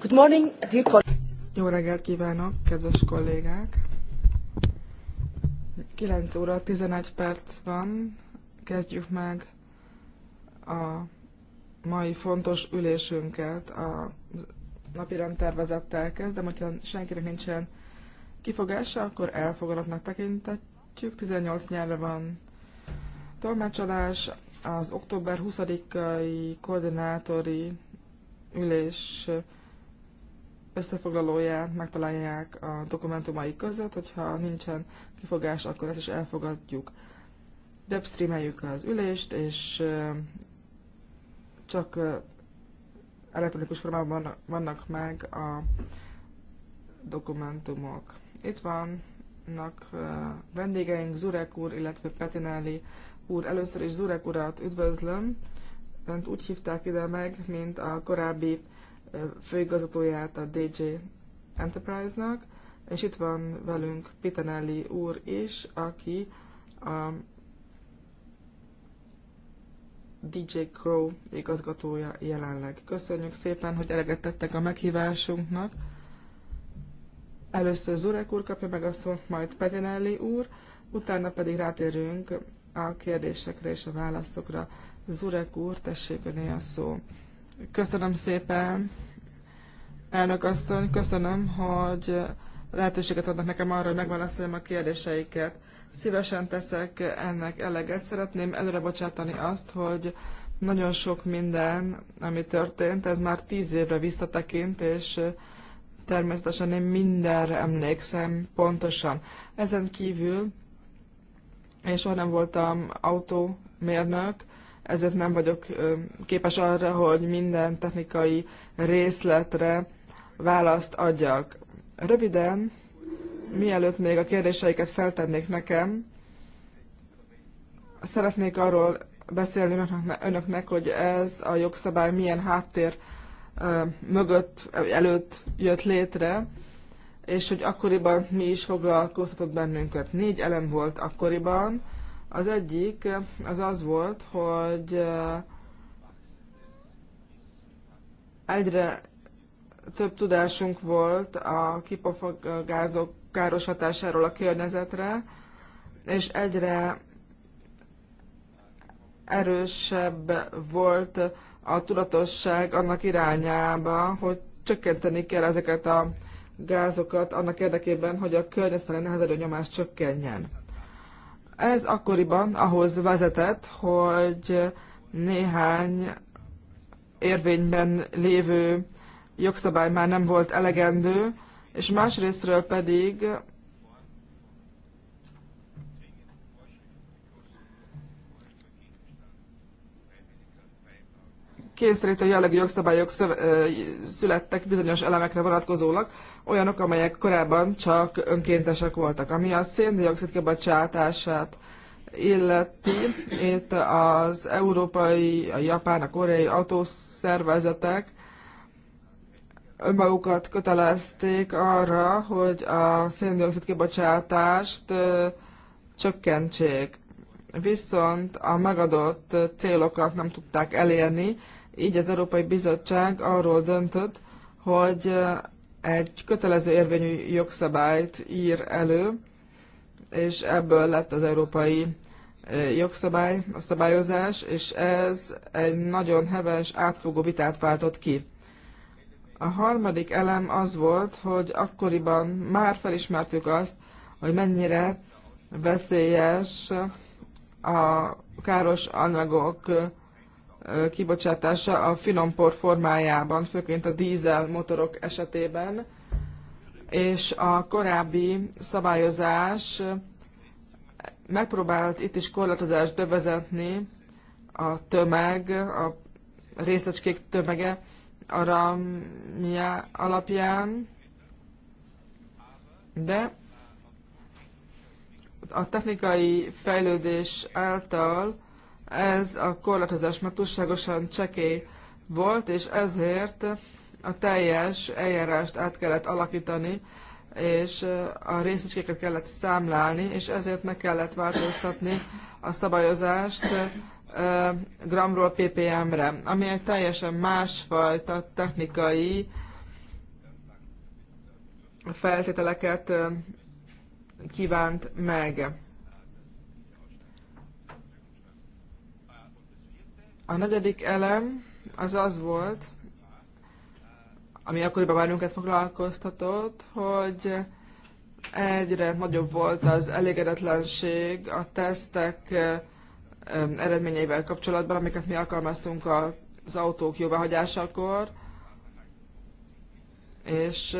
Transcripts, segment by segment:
Good morning, dear Jó reggelt kívánok, kedves kollégák! 9 óra 11 perc van, kezdjük meg a mai fontos ülésünket a napirend tervezettel kezdem, hogyha senkinek nincsen kifogása, akkor elfogadatnak tekintetjük. 18 nyelve van tolmácsolás, az október 20-ai koordinátori ülés összefoglalóját megtalálják a dokumentumai között, hogyha nincsen kifogás, akkor ezt is elfogadjuk. Webstreameljük az ülést, és csak elektronikus formában vannak meg a dokumentumok. Itt vannak vendégeink, Zurek úr, illetve Petinelli úr, először is Zurek urat üdvözlöm. Önt úgy hívták ide meg, mint a korábbi főigazgatóját a DJ Enterprise-nak, és itt van velünk Pitanelli úr is, aki a DJ Crow igazgatója jelenleg. Köszönjük szépen, hogy eleget tettek a meghívásunknak. Először Zurek úr kapja meg a szót, majd Petinelli úr, utána pedig rátérünk a kérdésekre és a válaszokra. Zurek úr, tessék öné a szó. Köszönöm szépen, elnök asszony, köszönöm, hogy lehetőséget adnak nekem arra, hogy megválaszoljam a kérdéseiket. Szívesen teszek ennek eleget. Szeretném előre bocsátani azt, hogy nagyon sok minden, ami történt, ez már tíz évre visszatekint, és természetesen én mindenre emlékszem pontosan. Ezen kívül én soha nem voltam autómérnök, ezért nem vagyok képes arra, hogy minden technikai részletre választ adjak. Röviden, mielőtt még a kérdéseiket feltennék nekem, szeretnék arról beszélni önöknek, önöknek hogy ez a jogszabály milyen háttér mögött, előtt jött létre, és hogy akkoriban mi is foglalkoztatott bennünket. Négy elem volt akkoriban. Az egyik az az volt, hogy eh, egyre több tudásunk volt a kipofogázók káros hatásáról a környezetre, és egyre erősebb volt a tudatosság annak irányába, hogy csökkenteni kell ezeket a gázokat annak érdekében, hogy a környezetre nehezedő nyomás csökkenjen. Ez akkoriban ahhoz vezetett, hogy néhány érvényben lévő jogszabály már nem volt elegendő, és másrésztről pedig kényszerítő jellegű jogszabályok születtek bizonyos elemekre vonatkozólag, olyanok, amelyek korábban csak önkéntesek voltak. Ami a széndiokszid kibocsátását illeti, itt az európai, a japán, a koreai autószervezetek önmagukat kötelezték arra, hogy a széndiokszid kibocsátást csökkentsék. Viszont a megadott célokat nem tudták elérni, így az Európai Bizottság arról döntött, hogy egy kötelező érvényű jogszabályt ír elő, és ebből lett az európai jogszabály, a szabályozás, és ez egy nagyon heves, átfogó vitát váltott ki. A harmadik elem az volt, hogy akkoriban már felismertük azt, hogy mennyire veszélyes a káros anyagok kibocsátása a finompor formájában, főként a dízel motorok esetében, és a korábbi szabályozás megpróbált itt is korlátozást bevezetni a tömeg, a részecskék tömege arra alapján, de a technikai fejlődés által ez a korlátozás már túlságosan csekély volt, és ezért a teljes eljárást át kellett alakítani, és a részecskéket kellett számlálni, és ezért meg kellett változtatni a szabályozást gramról ppm-re, ami egy teljesen másfajta technikai feltételeket kívánt meg. A negyedik elem az az volt, ami akkoriban bennünket foglalkoztatott, hogy egyre nagyobb volt az elégedetlenség a tesztek eredményeivel kapcsolatban, amiket mi alkalmaztunk az autók jóváhagyásakor, és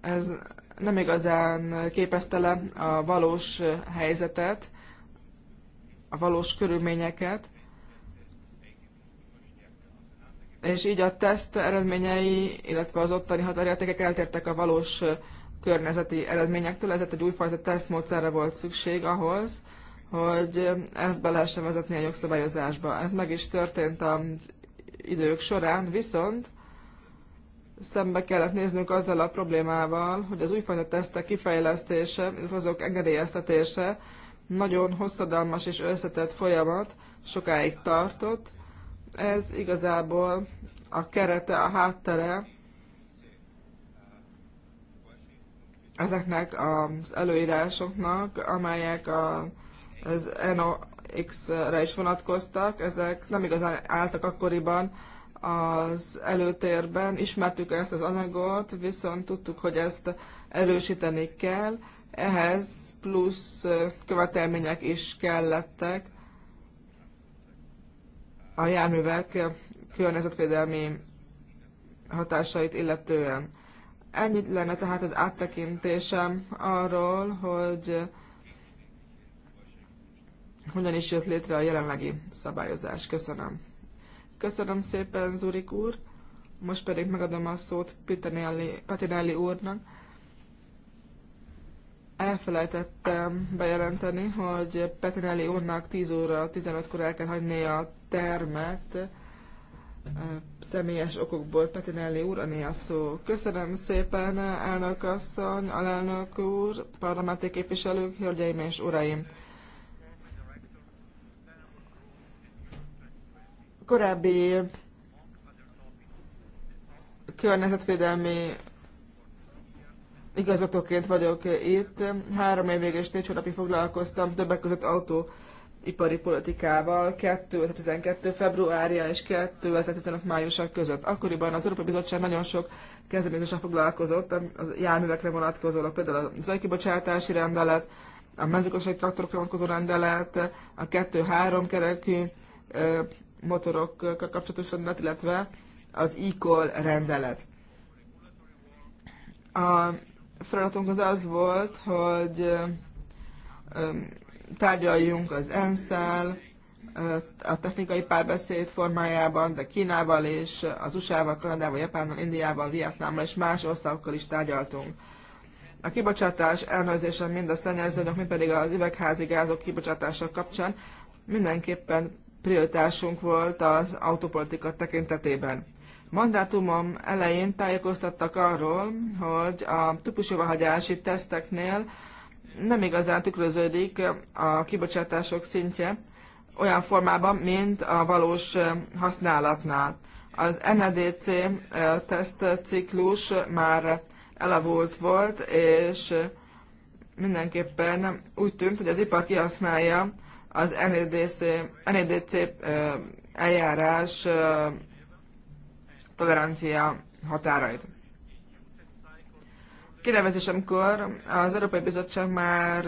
ez nem igazán képezte le a valós helyzetet, a valós körülményeket, és így a teszt eredményei, illetve az ottani határértékek eltértek a valós környezeti eredményektől, ezért egy újfajta tesztmódszerre volt szükség ahhoz, hogy ezt be lehessen vezetni a jogszabályozásba. Ez meg is történt az idők során, viszont szembe kellett néznünk azzal a problémával, hogy az újfajta tesztek kifejlesztése, illetve azok engedélyeztetése nagyon hosszadalmas és összetett folyamat, sokáig tartott, ez igazából a kerete, a háttere ezeknek az előírásoknak, amelyek a, az NOx-re is vonatkoztak, ezek nem igazán álltak akkoriban az előtérben, ismertük ezt az anyagot, viszont tudtuk, hogy ezt erősíteni kell, ehhez plusz követelmények is kellettek a járművek környezetvédelmi hatásait illetően. Ennyit lenne tehát az áttekintésem arról, hogy hogyan is jött létre a jelenlegi szabályozás. Köszönöm. Köszönöm szépen, Zurik úr. Most pedig megadom a szót Pitinelli úrnak elfelejtettem bejelenteni, hogy Petinelli úrnak 10 óra 15-kor el kell hagyni a termet személyes okokból. Petinelli úr, a szó. Köszönöm szépen, elnök asszony, alelnök úr, parlamenti képviselők, hölgyeim és uraim! Korábbi környezetvédelmi igazgatóként vagyok itt. Három évig és négy hónapig foglalkoztam többek között autóipari politikával 2012. februárja és 2015. májusak között. Akkoriban az Európai Bizottság nagyon sok kezdeményezéssel foglalkozott, az járművekre vonatkozóan például a zajkibocsátási rendelet, a mezőgazdasági traktorokra vonatkozó rendelet, a 2-3 kerekű motorokkal kapcsolatos rendelet, illetve az e rendelet. A feladatunk az az volt, hogy tárgyaljunk az ensz a technikai párbeszéd formájában, de Kínával és az USA-val, Kanadával, Japánnal, Indiával, Vietnámmal és más országokkal is tárgyaltunk. A kibocsátás ellenőrzése mind a szennyezőnök, mind pedig az üvegházi gázok kibocsátása kapcsán mindenképpen prioritásunk volt az autopolitika tekintetében. Mandátumom elején tájékoztattak arról, hogy a típusjóváhagyási teszteknél nem igazán tükröződik a kibocsátások szintje olyan formában, mint a valós használatnál. Az NADC e tesztciklus már elavult volt, és mindenképpen úgy tűnt, hogy az ipar kihasználja az NADC, e NADC e eljárás tolerancia határait. Kinevezésemkor az Európai Bizottság már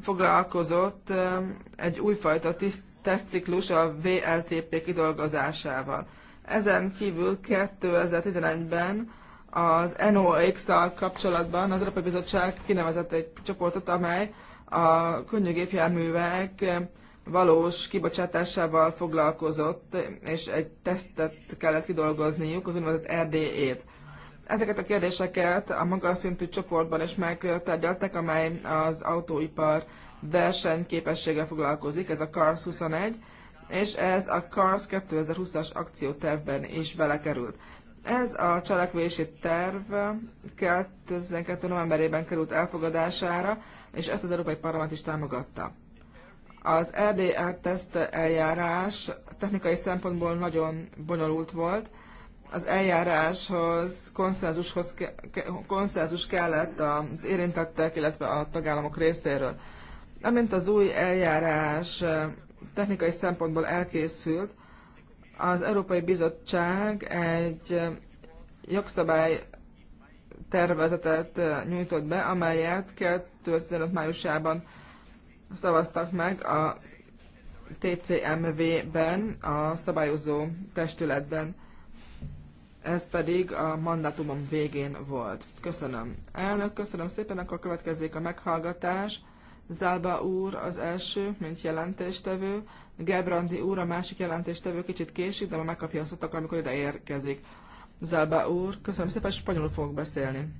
foglalkozott egy újfajta tesztciklus a VLTP kidolgozásával. Ezen kívül 2011-ben az NOx-szal kapcsolatban az Európai Bizottság kinevezett egy csoportot, amely a könnyű gépjárművek valós kibocsátásával foglalkozott, és egy tesztet kellett kidolgozniuk, az úgynevezett RDE-t. Ezeket a kérdéseket a magas szintű csoportban is megtárgyalták, amely az autóipar versenyképességgel foglalkozik, ez a CARS 21, és ez a CARS 2020-as akciótervben is belekerült. Ez a cselekvési terv 2012. novemberében került elfogadására, és ezt az Európai Parlament is támogatta. Az RDR teszt eljárás technikai szempontból nagyon bonyolult volt. Az eljáráshoz konszenzushoz, konszenzus kellett az érintettek, illetve a tagállamok részéről. Amint az új eljárás eh, technikai szempontból elkészült, az Európai Bizottság egy eh, jogszabály tervezetet eh, nyújtott be, amelyet 2005. májusában szavaztak meg a TCMV-ben, a szabályozó testületben. Ez pedig a mandátumom végén volt. Köszönöm. Elnök, köszönöm szépen, akkor következzék a meghallgatás. Zálba úr az első, mint jelentéstevő, Gebrandi úr a másik jelentéstevő kicsit késik, de ma megkapja a szót, amikor ide érkezik. Zálba úr, köszönöm szépen, spanyolul fogok beszélni.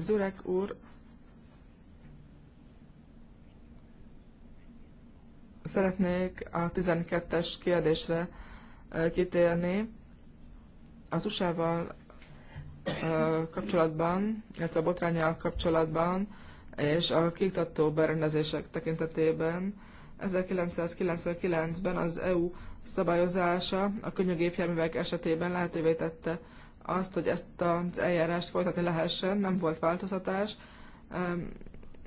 Zurek úr szeretnék a 12-es kérdésre kitérni. Az USA-val kapcsolatban, illetve a botrányjal kapcsolatban, és a kiktató berendezések tekintetében 1999-ben az EU szabályozása a gépjárművek esetében lehetővé tette azt, hogy ezt az eljárást folytatni lehessen, nem volt változtatás,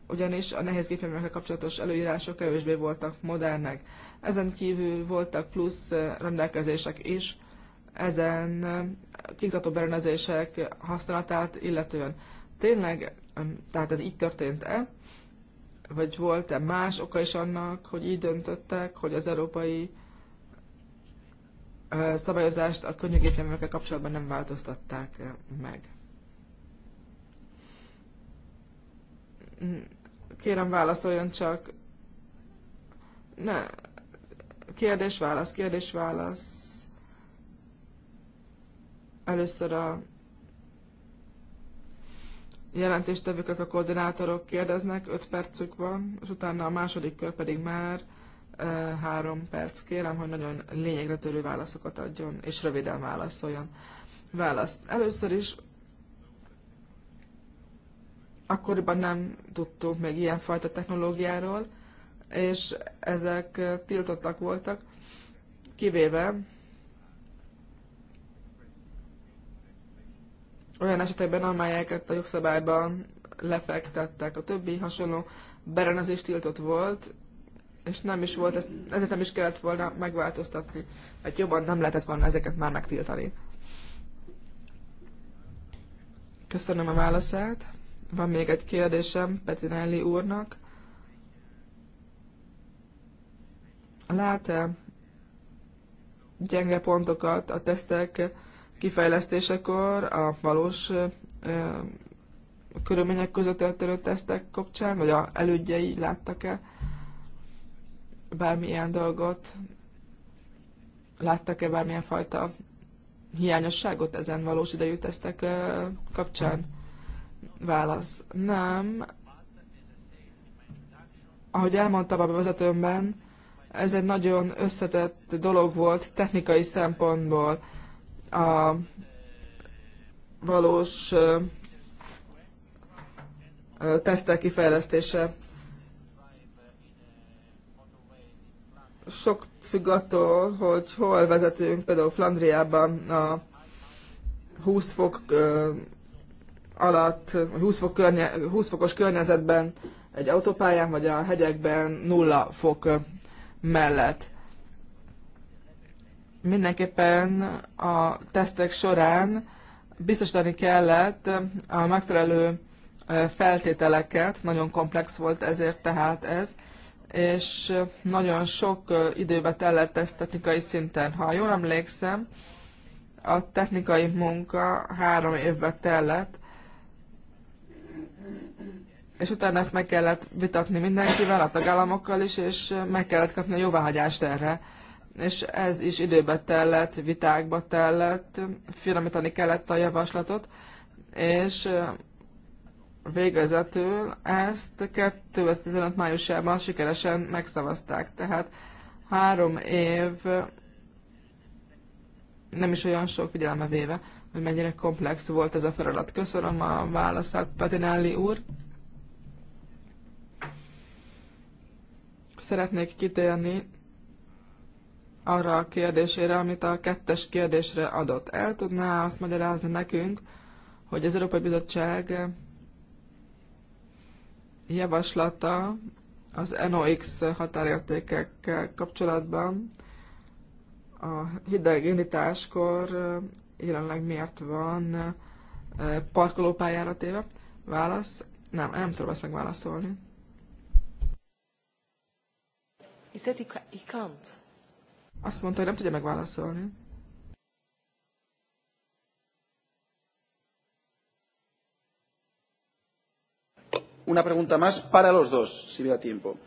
ugyanis a nehéz gépjárművekkel kapcsolatos előírások kevésbé voltak modernek. Ezen kívül voltak plusz rendelkezések is, ezen kiktató berendezések használatát illetően. Tényleg, tehát ez így történt-e? Vagy volt-e más oka is annak, hogy így döntöttek, hogy az európai szabályozást a könnyű kapcsolatban nem változtatták meg. Kérem, válaszoljon csak. Ne. Kérdés, válasz, kérdés, válasz. Először a jelentéstevők, a koordinátorok kérdeznek, 5 percük van, és utána a második kör pedig már három perc. Kérem, hogy nagyon lényegre törő válaszokat adjon, és röviden válaszoljon. Választ. Először is akkoriban nem tudtunk még ilyenfajta technológiáról, és ezek tiltottak voltak, kivéve olyan esetekben, amelyeket a jogszabályban lefektettek. A többi hasonló berendezés tiltott volt, és nem is volt, ez ezért nem is kellett volna megváltoztatni, vagy jobban nem lehetett volna ezeket már megtiltani. Köszönöm a válaszát. Van még egy kérdésem Petinelli úrnak. Lát-e gyenge pontokat a tesztek kifejlesztésekor, a valós ö, körülmények között történő tesztek kapcsán, vagy a elődjei láttak-e bármilyen dolgot? Láttak-e bármilyen fajta hiányosságot ezen valós idejű tesztek kapcsán? Válasz. Nem. Ahogy elmondtam a bevezetőmben, ez egy nagyon összetett dolog volt technikai szempontból. A valós tesztek kifejlesztése sok függ attól, hogy hol vezetünk, például Flandriában a 20 fok alatt, 20, fok környe, 20 fokos környezetben egy autópályán, vagy a hegyekben nulla fok mellett. Mindenképpen a tesztek során biztosítani kellett a megfelelő feltételeket, nagyon komplex volt ezért tehát ez, és nagyon sok időbe tellett ezt technikai szinten. Ha jól emlékszem, a technikai munka három évbe tellett, és utána ezt meg kellett vitatni mindenkivel, a tagállamokkal is, és meg kellett kapni a jóváhagyást erre. És ez is időbe tellett, vitákba tellett, finomítani kellett a javaslatot, és Végezetül ezt 2015 májusában sikeresen megszavazták, tehát három év nem is olyan sok figyelembe véve, hogy mennyire komplex volt ez a feladat. Köszönöm a válaszát, Petinelli úr. Szeretnék kitérni arra a kérdésére, amit a kettes kérdésre adott. El tudná azt magyarázni nekünk, hogy az Európai Bizottság javaslata az NOx határértékekkel kapcsolatban a hidegindításkor jelenleg miért van parkolópályára téve? Válasz? Nem, nem tudom ezt megválaszolni. He said he can't. Azt mondta, hogy nem tudja megválaszolni. una pregunta más para los dos, si me da tiempo.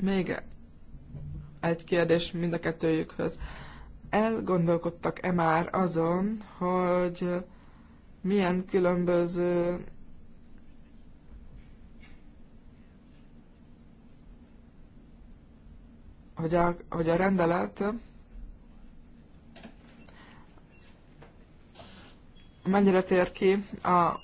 Még egy kérdés mind a kettőjükhöz. Elgondolkodtak-e már azon, hogy milyen különböző hogy a, hogy a rendelet mennyire tér ki a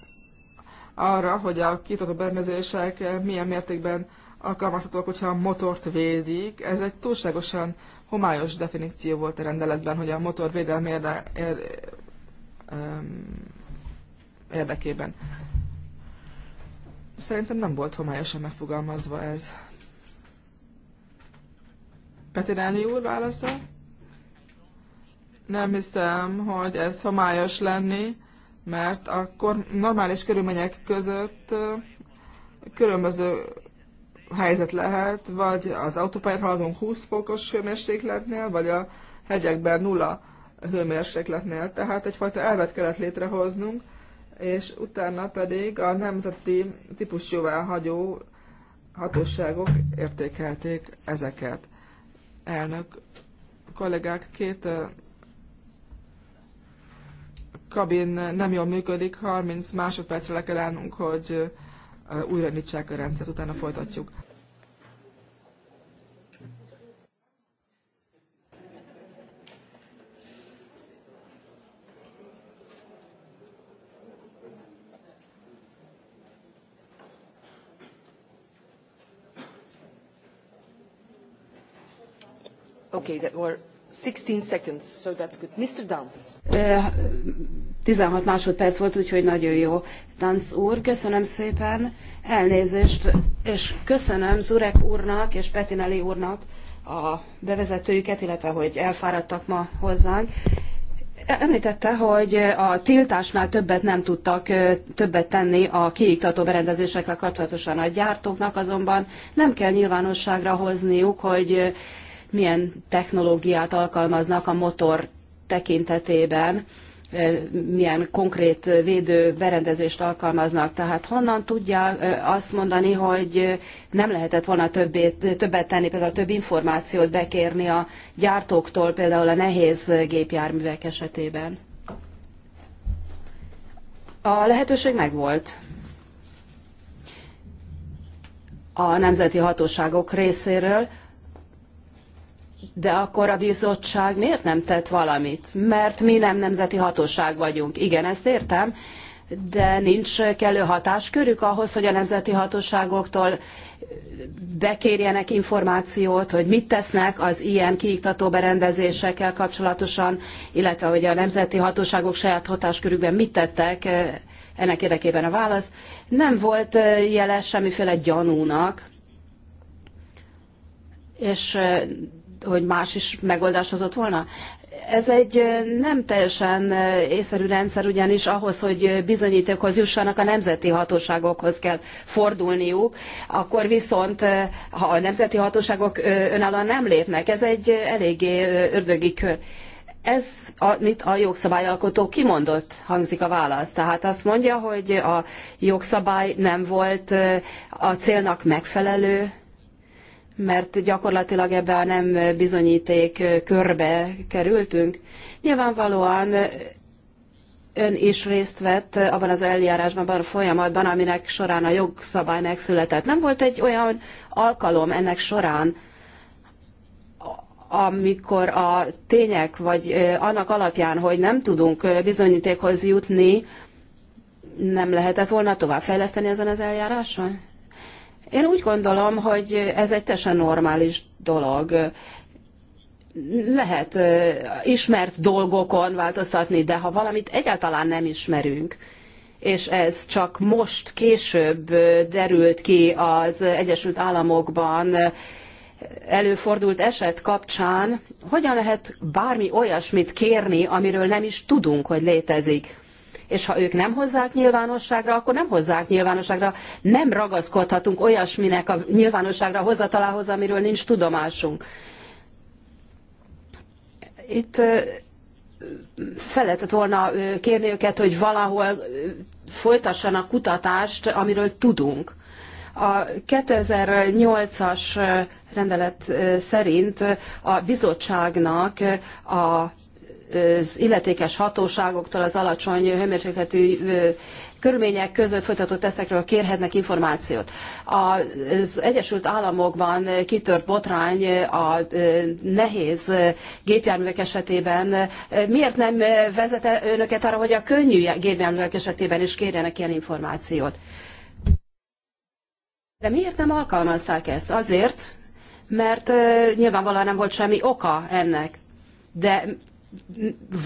arra, hogy a kitartó berendezések milyen mértékben alkalmazhatóak, hogyha a motort védik. Ez egy túlságosan homályos definíció volt a rendeletben, hogy a motor védelme érde, ér, érdekében. Szerintem nem volt homályosan megfogalmazva ez. Petiráni úr válasza? Nem hiszem, hogy ez homályos lenni mert akkor normális körülmények között különböző helyzet lehet, vagy az autópályán haladunk 20 fokos hőmérsékletnél, vagy a hegyekben nulla hőmérsékletnél. Tehát egyfajta elvet kellett létrehoznunk, és utána pedig a nemzeti típusjóváhagyó hatóságok értékelték ezeket. Elnök kollégák, két kabin nem jól működik, 30 másodpercre le kell állnunk, hogy újra nyitsák a rendszert, utána folytatjuk. Okay, that were 16 másodperc volt, úgyhogy nagyon jó. Dance úr, köszönöm szépen, elnézést, és köszönöm Zurek úrnak és Petinelli úrnak a bevezetőjüket, illetve hogy elfáradtak ma hozzánk. Említette, hogy a tiltásnál többet nem tudtak többet tenni a kiiktató berendezésekkel kapcsolatosan a gyártóknak, azonban nem kell nyilvánosságra hozniuk, hogy milyen technológiát alkalmaznak a motor tekintetében, milyen konkrét védő berendezést alkalmaznak. Tehát honnan tudja azt mondani, hogy nem lehetett volna többét, többet tenni, például több információt bekérni a gyártóktól, például a nehéz gépjárművek esetében? A lehetőség megvolt. A nemzeti hatóságok részéről de akkor a bizottság miért nem tett valamit? Mert mi nem nemzeti hatóság vagyunk. Igen, ezt értem, de nincs kellő hatáskörük ahhoz, hogy a nemzeti hatóságoktól bekérjenek információt, hogy mit tesznek az ilyen kiiktató berendezésekkel kapcsolatosan, illetve hogy a nemzeti hatóságok saját hatáskörükben mit tettek, eh, ennek érdekében a válasz. Nem volt eh, jeles semmiféle gyanúnak, és eh, hogy más is megoldás hozott volna? Ez egy nem teljesen észszerű rendszer, ugyanis ahhoz, hogy bizonyítékhoz jussanak, a nemzeti hatóságokhoz kell fordulniuk, akkor viszont ha a nemzeti hatóságok önállóan nem lépnek, ez egy eléggé ördögi kör. Ez, amit a jogszabályalkotó kimondott, hangzik a válasz. Tehát azt mondja, hogy a jogszabály nem volt a célnak megfelelő, mert gyakorlatilag ebbe a nem bizonyíték körbe kerültünk. Nyilvánvalóan ön is részt vett abban az eljárásban, abban a folyamatban, aminek során a jogszabály megszületett. Nem volt egy olyan alkalom ennek során, amikor a tények, vagy annak alapján, hogy nem tudunk bizonyítékhoz jutni, nem lehetett volna továbbfejleszteni ezen az eljáráson? Én úgy gondolom, hogy ez egy teljesen normális dolog. Lehet ismert dolgokon változtatni, de ha valamit egyáltalán nem ismerünk, és ez csak most később derült ki az Egyesült Államokban előfordult eset kapcsán, hogyan lehet bármi olyasmit kérni, amiről nem is tudunk, hogy létezik és ha ők nem hozzák nyilvánosságra, akkor nem hozzák nyilvánosságra. Nem ragaszkodhatunk olyasminek a nyilvánosságra hozatalához, amiről nincs tudomásunk. Itt felett volna kérni őket, hogy valahol folytassanak kutatást, amiről tudunk. A 2008-as rendelet szerint a bizottságnak a az illetékes hatóságoktól az alacsony hőmérsékletű körülmények között folytatott tesztekről kérhetnek információt. Az Egyesült Államokban kitört botrány a nehéz gépjárművek esetében. Miért nem vezet önöket arra, hogy a könnyű gépjárművek esetében is kérjenek ilyen információt? De miért nem alkalmazták ezt? Azért, mert nyilvánvalóan nem volt semmi oka ennek. De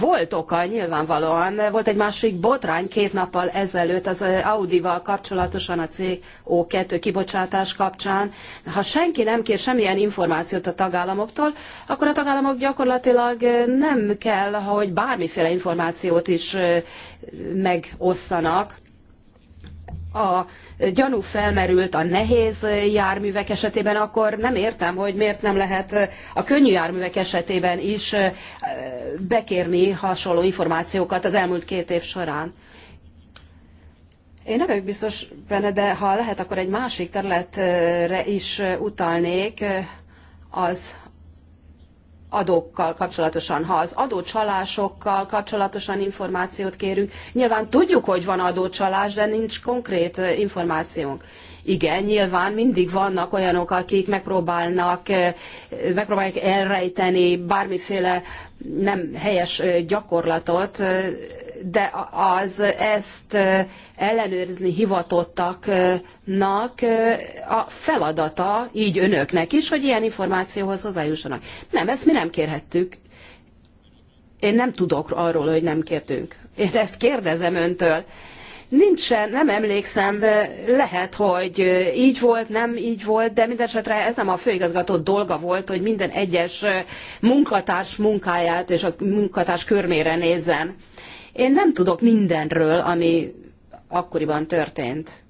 volt oka nyilvánvalóan, volt egy másik botrány két nappal ezelőtt az eh, Audival kapcsolatosan a CO2 kibocsátás kapcsán. Ha senki nem kér semmilyen információt a tagállamoktól, akkor a tagállamok gyakorlatilag eh, nem kell, hogy bármiféle információt is eh, megosszanak a gyanú felmerült a nehéz járművek esetében, akkor nem értem, hogy miért nem lehet a könnyű járművek esetében is bekérni hasonló információkat az elmúlt két év során. Én nem vagyok biztos benne, de ha lehet, akkor egy másik területre is utalnék, az adókkal kapcsolatosan, ha az adócsalásokkal kapcsolatosan információt kérünk, nyilván tudjuk, hogy van adócsalás, de nincs konkrét információnk. Igen, nyilván mindig vannak olyanok, akik megpróbálnak, megpróbálják elrejteni bármiféle nem helyes gyakorlatot, de az ezt ellenőrizni hivatottaknak a feladata, így önöknek is, hogy ilyen információhoz hozzájussanak. Nem, ezt mi nem kérhettük. Én nem tudok arról, hogy nem kértünk. Én ezt kérdezem öntől. Nincsen, nem emlékszem, lehet, hogy így volt, nem így volt, de mindesetre ez nem a főigazgató dolga volt, hogy minden egyes munkatárs munkáját és a munkatárs körmére nézzen. Én nem tudok mindenről, ami akkoriban történt.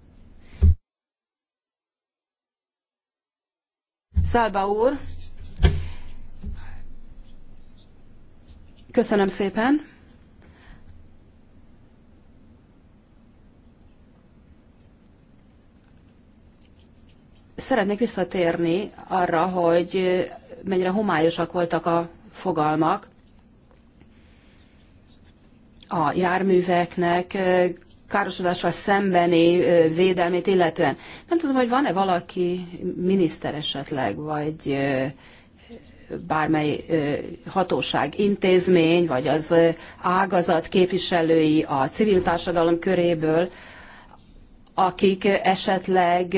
Szálba úr, köszönöm szépen. Szeretnék visszatérni arra, hogy mennyire homályosak voltak a fogalmak a járműveknek károsodással szembeni védelmét illetően. Nem tudom, hogy van-e valaki miniszter esetleg, vagy bármely hatóság, intézmény, vagy az ágazat képviselői a civil társadalom köréből, akik esetleg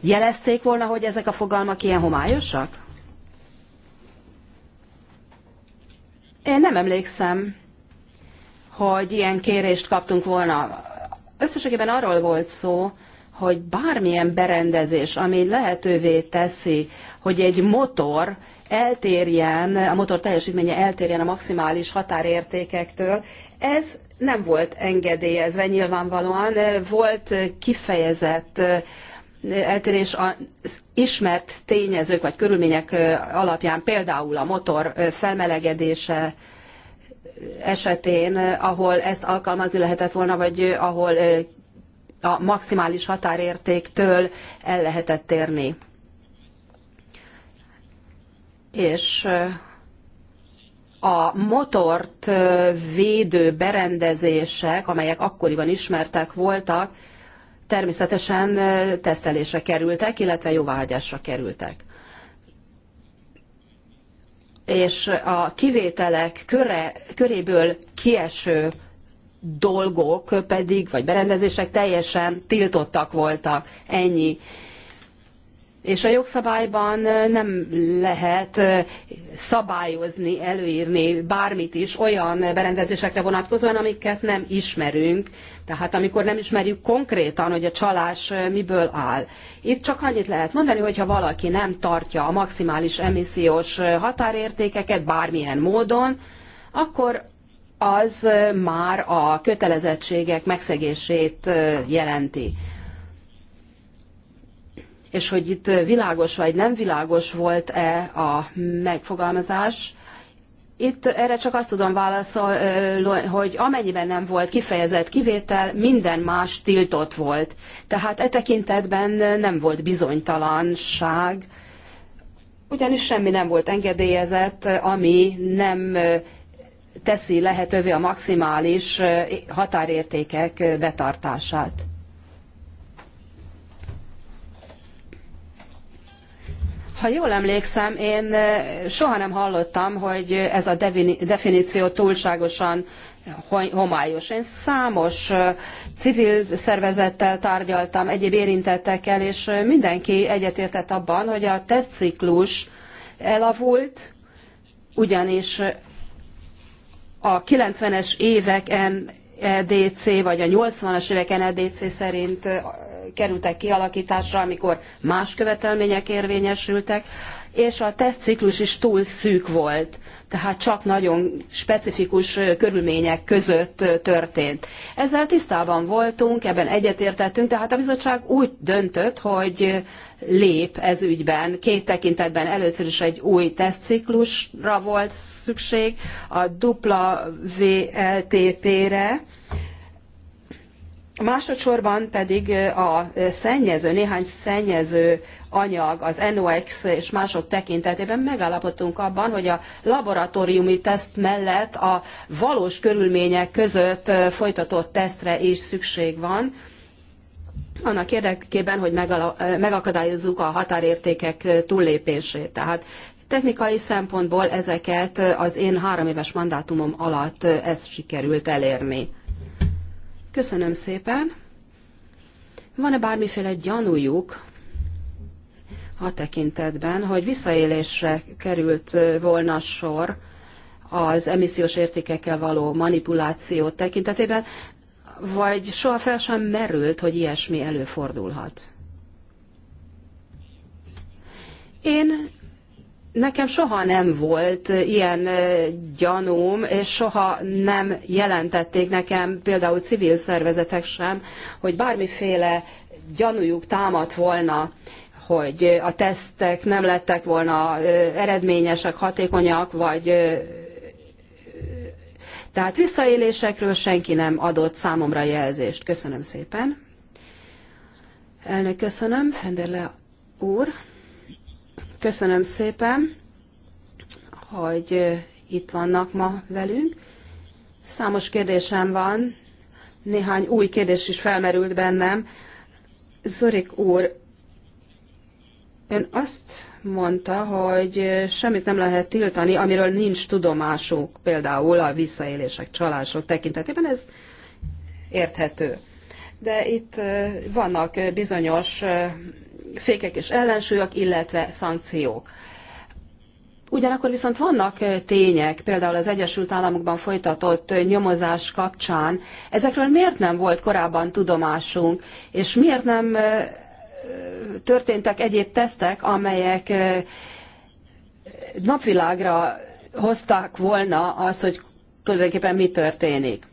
jelezték volna, hogy ezek a fogalmak ilyen homályosak? Én nem emlékszem hogy ilyen kérést kaptunk volna. Összességében arról volt szó, hogy bármilyen berendezés, ami lehetővé teszi, hogy egy motor eltérjen, a motor teljesítménye eltérjen a maximális határértékektől, ez nem volt engedélyezve nyilvánvalóan, volt kifejezett eh, eltérés az ismert tényezők vagy körülmények eh, alapján, például a motor eh, felmelegedése, esetén, eh, ahol ezt alkalmazni lehetett volna, vagy eh, ahol eh, a maximális határértéktől el lehetett térni. És a motort védő berendezések, amelyek akkoriban ismertek voltak, természetesen tesztelésre kerültek, illetve jóváhagyásra kerültek és a kivételek köre, köréből kieső dolgok pedig, vagy berendezések teljesen tiltottak voltak. Ennyi. És a jogszabályban nem lehet szabályozni, előírni bármit is olyan berendezésekre vonatkozóan, amiket nem ismerünk, tehát amikor nem ismerjük konkrétan, hogy a csalás miből áll. Itt csak annyit lehet mondani, hogy ha valaki nem tartja a maximális emissziós határértékeket bármilyen módon, akkor az már a kötelezettségek megszegését jelenti és hogy itt világos vagy nem világos volt-e a megfogalmazás, itt erre csak azt tudom válaszolni, hogy amennyiben nem volt kifejezett kivétel, minden más tiltott volt. Tehát e tekintetben nem volt bizonytalanság, ugyanis semmi nem volt engedélyezett, ami nem teszi lehetővé a maximális határértékek betartását. Ha jól emlékszem, én soha nem hallottam, hogy ez a definíció túlságosan homályos. Én számos civil szervezettel tárgyaltam, egyéb érintettekkel, és mindenki egyetértett abban, hogy a tesztciklus elavult, ugyanis a 90-es évek NEDC vagy a 80-as évek NEDC szerint kerültek kialakításra, amikor más követelmények érvényesültek, és a tesztciklus is túl szűk volt, tehát csak nagyon specifikus körülmények között történt. Ezzel tisztában voltunk, ebben egyetértettünk, tehát a bizottság úgy döntött, hogy lép ez ügyben. Két tekintetben először is egy új tesztciklusra volt szükség, a WLTP-re, Másodszorban pedig a szennyező, néhány szennyező anyag, az NOx és mások tekintetében megállapodtunk abban, hogy a laboratóriumi teszt mellett a valós körülmények között folytatott tesztre is szükség van, annak érdekében, hogy megakadályozzuk a határértékek túllépését. Tehát technikai szempontból ezeket az én három éves mandátumom alatt ezt sikerült elérni. Köszönöm szépen. Van-e bármiféle gyanújuk a tekintetben, hogy visszaélésre került volna sor az emissziós értékekkel való manipuláció tekintetében, vagy soha fel sem merült, hogy ilyesmi előfordulhat? Én Nekem soha nem volt ilyen gyanúm, és soha nem jelentették nekem például civil szervezetek sem, hogy bármiféle gyanújuk támadt volna, hogy a tesztek nem lettek volna eredményesek, hatékonyak, vagy tehát visszaélésekről senki nem adott számomra jelzést. Köszönöm szépen. Elnök, köszönöm. Fenderle úr. Köszönöm szépen, hogy itt vannak ma velünk. Számos kérdésem van, néhány új kérdés is felmerült bennem. Zorik úr, ön azt mondta, hogy semmit nem lehet tiltani, amiről nincs tudomásunk, például a visszaélések, csalások tekintetében, ez érthető. De itt vannak bizonyos fékek és ellensúlyok, illetve szankciók. Ugyanakkor viszont vannak tények, például az Egyesült Államokban folytatott nyomozás kapcsán. Ezekről miért nem volt korábban tudomásunk, és miért nem történtek egyéb tesztek, amelyek napvilágra hozták volna azt, hogy tulajdonképpen mi történik.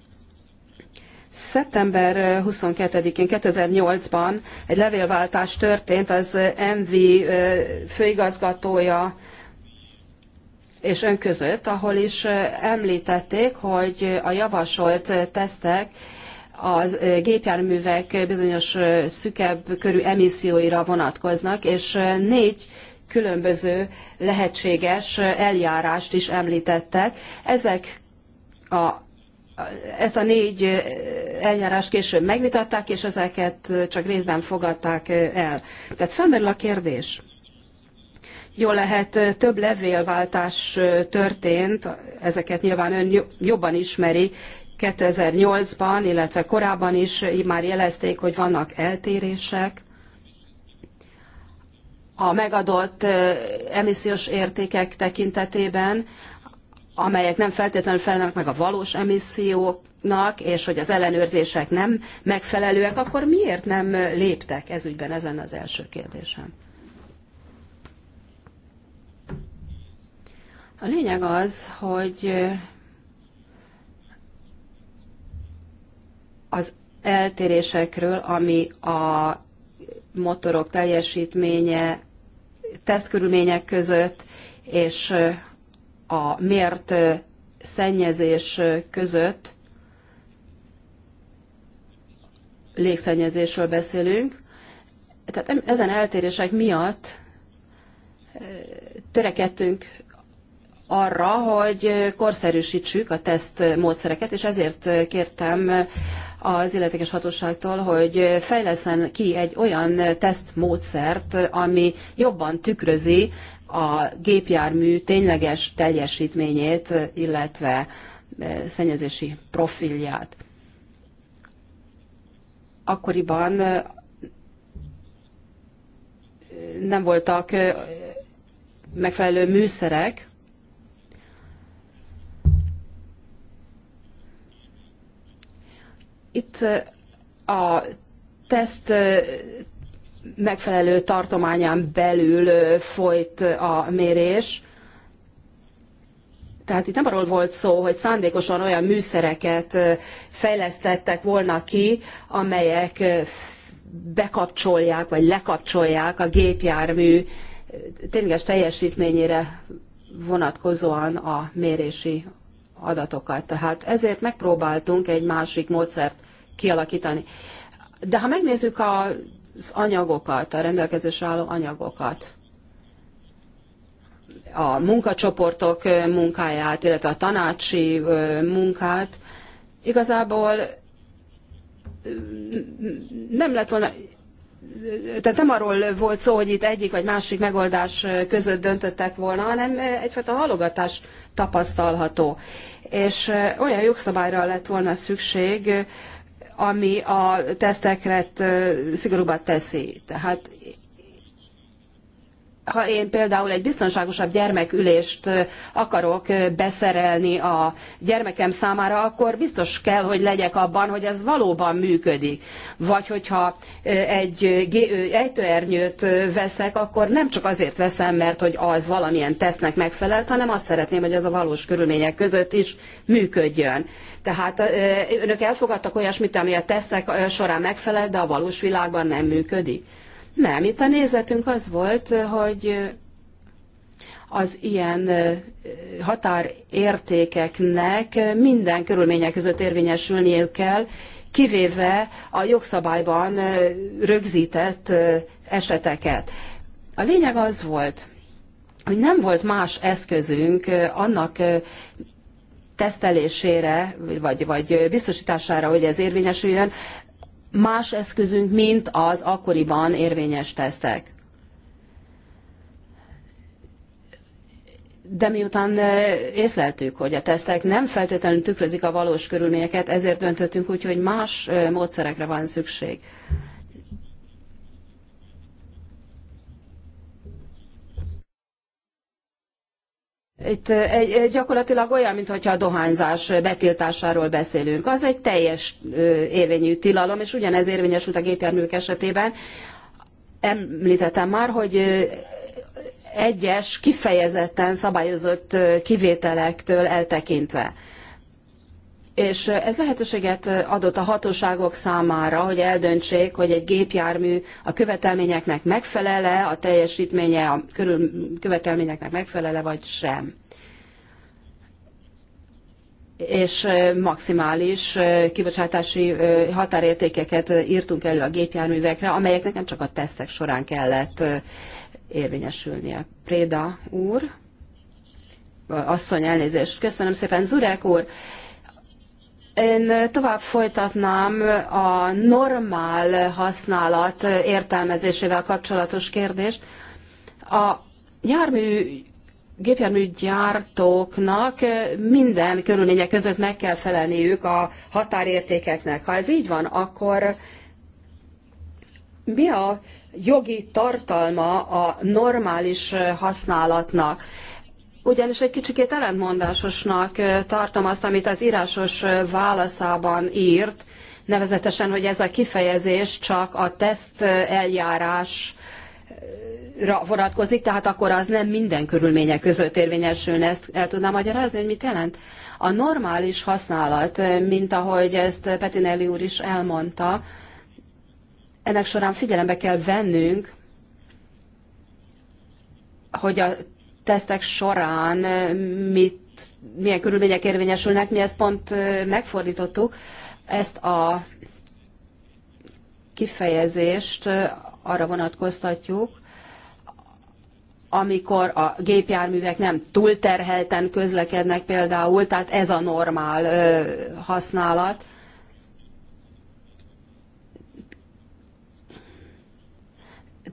Szeptember 22-én 2008-ban egy levélváltás történt az MV főigazgatója és ön között, ahol is említették, hogy a javasolt tesztek a gépjárművek bizonyos szükebb körű emisszióira vonatkoznak, és négy különböző lehetséges eljárást is említettek. Ezek a ezt a négy eh, eljárás később megvitatták, és ezeket eh, csak részben fogadták eh, el. Tehát felmerül a kérdés. Jó lehet, több levélváltás történt, ezeket nyilván ön jobban ismeri, 2008-ban, illetve korábban is már jelezték, hogy vannak eltérések. A megadott emissziós értékek tekintetében amelyek nem feltétlenül felelnek meg a valós emisszióknak, és hogy az ellenőrzések nem megfelelőek, akkor miért nem léptek ez ügyben? Ez lenne az első kérdésem. A lényeg az, hogy az eltérésekről, ami a motorok teljesítménye, tesztkörülmények között, és a mért szennyezés között légszennyezésről beszélünk. Tehát ezen eltérések miatt törekedtünk arra, hogy korszerűsítsük a teszt módszereket, és ezért kértem az illetékes hatóságtól, hogy fejleszen ki egy olyan tesztmódszert, ami jobban tükrözi a gépjármű tényleges teljesítményét, illetve eh, szennyezési profilját. Akkoriban eh, nem voltak eh, megfelelő műszerek, Itt a teszt megfelelő tartományán belül folyt a mérés. Tehát itt nem arról volt szó, hogy szándékosan olyan műszereket fejlesztettek volna ki, amelyek bekapcsolják vagy lekapcsolják a gépjármű tényleges teljesítményére vonatkozóan a mérési adatokat. Tehát ezért megpróbáltunk egy másik módszert kialakítani. De ha megnézzük a az anyagokat, a rendelkezésre álló anyagokat, a munkacsoportok munkáját, illetve a tanácsi munkát, igazából nem lett volna tehát nem arról volt szó, hogy itt egyik vagy másik megoldás között döntöttek volna, hanem egyfajta halogatás tapasztalható. És olyan jogszabályra lett volna szükség, ami a tesztekre szigorúbbá teszi. Tehát ha én például egy biztonságosabb gyermekülést akarok beszerelni a gyermekem számára, akkor biztos kell, hogy legyek abban, hogy ez valóban működik. Vagy hogyha egy ejtőernyőt veszek, akkor nem csak azért veszem, mert hogy az valamilyen tesznek megfelelt, hanem azt szeretném, hogy az a valós körülmények között is működjön. Tehát önök elfogadtak olyasmit, ami a tesztek során megfelel, de a valós világban nem működik. Nem, itt a nézetünk az volt, hogy az ilyen határértékeknek minden körülmények között érvényesülniük kell, kivéve a jogszabályban rögzített eseteket. A lényeg az volt, hogy nem volt más eszközünk annak tesztelésére, vagy, vagy biztosítására, hogy ez érvényesüljön, más eszközünk, mint az akkoriban érvényes tesztek. De miután észleltük, hogy a tesztek nem feltétlenül tükrözik a valós körülményeket, ezért döntöttünk úgy, hogy más módszerekre van szükség. Itt egy, gyakorlatilag olyan, mintha a dohányzás betiltásáról beszélünk. Az egy teljes érvényű tilalom, és ugyanez érvényesült a gépjárművek esetében. Említettem már, hogy egyes kifejezetten szabályozott kivételektől eltekintve és ez lehetőséget adott a hatóságok számára, hogy eldöntsék, hogy egy gépjármű a követelményeknek megfelele, a teljesítménye a körül követelményeknek megfelele, vagy sem. És maximális kibocsátási határértékeket írtunk elő a gépjárművekre, amelyeknek nem csak a tesztek során kellett érvényesülnie. Préda úr, asszony elnézést, köszönöm szépen, Zurek úr, én tovább folytatnám a normál használat értelmezésével kapcsolatos kérdést. A jármű gépjárműgyártóknak minden körülmények között meg kell felelniük a határértékeknek. Ha ez így van, akkor mi a jogi tartalma a normális használatnak? ugyanis egy kicsikét ellentmondásosnak tartom azt, amit az írásos válaszában írt, nevezetesen, hogy ez a kifejezés csak a teszt eljárás vonatkozik, tehát akkor az nem minden körülmények között érvényesülne. Ezt el tudnám magyarázni, hogy mit jelent? A normális használat, mint ahogy ezt Petinelli úr is elmondta, ennek során figyelembe kell vennünk, hogy a tesztek során mit, milyen körülmények érvényesülnek, mi ezt pont megfordítottuk, ezt a kifejezést arra vonatkoztatjuk, amikor a gépjárművek nem túlterhelten közlekednek például, tehát ez a normál használat.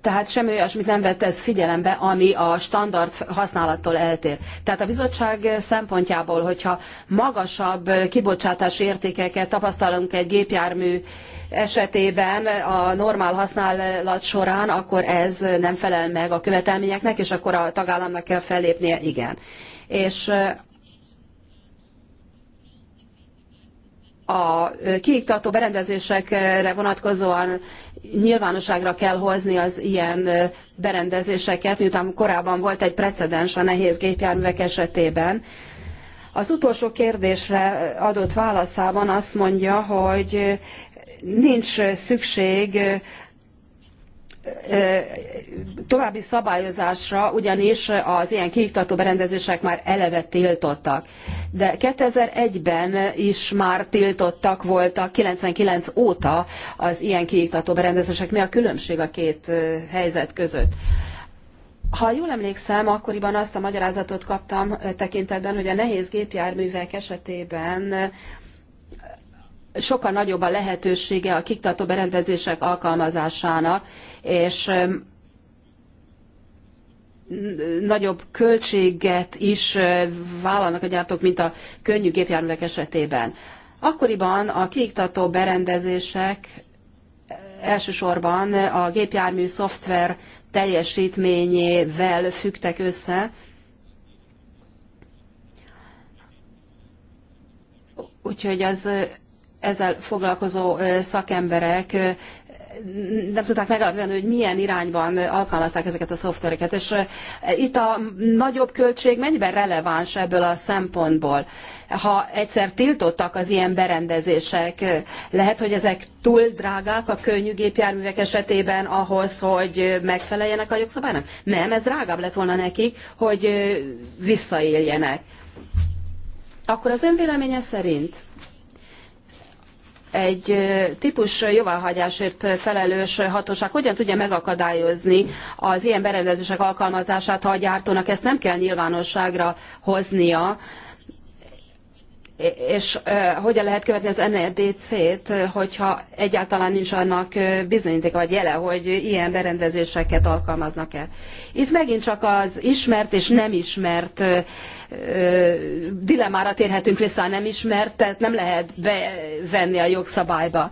Tehát semmi olyasmit nem vett ez figyelembe, ami a standard használattól eltér. Tehát a bizottság szempontjából, hogyha magasabb kibocsátási értékeket tapasztalunk egy gépjármű esetében a normál használat során, akkor ez nem felel meg a követelményeknek, és akkor a tagállamnak kell fellépnie, igen. És a kiiktató berendezésekre vonatkozóan nyilvánosságra kell hozni az ilyen berendezéseket, miután korábban volt egy precedens a nehéz gépjárművek esetében. Az utolsó kérdésre adott válaszában azt mondja, hogy nincs szükség további szabályozásra ugyanis az ilyen kiiktató berendezések már eleve tiltottak. De 2001-ben is már tiltottak voltak, 99 óta az ilyen kiiktató berendezések. Mi a különbség a két helyzet között? Ha jól emlékszem, akkoriban azt a magyarázatot kaptam tekintetben, hogy a nehéz gépjárművek esetében sokkal nagyobb a lehetősége a kiktató berendezések alkalmazásának, és nagyobb költséget is vállalnak a gyártók, mint a könnyű gépjárművek esetében. Akkoriban a kiiktató berendezések elsősorban a gépjármű szoftver teljesítményével fügtek össze, úgyhogy az ezzel foglalkozó szakemberek nem tudták megállapítani, hogy milyen irányban alkalmazták ezeket a szoftvereket. És itt a nagyobb költség mennyiben releváns ebből a szempontból? Ha egyszer tiltottak az ilyen berendezések, lehet, hogy ezek túl drágák a könnyű gépjárművek esetében ahhoz, hogy megfeleljenek a jogszabálynak? Nem, ez drágább lett volna nekik, hogy visszaéljenek. Akkor az ön véleménye szerint egy típus jóváhagyásért felelős hatóság hogyan tudja megakadályozni az ilyen berendezések alkalmazását, ha a gyártónak ezt nem kell nyilvánosságra hoznia, és hogyan lehet követni az NEDC-t, hogyha egyáltalán nincs annak bizonyíték vagy jele, hogy ilyen berendezéseket alkalmaznak-e. Itt megint csak az ismert és nem ismert dilemmára térhetünk vissza, a nem ismert, tehát nem lehet bevenni a jogszabályba.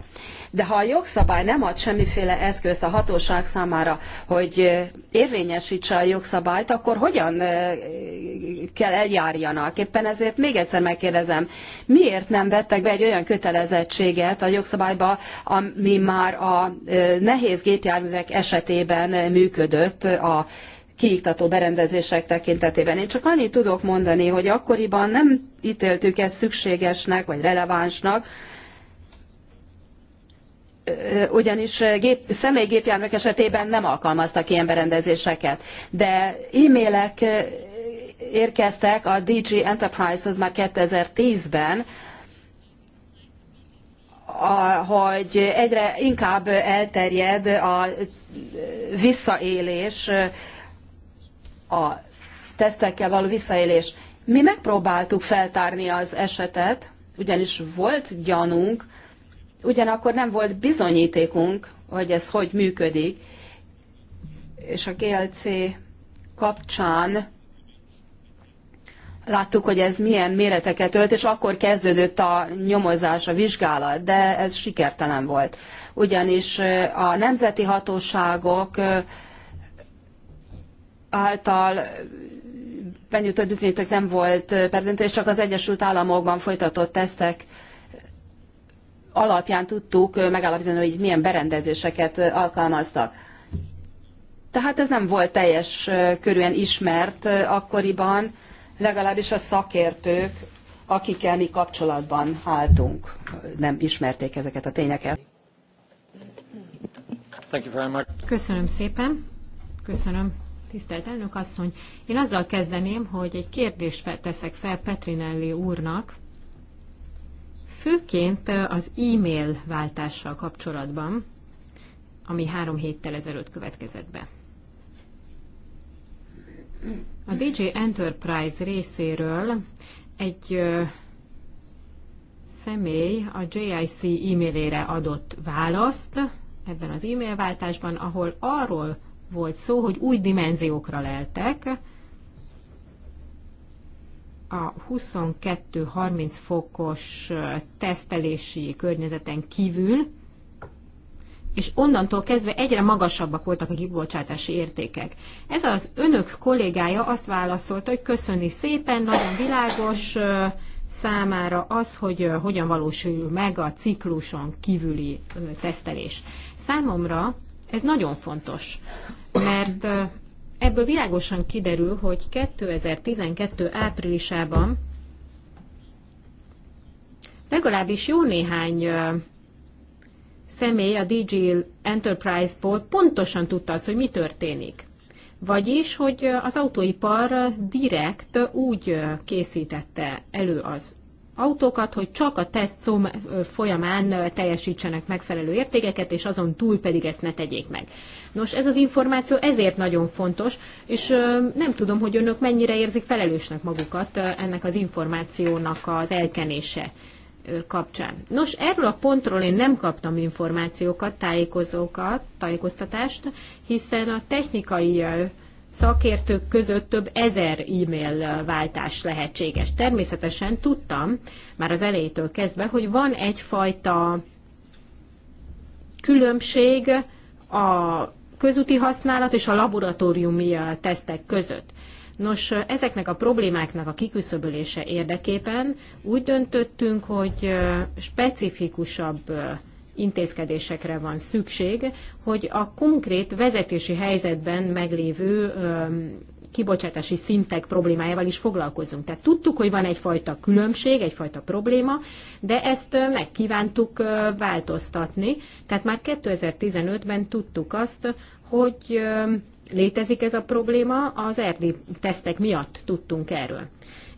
De ha a jogszabály nem ad semmiféle eszközt a hatóság számára, hogy érvényesítse a jogszabályt, akkor hogyan kell eljárjanak? Éppen ezért még egyszer megkérdezem, miért nem vettek be egy olyan kötelezettséget a jogszabályba, ami már a nehéz gépjárművek esetében működött a kiiktató berendezések tekintetében. Én csak annyit tudok mondani, hogy akkoriban nem ítéltük ezt szükségesnek vagy relevánsnak, ugyanis gép, személygépjárművek esetében nem alkalmaztak ilyen berendezéseket. De e-mailek érkeztek a DG Enterprise-hoz már 2010-ben, hogy egyre inkább elterjed a visszaélés, a tesztekkel való visszaélés. Mi megpróbáltuk feltárni az esetet, ugyanis volt gyanunk, ugyanakkor nem volt bizonyítékunk, hogy ez hogy működik, és a GLC kapcsán láttuk, hogy ez milyen méreteket ölt, és akkor kezdődött a nyomozás, a vizsgálat, de ez sikertelen volt. Ugyanis a nemzeti hatóságok által benyújtott bizonyíték nem volt perdöntő, és csak az Egyesült Államokban folytatott tesztek alapján tudtuk megállapítani, hogy milyen berendezéseket alkalmaztak. Tehát ez nem volt teljes körűen ismert akkoriban, legalábbis a szakértők, akikkel mi kapcsolatban álltunk, nem ismerték ezeket a tényeket. Köszönöm szépen. Köszönöm. Tisztelt elnök asszony, én azzal kezdeném, hogy egy kérdést teszek fel Petrinelli úrnak, főként eh, az e-mail váltással kapcsolatban, ami három héttel ezelőtt következett be. A DJ Enterprise részéről egy eh, személy a JIC e-mailére adott választ ebben az e mail váltásban, ahol arról volt szó, hogy új dimenziókra leltek, a 22-30 fokos tesztelési környezeten kívül, és onnantól kezdve egyre magasabbak voltak a kibocsátási értékek. Ez az önök kollégája azt válaszolta, hogy köszöni szépen, nagyon világos számára az, hogy hogyan valósul meg a cikluson kívüli tesztelés. Számomra ez nagyon fontos, mert Ebből világosan kiderül, hogy 2012 áprilisában legalábbis jó néhány személy a DG Enterprise-ból pontosan tudta azt, hogy mi történik. Vagyis, hogy az autóipar direkt úgy készítette elő az autókat, hogy csak a teszt folyamán teljesítsenek megfelelő értékeket, és azon túl pedig ezt ne tegyék meg. Nos, ez az információ ezért nagyon fontos, és nem tudom, hogy önök mennyire érzik felelősnek magukat ennek az információnak az elkenése kapcsán. Nos, erről a pontról én nem kaptam információkat, tájékozókat, tájékoztatást, hiszen a technikai szakértők között több ezer e-mail váltás lehetséges. Természetesen tudtam már az elejétől kezdve, hogy van egyfajta különbség a közúti használat és a laboratóriumi tesztek között. Nos, ezeknek a problémáknak a kiküszöbölése érdekében úgy döntöttünk, hogy specifikusabb intézkedésekre van szükség, hogy a konkrét vezetési helyzetben meglévő kibocsátási szintek problémájával is foglalkozunk. Tehát tudtuk, hogy van egyfajta különbség, egyfajta probléma, de ezt megkívántuk változtatni. Tehát már 2015-ben tudtuk azt, hogy létezik ez a probléma, az erdi tesztek miatt tudtunk erről.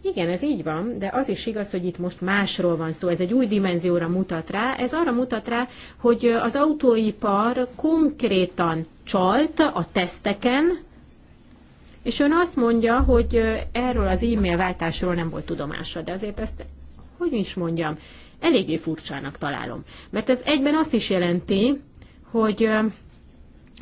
Igen, ez így van, de az is igaz, hogy itt most másról van szó. Ez egy új dimenzióra mutat rá. Ez arra mutat rá, hogy az autóipar konkrétan csalt a teszteken, és ön azt mondja, hogy erről az e-mail váltásról nem volt tudomása, de azért ezt, hogy is mondjam, eléggé furcsának találom. Mert ez egyben azt is jelenti, hogy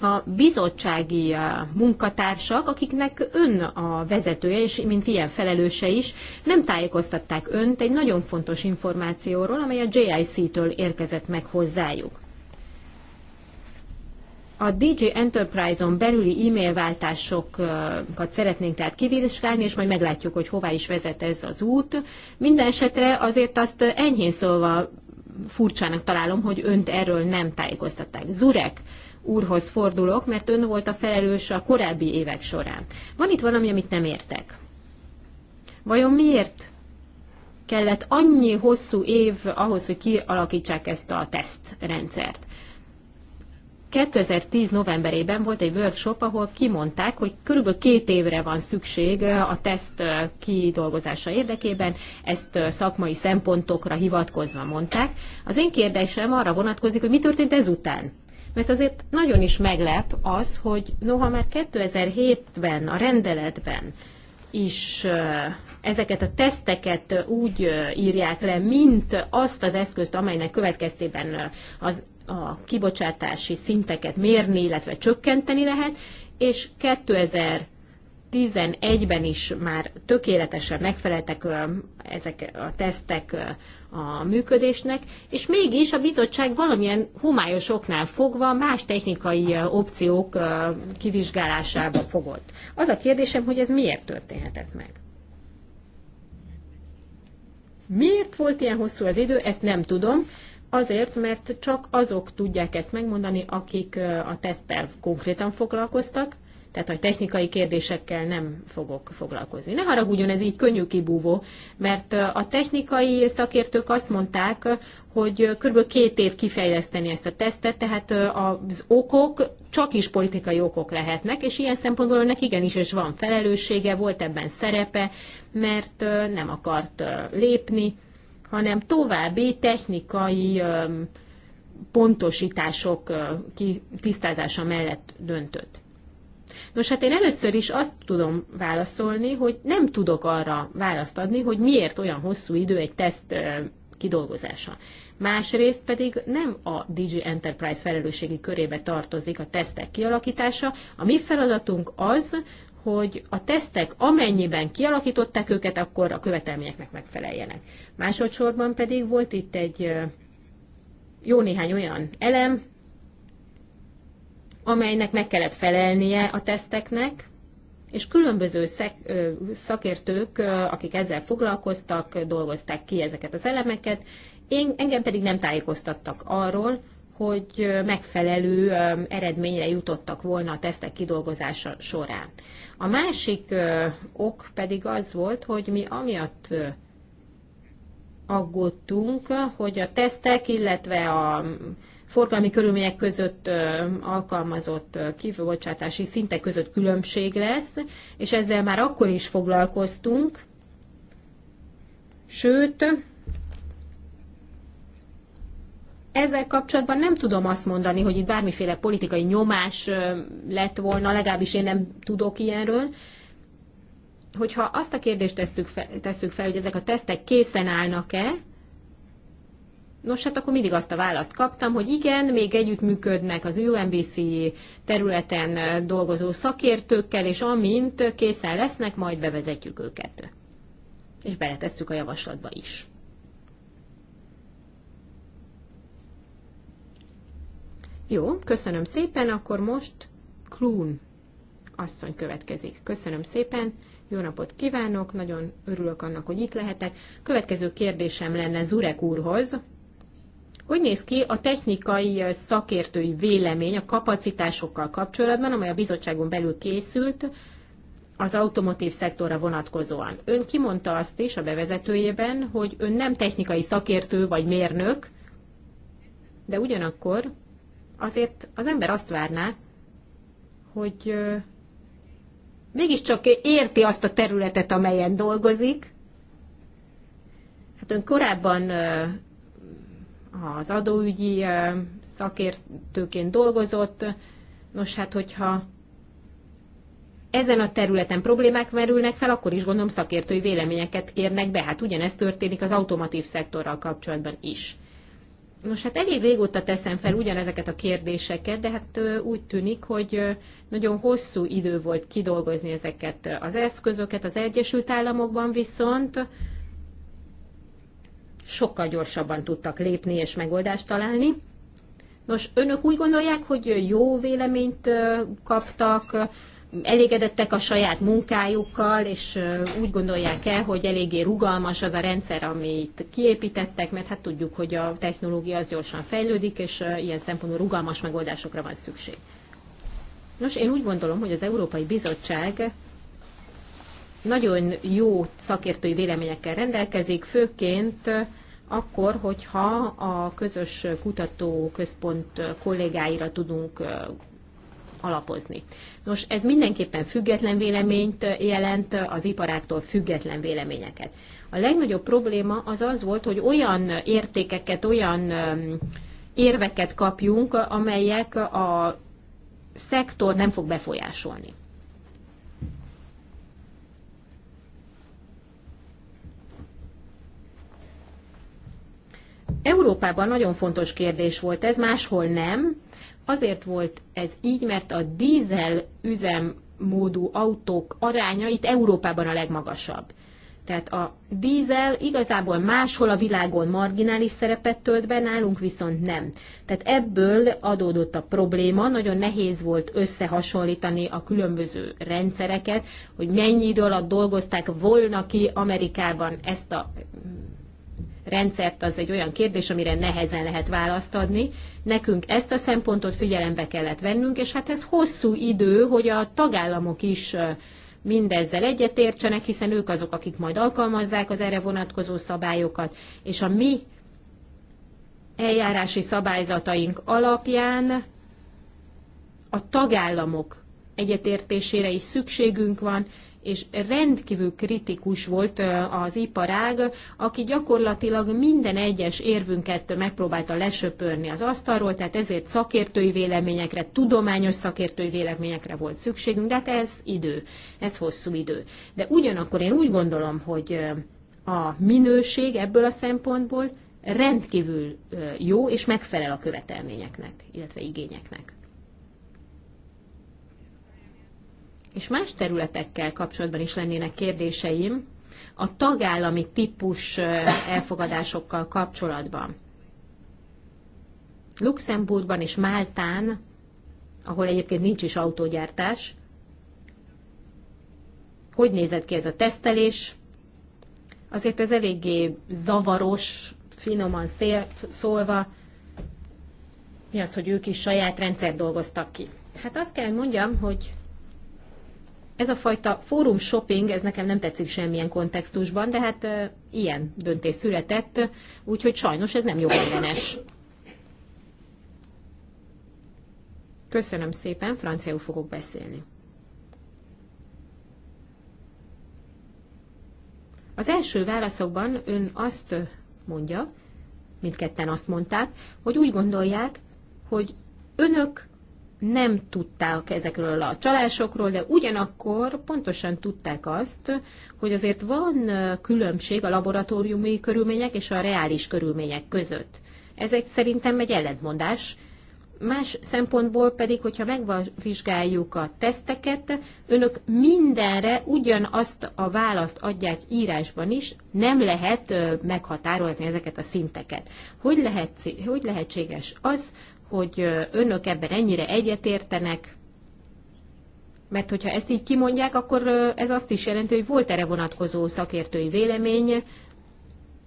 a bizottsági uh, munkatársak, akiknek ön a vezetője, és mint ilyen felelőse is, nem tájékoztatták önt egy nagyon fontos információról, amely a JIC-től érkezett meg hozzájuk. A DJ Enterprise-on belüli e mail váltásokat szeretnénk tehát kivizsgálni, és majd meglátjuk, hogy hová is vezet ez az út. Minden esetre azért azt enyhén szólva furcsának találom, hogy önt erről nem tájékoztatták. Zurek, úrhoz fordulok, mert ön volt a felelős a korábbi évek során. Van itt valami, amit nem értek. Vajon miért kellett annyi hosszú év ahhoz, hogy kialakítsák ezt a tesztrendszert? 2010 novemberében volt egy workshop, ahol kimondták, hogy körülbelül két évre van szükség a teszt kidolgozása érdekében, ezt szakmai szempontokra hivatkozva mondták. Az én kérdésem arra vonatkozik, hogy mi történt ezután? mert azért nagyon is meglep az, hogy noha már 2007-ben a rendeletben is ezeket a teszteket úgy írják le, mint azt az eszközt, amelynek következtében az, a kibocsátási szinteket mérni, illetve csökkenteni lehet, és 2000 2011-ben is már tökéletesen megfeleltek ezek a tesztek a működésnek, és mégis a bizottság valamilyen humályos oknál fogva más technikai opciók kivizsgálásába fogott. Az a kérdésem, hogy ez miért történhetett meg? Miért volt ilyen hosszú az idő, ezt nem tudom. Azért, mert csak azok tudják ezt megmondani, akik a teszttel konkrétan foglalkoztak, tehát, a technikai kérdésekkel nem fogok foglalkozni. Ne haragudjon, ez így könnyű kibúvó, mert a technikai szakértők azt mondták, hogy kb. két év kifejleszteni ezt a tesztet, tehát az okok csak is politikai okok lehetnek, és ilyen szempontból önnek igenis is van felelőssége, volt ebben szerepe, mert nem akart lépni, hanem további technikai pontosítások tisztázása mellett döntött. Nos, hát én először is azt tudom válaszolni, hogy nem tudok arra választ adni, hogy miért olyan hosszú idő egy teszt kidolgozása. Másrészt pedig nem a DG Enterprise felelősségi körébe tartozik a tesztek kialakítása. A mi feladatunk az, hogy a tesztek amennyiben kialakították őket, akkor a követelményeknek megfeleljenek. Másodszorban pedig volt itt egy jó néhány olyan elem, amelynek meg kellett felelnie a teszteknek, és különböző szek, szakértők, akik ezzel foglalkoztak, dolgozták ki ezeket az elemeket, én, engem pedig nem tájékoztattak arról, hogy megfelelő eredményre jutottak volna a tesztek kidolgozása során. A másik ok pedig az volt, hogy mi amiatt aggódtunk, hogy a tesztek, illetve a forgalmi körülmények között alkalmazott kibocsátási szintek között különbség lesz, és ezzel már akkor is foglalkoztunk, sőt, ezzel kapcsolatban nem tudom azt mondani, hogy itt bármiféle politikai nyomás lett volna, legalábbis én nem tudok ilyenről. Hogyha azt a kérdést tesszük fel, tesszük fel hogy ezek a tesztek készen állnak-e, Nos, hát akkor mindig azt a választ kaptam, hogy igen, még együttműködnek az UMBC területen dolgozó szakértőkkel, és amint készen lesznek, majd bevezetjük őket. És beletesszük a javaslatba is. Jó, köszönöm szépen, akkor most Klún asszony következik. Köszönöm szépen, jó napot kívánok, nagyon örülök annak, hogy itt lehetek. Következő kérdésem lenne Zurek úrhoz, hogy néz ki a technikai szakértői vélemény a kapacitásokkal kapcsolatban, amely a bizottságon belül készült az automotív szektorra vonatkozóan? Ön kimondta azt is a bevezetőjében, hogy ön nem technikai szakértő vagy mérnök, de ugyanakkor azért az ember azt várná, hogy mégiscsak érti azt a területet, amelyen dolgozik. Hát ön korábban az adóügyi szakértőként dolgozott. Nos, hát hogyha ezen a területen problémák merülnek fel, akkor is gondolom szakértői véleményeket kérnek be. Hát ugyanez történik az automatív szektorral kapcsolatban is. Nos, hát elég régóta teszem fel ugyanezeket a kérdéseket, de hát úgy tűnik, hogy nagyon hosszú idő volt kidolgozni ezeket az eszközöket. Az Egyesült Államokban viszont sokkal gyorsabban tudtak lépni és megoldást találni. Nos, önök úgy gondolják, hogy jó véleményt kaptak, elégedettek a saját munkájukkal, és úgy gondolják el, hogy eléggé rugalmas az a rendszer, amit kiépítettek, mert hát tudjuk, hogy a technológia az gyorsan fejlődik, és ilyen szempontból rugalmas megoldásokra van szükség. Nos, én úgy gondolom, hogy az Európai Bizottság nagyon jó szakértői véleményekkel rendelkezik, főként akkor, hogyha a közös kutatóközpont kollégáira tudunk alapozni. Nos, ez mindenképpen független véleményt jelent, az iparáktól független véleményeket. A legnagyobb probléma az az volt, hogy olyan értékeket, olyan érveket kapjunk, amelyek a szektor nem fog befolyásolni. Európában nagyon fontos kérdés volt ez, máshol nem. Azért volt ez így, mert a dízel üzemmódú autók aránya itt Európában a legmagasabb. Tehát a dízel igazából máshol a világon marginális szerepet tölt be, nálunk viszont nem. Tehát ebből adódott a probléma, nagyon nehéz volt összehasonlítani a különböző rendszereket, hogy mennyi idő alatt dolgozták volna ki Amerikában ezt a rendszert az egy olyan kérdés, amire nehezen lehet választ adni. Nekünk ezt a szempontot figyelembe kellett vennünk, és hát ez hosszú idő, hogy a tagállamok is mindezzel egyetértsenek, hiszen ők azok, akik majd alkalmazzák az erre vonatkozó szabályokat, és a mi eljárási szabályzataink alapján a tagállamok egyetértésére is szükségünk van, és rendkívül kritikus volt az iparág, aki gyakorlatilag minden egyes érvünket megpróbálta lesöpörni az asztalról, tehát ezért szakértői véleményekre, tudományos szakértői véleményekre volt szükségünk, de hát ez idő, ez hosszú idő. De ugyanakkor én úgy gondolom, hogy a minőség ebből a szempontból rendkívül jó, és megfelel a követelményeknek, illetve igényeknek. és más területekkel kapcsolatban is lennének kérdéseim a tagállami típus elfogadásokkal kapcsolatban. Luxemburgban és Máltán, ahol egyébként nincs is autógyártás, hogy nézett ki ez a tesztelés? Azért ez eléggé zavaros, finoman szél, szólva. Mi az, hogy ők is saját rendszer dolgoztak ki? Hát azt kell mondjam, hogy ez a fajta fórum shopping, ez nekem nem tetszik semmilyen kontextusban, de hát ilyen döntés született, úgyhogy sajnos ez nem jogellenes. Köszönöm szépen, franciául fogok beszélni. Az első válaszokban ön azt mondja, mindketten azt mondták, hogy úgy gondolják, hogy önök nem tudták ezekről a csalásokról, de ugyanakkor pontosan tudták azt, hogy azért van különbség a laboratóriumi körülmények és a reális körülmények között. Ez egy szerintem egy ellentmondás. Más szempontból pedig, hogyha megvizsgáljuk a teszteket, önök mindenre ugyanazt a választ adják írásban is, nem lehet meghatározni ezeket a szinteket. Hogy, lehet, hogy lehetséges az, hogy önök ebben ennyire egyetértenek, mert hogyha ezt így kimondják, akkor ez azt is jelenti, hogy volt erre vonatkozó szakértői vélemény.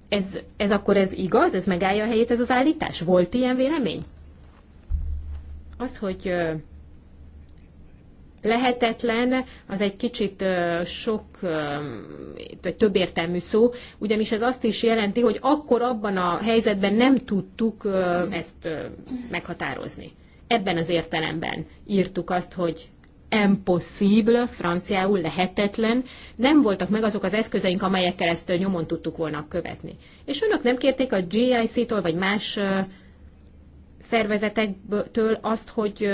Ez, ez akkor ez igaz? Ez megállja a helyét ez az állítás? Volt ilyen vélemény? Az, hogy lehetetlen, az egy kicsit sok, vagy értelmű szó, ugyanis ez azt is jelenti, hogy akkor abban a helyzetben nem tudtuk ezt meghatározni. Ebben az értelemben írtuk azt, hogy impossible, franciául lehetetlen, nem voltak meg azok az eszközeink, amelyekkel ezt nyomon tudtuk volna követni. És önök nem kérték a GIC-tól, vagy más szervezetektől azt, hogy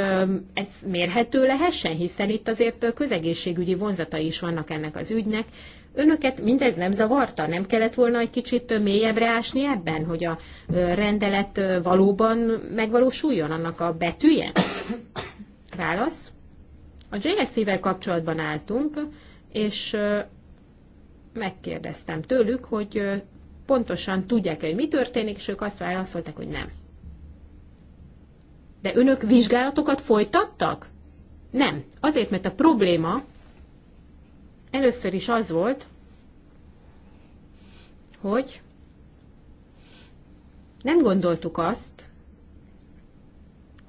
ez mérhető lehessen, hiszen itt azért közegészségügyi vonzatai is vannak ennek az ügynek. Önöket mindez nem zavarta? Nem kellett volna egy kicsit mélyebbre ásni ebben, hogy a rendelet valóban megvalósuljon annak a betűje? Válasz? A JSC-vel kapcsolatban álltunk, és megkérdeztem tőlük, hogy pontosan tudják -e, hogy mi történik, és ők azt válaszolták, hogy nem. De önök vizsgálatokat folytattak? Nem. Azért, mert a probléma először is az volt, hogy nem gondoltuk azt,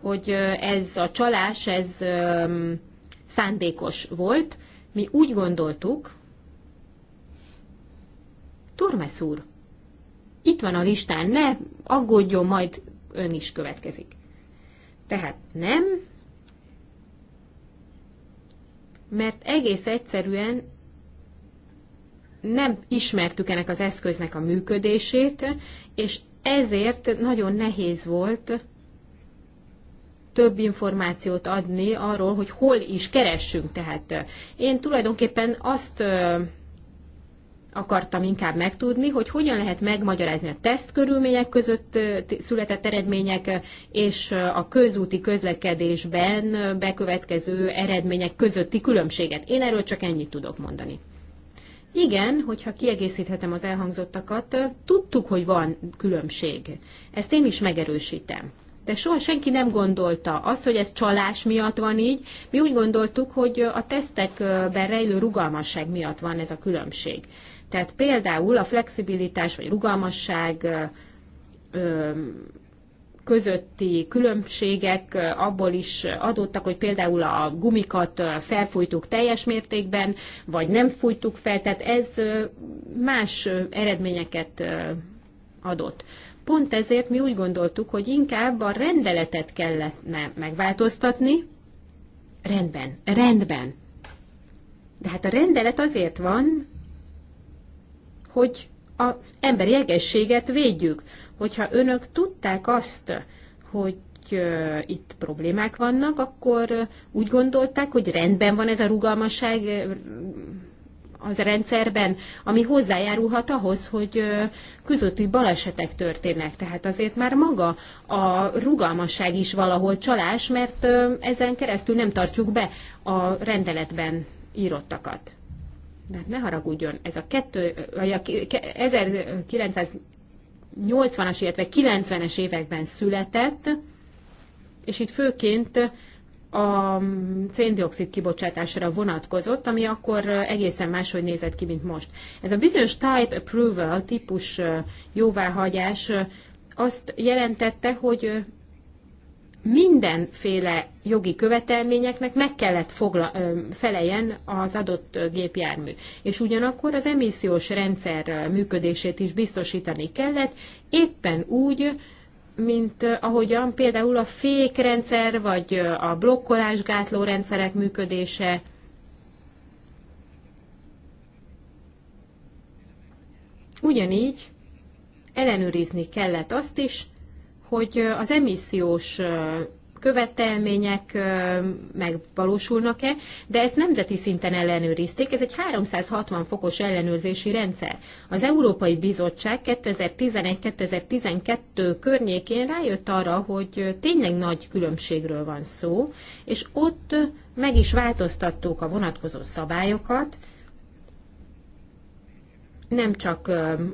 hogy ez a csalás, ez szándékos volt. Mi úgy gondoltuk, Turmes úr, itt van a listán, ne aggódjon, majd ön is következik. Tehát nem, mert egész egyszerűen nem ismertük ennek az eszköznek a működését, és ezért nagyon nehéz volt több információt adni arról, hogy hol is keressünk. Tehát én tulajdonképpen azt akartam inkább megtudni, hogy hogyan lehet megmagyarázni a teszt körülmények között született eredmények és a közúti közlekedésben bekövetkező eredmények közötti különbséget. Én erről csak ennyit tudok mondani. Igen, hogyha kiegészíthetem az elhangzottakat, tudtuk, hogy van különbség. Ezt én is megerősítem. De soha senki nem gondolta azt, hogy ez csalás miatt van így. Mi úgy gondoltuk, hogy a tesztekben rejlő rugalmasság miatt van ez a különbség. Tehát például a flexibilitás vagy rugalmasság közötti különbségek abból is adottak, hogy például a gumikat felfújtuk teljes mértékben, vagy nem fújtuk fel, tehát ez más eredményeket adott. Pont ezért mi úgy gondoltuk, hogy inkább a rendeletet kellene megváltoztatni. Rendben, rendben. De hát a rendelet azért van, hogy az emberi egészséget védjük. Hogyha önök tudták azt, hogy itt problémák vannak, akkor úgy gondolták, hogy rendben van ez a rugalmasság az rendszerben, ami hozzájárulhat ahhoz, hogy közötti balesetek történnek. Tehát azért már maga a rugalmasság is valahol csalás, mert ezen keresztül nem tartjuk be a rendeletben írottakat de ne haragudjon, ez a, kettő, vagy a 1980-as, illetve 90-es években született, és itt főként a széndiokszid kibocsátásra vonatkozott, ami akkor egészen máshogy nézett ki, mint most. Ez a bizonyos type approval, típus jóváhagyás azt jelentette, hogy mindenféle jogi követelményeknek meg kellett fogla, feleljen az adott gépjármű. És ugyanakkor az emissziós rendszer működését is biztosítani kellett, éppen úgy, mint ahogyan például a fékrendszer, vagy a blokkolásgátló rendszerek működése, Ugyanígy ellenőrizni kellett azt is, hogy az emissziós követelmények megvalósulnak-e, de ezt nemzeti szinten ellenőrizték. Ez egy 360 fokos ellenőrzési rendszer. Az Európai Bizottság 2011-2012 környékén rájött arra, hogy tényleg nagy különbségről van szó, és ott meg is változtattuk a vonatkozó szabályokat, nem csak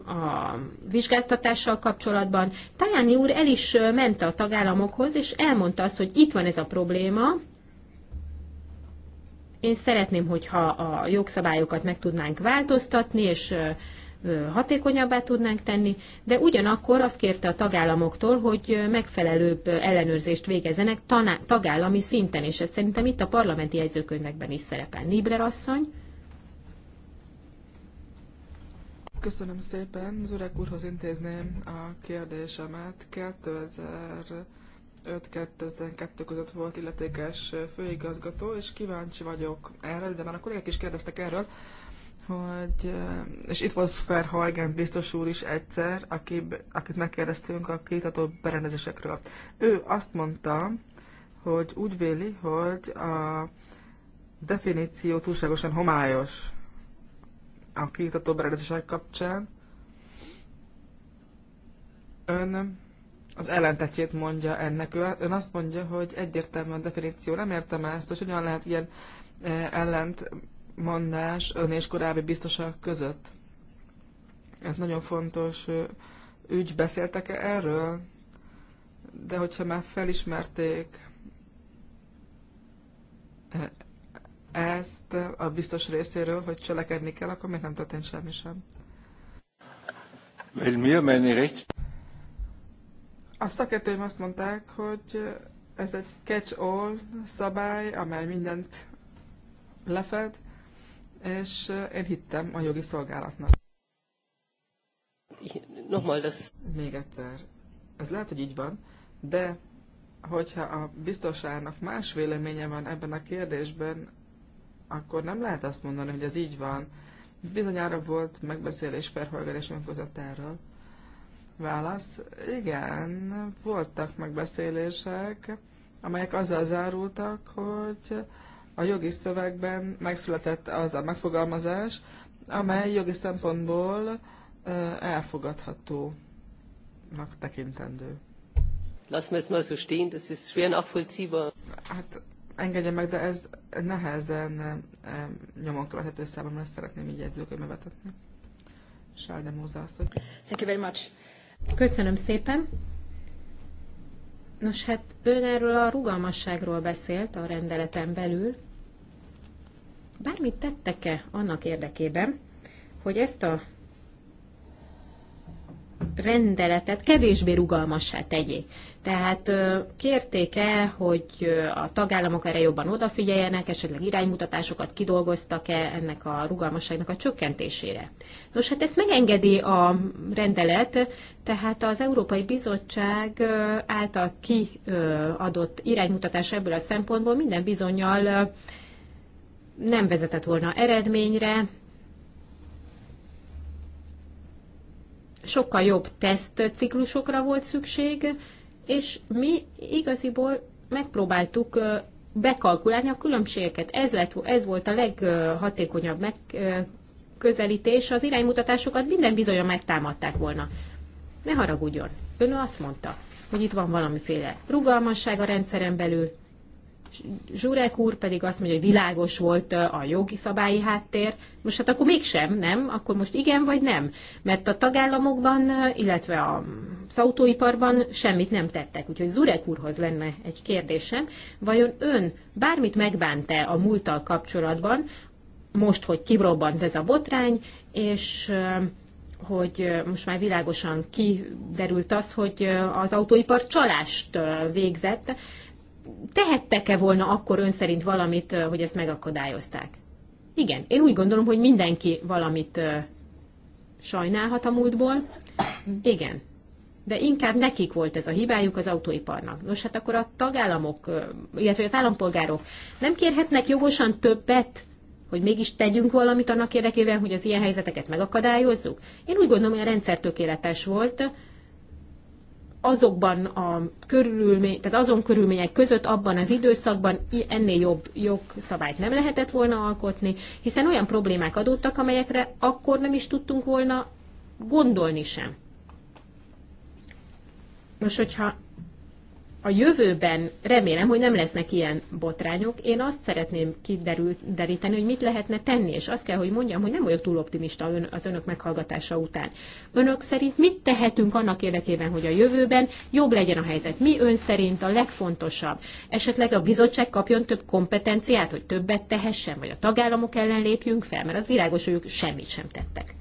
a vizsgáztatással kapcsolatban. Tajani úr el is ment a tagállamokhoz, és elmondta azt, hogy itt van ez a probléma, én szeretném, hogyha a jogszabályokat meg tudnánk változtatni, és hatékonyabbá tudnánk tenni, de ugyanakkor azt kérte a tagállamoktól, hogy megfelelőbb ellenőrzést végezzenek tagállami szinten, és ez szerintem itt a parlamenti jegyzőkönyvekben is szerepel. Nibler asszony. Köszönöm szépen. Zurek úrhoz intézném a kérdésemet. 2005-2012 között volt illetékes főigazgató, és kíváncsi vagyok erre, de már a kollégák is kérdeztek erről, hogy, és itt volt Ferhajgen biztos úr is egyszer, aki, akit megkérdeztünk a kiitató berendezésekről. Ő azt mondta, hogy úgy véli, hogy a definíció túlságosan homályos a kijutató berendezések kapcsán. Ön az ellentetjét mondja ennek. Ön azt mondja, hogy egyértelmű a definíció. Nem értem ezt, hogy hogyan lehet ilyen e, ellentmondás ön és korábbi biztosak között. Ez nagyon fontos ügy. beszéltek -e erről? De hogyha már felismerték e, ezt a biztos részéről, hogy cselekedni kell, akkor még nem történt semmi sem. Weil mir meine Recht... A szakértőim azt mondták, hogy ez egy catch-all szabály, amely mindent lefed, és én hittem a jogi szolgálatnak. Nochmal das. Még egyszer. Ez lehet, hogy így van, de hogyha a biztosának más véleménye van ebben a kérdésben, akkor nem lehet azt mondani, hogy ez így van. Bizonyára volt megbeszélés önközött erről. Válasz, igen, voltak megbeszélések, amelyek azzal zárultak, hogy a jogi szövegben megszületett az a megfogalmazás, amely jogi szempontból elfogadhatónak tekintendő. Lassen wir jetzt mal so stehen, das ist schwer nachvollziehbar. Hát engedje meg, de ez nehezen nyomon követhető számomra, ezt szeretném így jegyzőkönyvbe vetetni. Sárde Móza Thank you very much. Köszönöm szépen. Nos, hát ön erről a rugalmasságról beszélt a rendeleten belül. Bármit tettek-e annak érdekében, hogy ezt a rendeletet kevésbé rugalmassá tegyék. Tehát kérték el, hogy a tagállamok erre jobban odafigyeljenek, esetleg iránymutatásokat kidolgoztak-e ennek a rugalmasságnak a csökkentésére? Nos, hát ezt megengedi a rendelet, tehát az Európai Bizottság által kiadott iránymutatás ebből a szempontból minden bizonyal nem vezetett volna eredményre, sokkal jobb tesztciklusokra volt szükség, és mi igaziból megpróbáltuk bekalkulálni a különbségeket. Ez, lett, ez volt a leghatékonyabb megközelítés. Az iránymutatásokat minden bizonyan megtámadták volna. Ne haragudjon. Ön azt mondta, hogy itt van valamiféle rugalmasság a rendszeren belül, Zsurek úr pedig azt mondja, hogy világos volt a jogi szabályi háttér. Most hát akkor mégsem, nem? Akkor most igen vagy nem? Mert a tagállamokban, illetve a autóiparban semmit nem tettek. Úgyhogy Zurek úrhoz lenne egy kérdésem. Vajon ön bármit megbánt-e a múlttal kapcsolatban, most, hogy kibrobbant ez a botrány, és hogy most már világosan kiderült az, hogy az autóipar csalást végzett, tehettek-e volna akkor ön szerint valamit, hogy ezt megakadályozták? Igen, én úgy gondolom, hogy mindenki valamit sajnálhat a múltból. Igen, de inkább nekik volt ez a hibájuk az autóiparnak. Nos, hát akkor a tagállamok, illetve az állampolgárok nem kérhetnek jogosan többet, hogy mégis tegyünk valamit annak érdekében, hogy az ilyen helyzeteket megakadályozzuk? Én úgy gondolom, hogy a rendszer tökéletes volt, azokban a körülmény, tehát azon körülmények között abban az időszakban ennél jobb jogszabályt nem lehetett volna alkotni, hiszen olyan problémák adódtak, amelyekre akkor nem is tudtunk volna gondolni sem. Most, hogyha a jövőben remélem, hogy nem lesznek ilyen botrányok. Én azt szeretném kideríteni, hogy mit lehetne tenni, és azt kell, hogy mondjam, hogy nem vagyok túl optimista az önök meghallgatása után. Önök szerint mit tehetünk annak érdekében, hogy a jövőben jobb legyen a helyzet? Mi ön szerint a legfontosabb? Esetleg a bizottság kapjon több kompetenciát, hogy többet tehessen, vagy a tagállamok ellen lépjünk fel, mert az világos, hogy ők semmit sem tettek.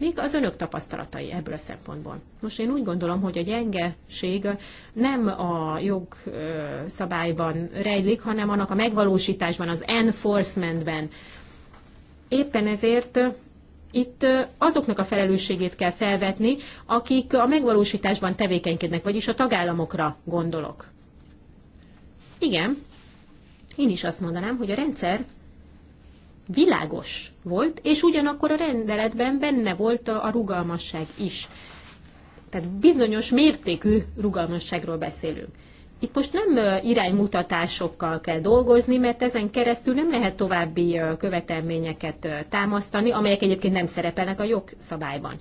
Mik az önök tapasztalatai ebből a szempontból? Most én úgy gondolom, hogy a gyengeség nem a jogszabályban rejlik, hanem annak a megvalósításban, az enforcementben. Éppen ezért itt azoknak a felelősségét kell felvetni, akik a megvalósításban tevékenykednek, vagyis a tagállamokra gondolok. Igen, én is azt mondanám, hogy a rendszer világos volt, és ugyanakkor a rendeletben benne volt a rugalmasság is. Tehát bizonyos mértékű rugalmasságról beszélünk. Itt most nem iránymutatásokkal kell dolgozni, mert ezen keresztül nem lehet további követelményeket támasztani, amelyek egyébként nem szerepelnek a jogszabályban.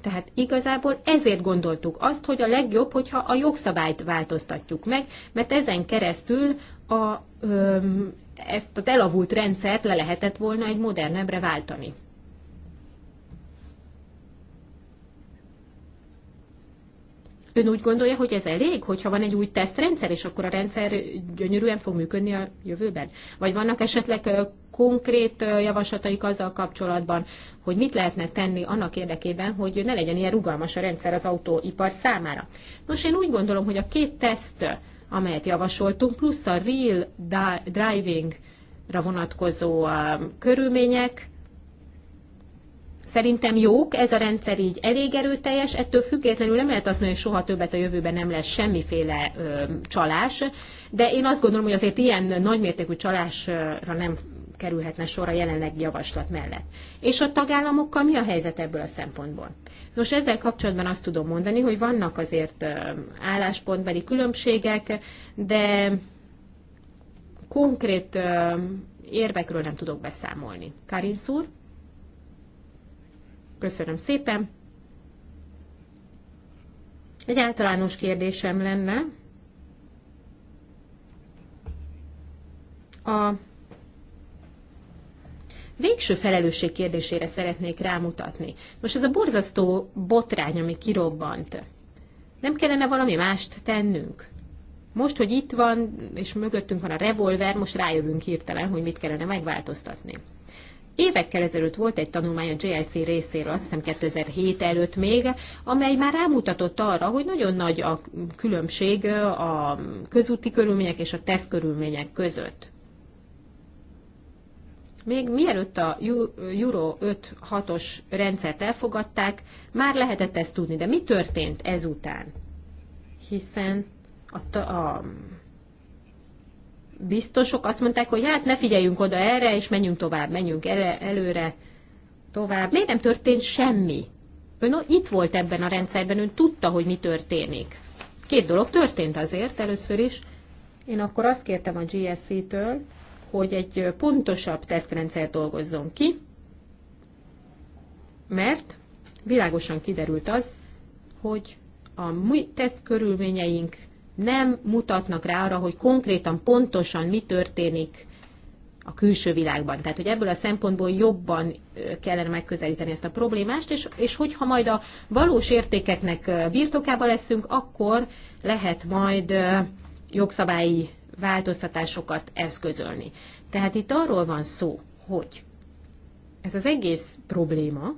Tehát igazából ezért gondoltuk azt, hogy a legjobb, hogyha a jogszabályt változtatjuk meg, mert ezen keresztül a öm, ezt az elavult rendszert le lehetett volna egy modernebbre váltani. Ön úgy gondolja, hogy ez elég, hogyha van egy új tesztrendszer, és akkor a rendszer gyönyörűen fog működni a jövőben? Vagy vannak esetleg konkrét javaslataik azzal kapcsolatban, hogy mit lehetne tenni annak érdekében, hogy ne legyen ilyen rugalmas a rendszer az autóipar számára? Nos, én úgy gondolom, hogy a két teszt amelyet javasoltunk, plusz a real driving-ra vonatkozó um, körülmények, Szerintem jók, ez a rendszer így elég erőteljes, ettől függetlenül nem lehet azt mondani, hogy soha többet a jövőben nem lesz semmiféle ö, um, csalás, de én azt gondolom, hogy azért ilyen nagymértékű csalásra nem kerülhetne sor a jelenlegi javaslat mellett. És a tagállamokkal mi a helyzet ebből a szempontból? Nos, ezzel kapcsolatban azt tudom mondani, hogy vannak azért álláspontbeli különbségek, de konkrét érvekről nem tudok beszámolni. Karin szúr? Köszönöm szépen. Egy általános kérdésem lenne. A végső felelősség kérdésére szeretnék rámutatni. Most ez a borzasztó botrány, ami kirobbant, nem kellene valami mást tennünk? Most, hogy itt van, és mögöttünk van a revolver, most rájövünk hirtelen, hogy mit kellene megváltoztatni. Évekkel ezelőtt volt egy tanulmány a JIC részéről, azt hiszem 2007 előtt még, amely már rámutatott arra, hogy nagyon nagy a különbség a közúti körülmények és a teszt körülmények között. Még mielőtt a Euro 5-6-os rendszert elfogadták, már lehetett ezt tudni, de mi történt ezután? Hiszen a, a biztosok azt mondták, hogy hát ne figyeljünk oda erre, és menjünk tovább, menjünk erre, előre, tovább. Miért nem történt semmi? Ön itt volt ebben a rendszerben, ön tudta, hogy mi történik. Két dolog történt azért először is. Én akkor azt kértem a GSC-től, hogy egy pontosabb tesztrendszer dolgozzon ki, mert világosan kiderült az, hogy a mi teszt körülményeink nem mutatnak rá arra, hogy konkrétan, pontosan mi történik a külső világban. Tehát, hogy ebből a szempontból jobban kellene megközelíteni ezt a problémást, és, és hogyha majd a valós értékeknek birtokába leszünk, akkor lehet majd jogszabályi változtatásokat eszközölni. Tehát itt arról van szó, hogy ez az egész probléma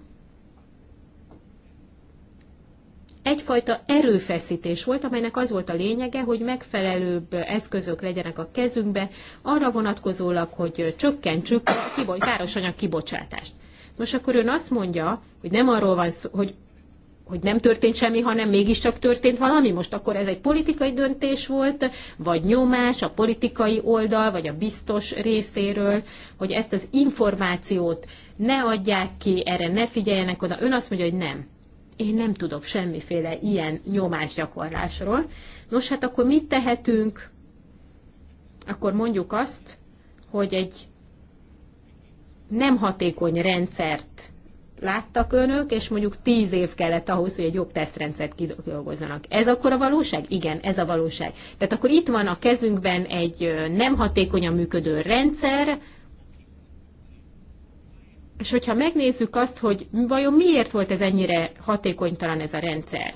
egyfajta erőfeszítés volt, amelynek az volt a lényege, hogy megfelelőbb eszközök legyenek a kezünkbe, arra vonatkozólag, hogy csökkentsük a károsanyag kibocsátást. Most akkor ön azt mondja, hogy nem arról van szó, hogy hogy nem történt semmi, hanem mégiscsak történt valami. Most akkor ez egy politikai döntés volt, vagy nyomás a politikai oldal, vagy a biztos részéről, hogy ezt az információt ne adják ki, erre ne figyeljenek oda. Ön azt mondja, hogy nem. Én nem tudok semmiféle ilyen nyomásgyakorlásról. Nos, hát akkor mit tehetünk? Akkor mondjuk azt, hogy egy nem hatékony rendszert láttak önök, és mondjuk tíz év kellett ahhoz, hogy egy jobb tesztrendszert kidolgozzanak. Ez akkor a valóság? Igen, ez a valóság. Tehát akkor itt van a kezünkben egy nem hatékonyan működő rendszer, és hogyha megnézzük azt, hogy vajon miért volt ez ennyire hatékonytalan ez a rendszer,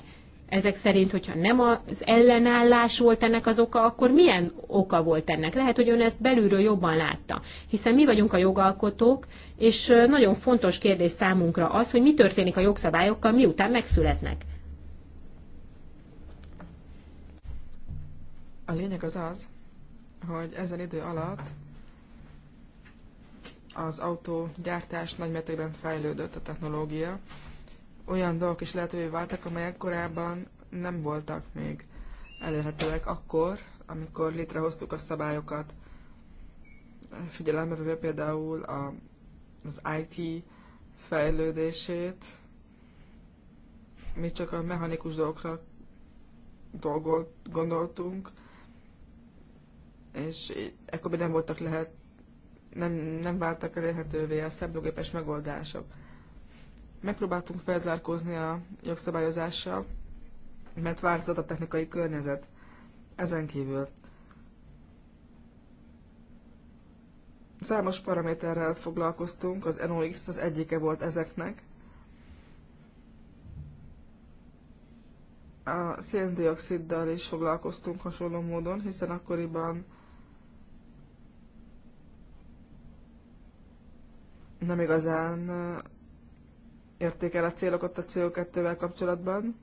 ezek szerint, hogyha nem az ellenállás volt ennek az oka, akkor milyen oka volt ennek? Lehet, hogy ön ezt belülről jobban látta. Hiszen mi vagyunk a jogalkotók, és nagyon fontos kérdés számunkra az, hogy mi történik a jogszabályokkal, miután megszületnek. A lényeg az az, hogy ezen idő alatt az autógyártás nagymértékben fejlődött a technológia, olyan dolgok is lehetővé váltak, amelyek korábban nem voltak még elérhetőek akkor, amikor létrehoztuk a szabályokat. Figyelembe véve például a, az IT fejlődését, mi csak a mechanikus dolgokra dolgot, gondoltunk, és ekkor nem voltak lehet, nem, nem váltak elérhetővé a szemdőgépes megoldások megpróbáltunk felzárkózni a jogszabályozással, mert változott a technikai környezet. Ezen kívül számos paraméterrel foglalkoztunk, az NOx az egyike volt ezeknek. A széndioksziddal is foglalkoztunk hasonló módon, hiszen akkoriban nem igazán értékel a célokat a CO2-vel kapcsolatban.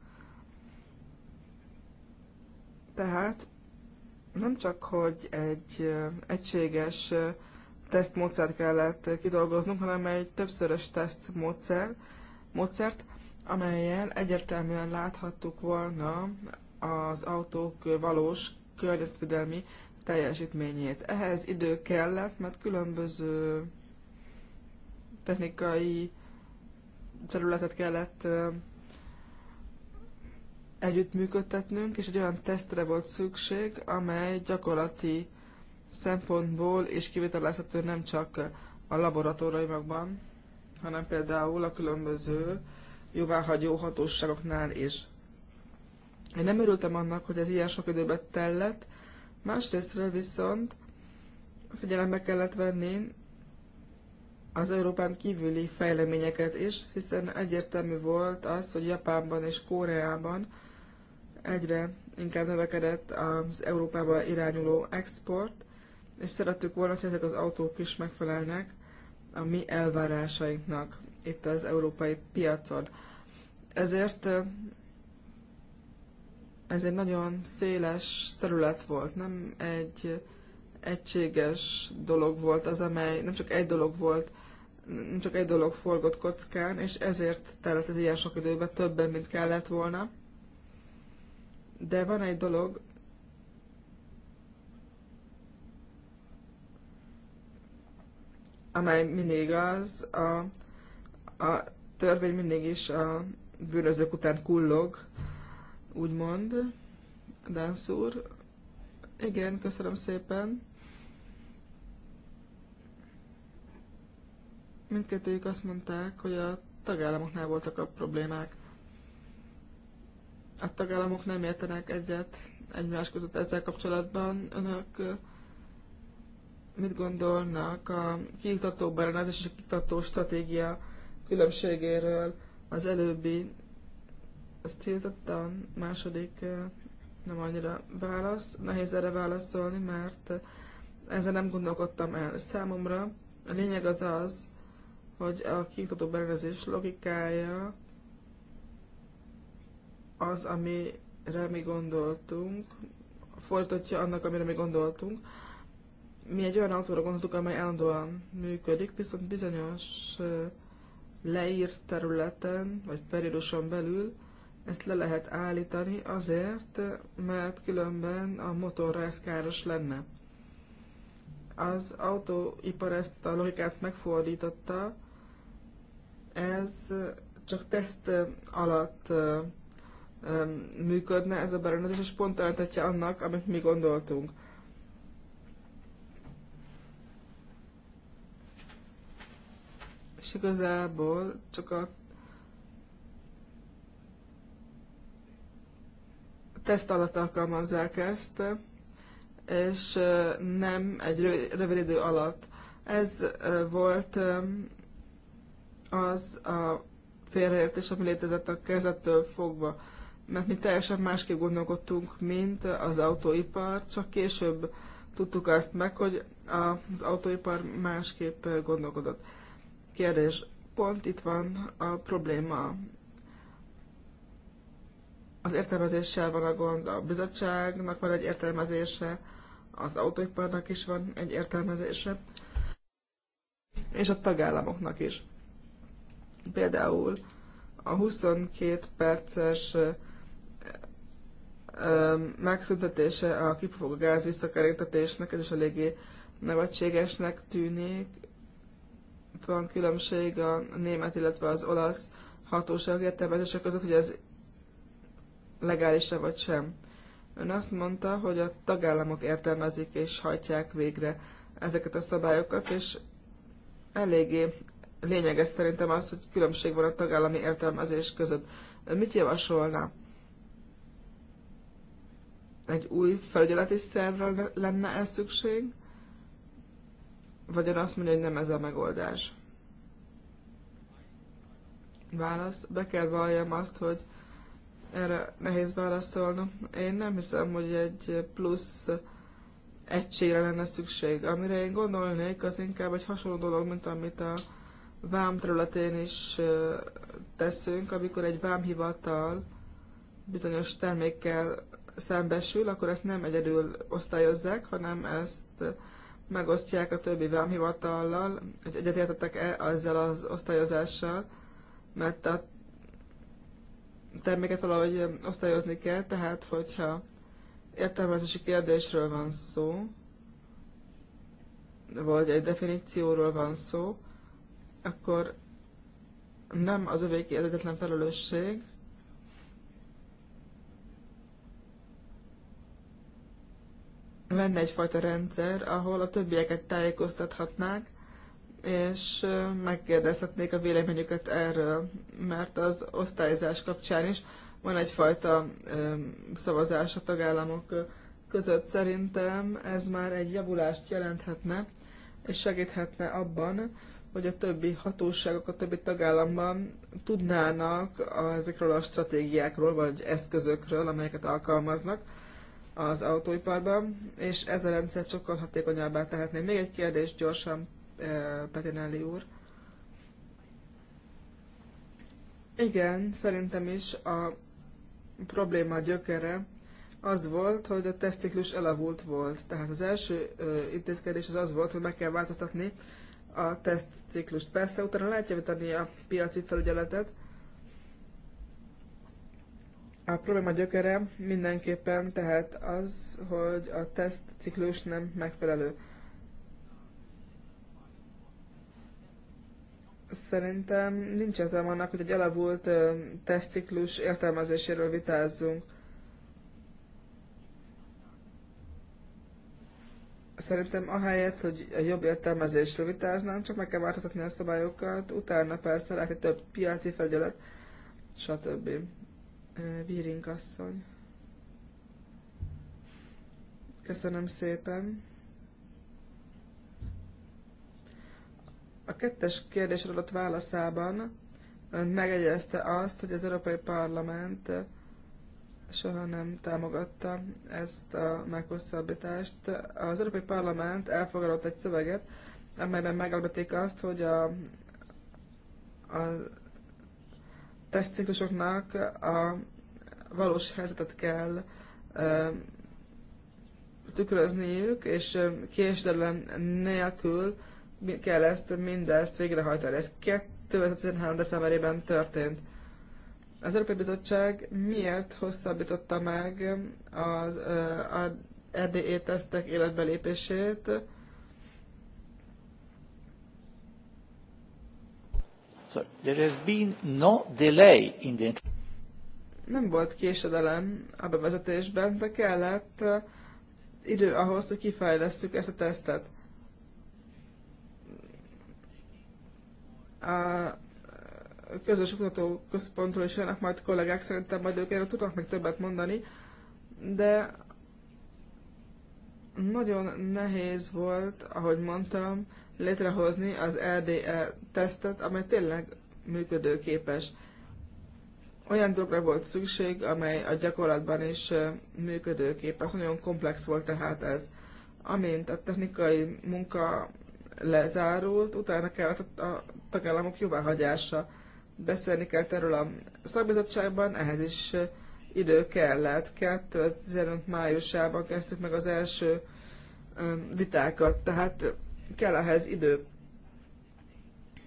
Tehát nem csak, hogy egy egységes tesztmódszert kellett kidolgoznunk, hanem egy többszörös tesztmódszert, módszert, amelyen egyértelműen láthattuk volna az autók valós környezetvédelmi teljesítményét. Ehhez idő kellett, mert különböző technikai területet kellett együttműködtetnünk, és egy olyan tesztre volt szükség, amely gyakorlati szempontból és kivitelezhető nem csak a laboratóriumokban, hanem például a különböző jóváhagyó hatóságoknál is. Én nem örültem annak, hogy ez ilyen sok időbe tellett, másrésztről viszont figyelembe kellett venni az Európán kívüli fejleményeket is, hiszen egyértelmű volt az, hogy Japánban és Koreában egyre inkább növekedett az Európába irányuló export, és szerettük volna, hogy ezek az autók is megfelelnek a mi elvárásainknak itt az európai piacon. Ezért eh, ez egy nagyon széles terület volt, nem egy egységes dolog volt az, amely nem csak egy dolog volt, csak egy dolog forgott kockán, és ezért telt ez ilyen sok időben többen, mint kellett volna. De van egy dolog, amely mindig az, a, a törvény mindig is a bűnözők után kullog, úgymond, Dánsz úr. Igen, köszönöm szépen. mindkettőjük azt mondták, hogy a tagállamoknál voltak a problémák. A tagállamok nem értenek egyet egymás között ezzel kapcsolatban. Önök mit gondolnak a kiiktató berendezés és a kiiktató stratégia különbségéről az előbbi azt tiltotta, a második nem annyira válasz. Nehéz erre válaszolni, mert ezzel nem gondolkodtam el. Számomra a lényeg az az, hogy a kiktató berendezés logikája az, amire mi gondoltunk, folytatja annak, amire mi gondoltunk. Mi egy olyan autóra gondoltuk, amely állandóan működik, viszont bizonyos leírt területen, vagy perióduson belül ezt le lehet állítani azért, mert különben a motorra ez káros lenne. Az autóipar ezt a logikát megfordította, ez csak teszt alatt működne ez a berendezés, és pont eltetje annak, amit mi gondoltunk. És igazából csak a teszt alatt alkalmazzák ezt, és nem egy rövid idő alatt. Ez volt az a félreértés, ami létezett a kezdettől fogva. Mert mi teljesen másképp gondolkodtunk, mint az autóipar, csak később tudtuk azt meg, hogy az autóipar másképp gondolkodott. Kérdés, pont itt van a probléma. Az értelmezéssel van a gond, a bizottságnak van egy értelmezése, az autóiparnak is van egy értelmezése, és a tagállamoknak is. Például a 22 perces megszüntetése a kipufogó gáz visszakerítetésnek, ez is eléggé nevetségesnek tűnik. Itt van különbség a német, illetve az olasz hatóság értelmezések között, hogy ez legális-e vagy sem. Ön azt mondta, hogy a tagállamok értelmezik és hajtják végre ezeket a szabályokat, és eléggé lényeges szerintem az, hogy különbség van a tagállami értelmezés között. Mit javasolna? Egy új felügyeleti szervre lenne ez szükség? Vagy ön azt mondja, hogy nem ez a megoldás? Válasz. Be kell valljam azt, hogy erre nehéz válaszolnom. Én nem hiszem, hogy egy plusz egységre lenne szükség. Amire én gondolnék, az inkább egy hasonló dolog, mint amit a vám területén is teszünk, amikor egy vámhivatal bizonyos termékkel szembesül, akkor ezt nem egyedül osztályozzák, hanem ezt megosztják a többi vámhivatallal, hogy egyetértettek-e ezzel az osztályozással, mert a terméket valahogy osztályozni kell, tehát hogyha értelmezési kérdésről van szó, vagy egy definícióról van szó, akkor nem az övéki az egyetlen felelősség, lenne egyfajta rendszer, ahol a többieket tájékoztathatnák, és megkérdezhetnék a véleményüket erről, mert az osztályzás kapcsán is van egyfajta szavazás a tagállamok között. Szerintem ez már egy javulást jelenthetne, és segíthetne abban, hogy a többi hatóságok a többi tagállamban tudnának ezekről a stratégiákról vagy eszközökről, amelyeket alkalmaznak az autóiparban, és ez a rendszer sokkal hatékonyabbá tehetné. Még egy kérdés gyorsan, eh, Petinelli úr. Igen, szerintem is a probléma gyökere az volt, hogy a tesztciklus elavult volt. Tehát az első eh, intézkedés az az volt, hogy meg kell változtatni a tesztciklust. Persze utána lehet javítani a piaci felügyeletet. A probléma gyökere mindenképpen tehát az, hogy a tesztciklus nem megfelelő. Szerintem nincs értelme annak, hogy egy elavult tesztciklus értelmezéséről vitázzunk szerintem ahelyett, hogy a jobb értelmezésről vitáznánk, csak meg kell változtatni a szabályokat, utána persze lehet egy több piaci felügyelet, stb. Víring asszony. Köszönöm szépen. A kettes kérdésről adott válaszában megegyezte azt, hogy az Európai Parlament soha nem támogatta ezt a meghosszabbítást. Az Európai Parlament elfogadott egy szöveget, amelyben megállapíték azt, hogy a, a tesztciklusoknak a valós helyzetet kell e, tükrözniük, és késdelem nélkül kell ezt mindezt végrehajtani. Ez 2013. decemberében történt. Az Európai Bizottság miért hosszabbította meg az RDE tesztek életbelépését? So, there has been no delay in the... Nem volt késedelem a bevezetésben, de kellett idő ahhoz, hogy kifejlesszük ezt a tesztet. A közös kutatóközpontról is jönnek majd kollégák, szerintem majd ők erről tudnak még többet mondani, de nagyon nehéz volt, ahogy mondtam, létrehozni az RDE tesztet, amely tényleg működőképes. Olyan dolgokra volt szükség, amely a gyakorlatban is működőképes. Nagyon komplex volt tehát ez. Amint a technikai munka lezárult, utána kellett a tagállamok jóváhagyása beszélni kell erről a szakbizottságban, ehhez is idő kellett. 2015 májusában kezdtük meg az első vitákat, tehát kell ehhez idő.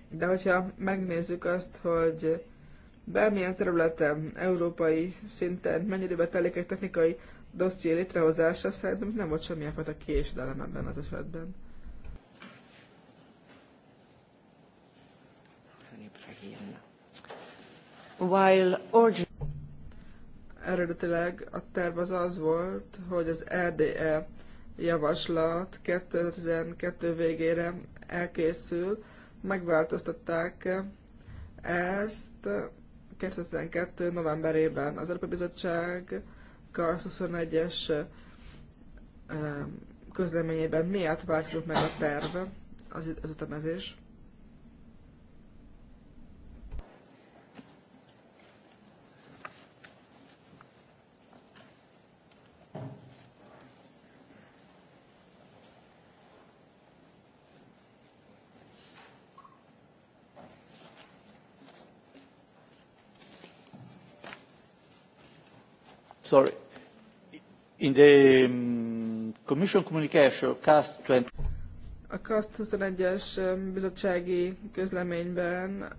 De hogyha megnézzük azt, hogy bármilyen területen, európai szinten mennyire telik egy technikai dosszié létrehozása, szerintem nem volt semmilyen fajta késdelem ebben az esetben. While origin... Eredetileg a terv az az volt, hogy az RDE javaslat 2012 végére elkészül, megváltoztatták ezt 2012. novemberében. Az Európai Bizottság Karsz 21-es közleményében miért változott meg a terv, az, az ütemezés? Sorry. In the um, Commission communication, CAST 20... A CAST 21-es um, bizottsági közleményben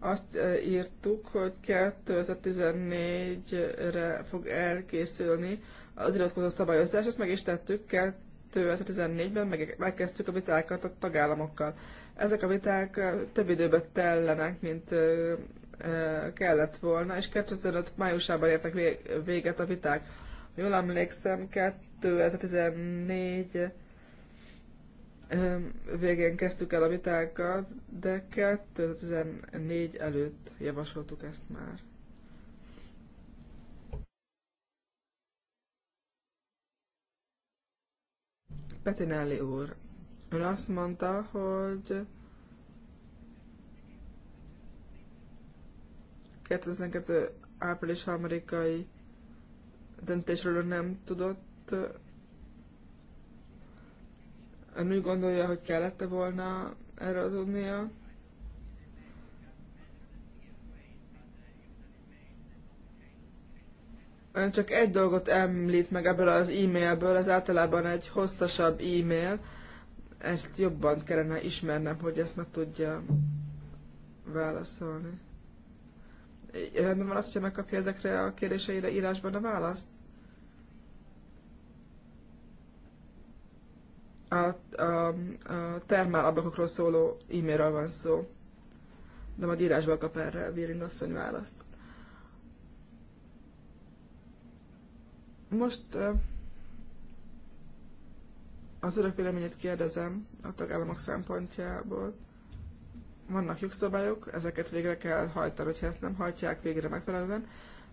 azt uh, írtuk, hogy 2014-re fog elkészülni az iratkozó szabályozás, ezt meg is tettük, 2014-ben meg, megkezdtük a vitákat a tagállamokkal. Ezek a viták uh, több időbe tellenek, mint uh, kellett volna, és 2005 májusában értek véget a viták. Jól emlékszem, 2014 végén kezdtük el a vitákat, de 2014 előtt javasoltuk ezt már. Petinelli úr, ön azt mondta, hogy 2002. április 3-ai döntésről nem tudott. Ön úgy gondolja, hogy kellette volna erre az tudnia? Ön csak egy dolgot említ meg ebből az e-mailből, ez általában egy hosszasabb e-mail. Ezt jobban kellene ismernem, hogy ezt meg tudja válaszolni rendben van az, hogyha megkapja ezekre a kérdéseire írásban a választ? a, a, a termálablakokról szóló e-mailről van szó. De majd írásban kap erre Véring asszony választ. Most az örök véleményét kérdezem a tagállamok szempontjából vannak jogszabályok, ezeket végre kell hajtani, hogyha ezt nem hajtják végre megfelelően,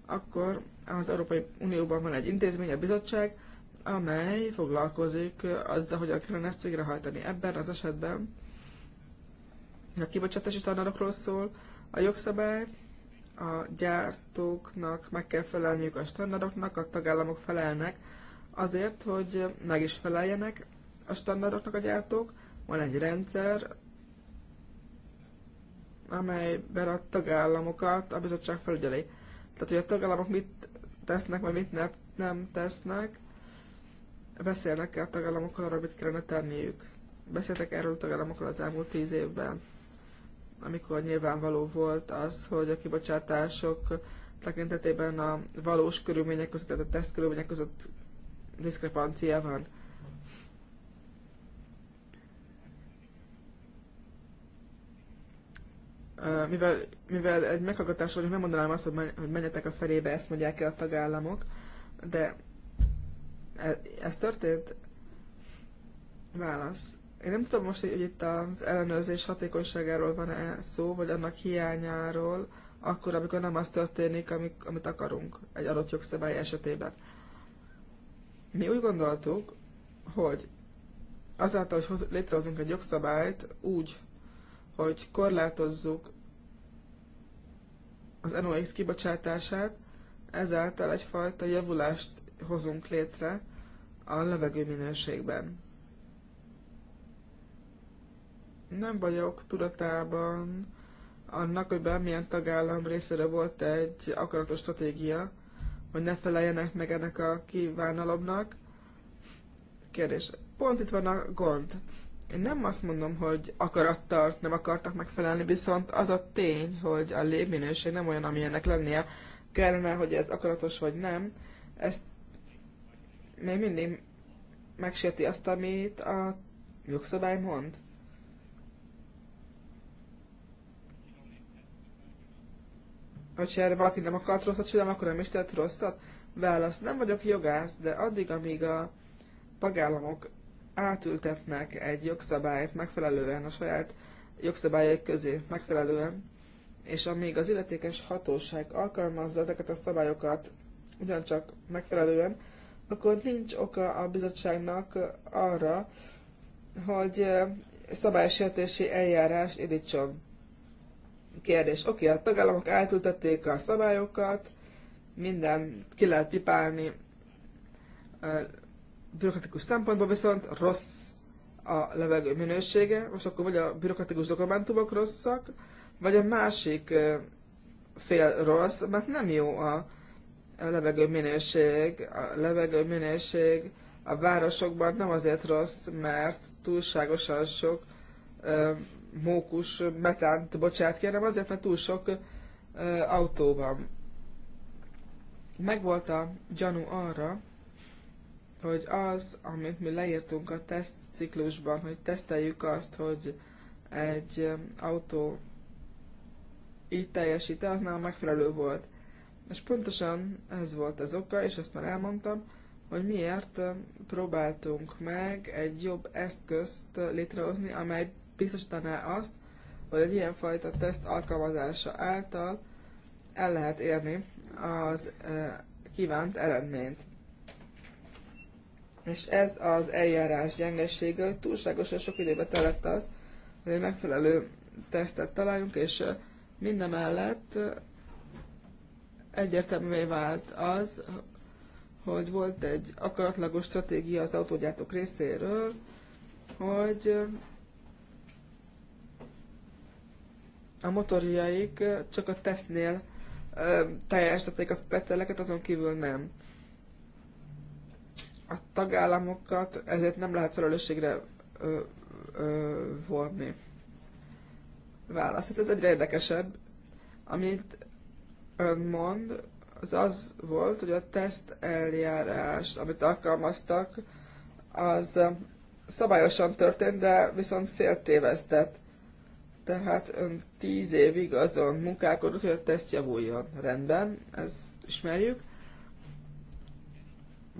akkor az Európai Unióban van egy intézmény, a bizottság, amely foglalkozik azzal, hogy kellene ezt végrehajtani. Ebben az esetben a kibocsátási standardokról szól a jogszabály, a gyártóknak meg kell felelniük a standardoknak, a tagállamok felelnek azért, hogy meg is feleljenek a standardoknak a gyártók, van egy rendszer, amelyben a tagállamokat a bizottság felügyeli. Tehát, hogy a tagállamok mit tesznek, vagy mit ne, nem tesznek, beszélnek-e a tagállamokkal arra, mit kellene tenniük. Beszéltek erről a tagállamokkal az elmúlt tíz évben, amikor nyilvánvaló volt az, hogy a kibocsátások tekintetében a valós körülmények között, tehát a teszt körülmények között diszkrepancia van. mivel, mivel egy meghallgatás vagyok, nem mondanám azt, hogy menjetek a felébe, ezt mondják el a tagállamok, de e, ez történt? Válasz. Én nem tudom most, hogy itt az ellenőrzés hatékonyságáról van-e szó, vagy annak hiányáról, akkor, amikor nem az történik, amik, amit akarunk egy adott jogszabály esetében. Mi úgy gondoltuk, hogy azáltal, hogy létrehozunk egy jogszabályt, úgy hogy korlátozzuk az NOx kibocsátását, ezáltal egyfajta javulást hozunk létre a levegő minőségben. Nem vagyok tudatában annak, hogy bármilyen tagállam részére volt egy akaratos stratégia, hogy ne feleljenek meg ennek a kívánalomnak. Kérdés. Pont itt van a gond nem azt mondom, hogy akarattal nem akartak megfelelni, viszont az a tény, hogy a lépminőség nem olyan, amilyennek lennie kellene, hogy ez akaratos vagy nem, ezt még mindig megsérti azt, amit a jogszabály mond. Hogyha erre valaki nem akart rosszat csinálni, akkor nem is tett rosszat? Válasz, nem vagyok jogász, de addig, amíg a tagállamok átültetnek egy jogszabályt megfelelően a saját jogszabályok közé megfelelően, és amíg az illetékes hatóság alkalmazza ezeket a szabályokat ugyancsak megfelelően, akkor nincs oka a bizottságnak arra, hogy szabálysértési eljárást indítson. Kérdés. Oké, a tagállamok átültették a szabályokat, minden ki lehet pipálni bürokratikus szempontból viszont rossz a levegő minősége, most akkor vagy a bürokratikus dokumentumok rosszak, vagy a másik fél rossz, mert nem jó a levegő minőség. A levegő minőség a városokban nem azért rossz, mert túlságosan sok mókus metánt bocsát ki, hanem azért, mert túl sok autó van. Megvolt a gyanú arra, hogy az, amit mi leírtunk a tesztciklusban, hogy teszteljük azt, hogy egy autó így teljesíte, az nem megfelelő volt. És pontosan ez volt az oka, és ezt már elmondtam, hogy miért próbáltunk meg egy jobb eszközt létrehozni, amely biztosítaná azt, hogy egy ilyenfajta teszt alkalmazása által el lehet érni az eh, kívánt eredményt. És ez az eljárás gyengesége, hogy túlságosan sok időbe telett az, hogy egy megfelelő tesztet találjunk, és mindemellett egyértelművé vált az, hogy volt egy akaratlagos stratégia az autógyártók részéről, hogy a motorjaik csak a tesztnél teljesítették a petteleket, azon kívül nem a tagállamokat ezért nem lehet felelősségre ö, ö, vonni. Válasz. Hát ez egyre érdekesebb. Amit ön mond, az az volt, hogy a teszt eljárás, amit alkalmaztak, az szabályosan történt, de viszont céltévesztett. Tehát ön tíz évig azon munkálkodott, hogy a teszt javuljon. Rendben, ezt ismerjük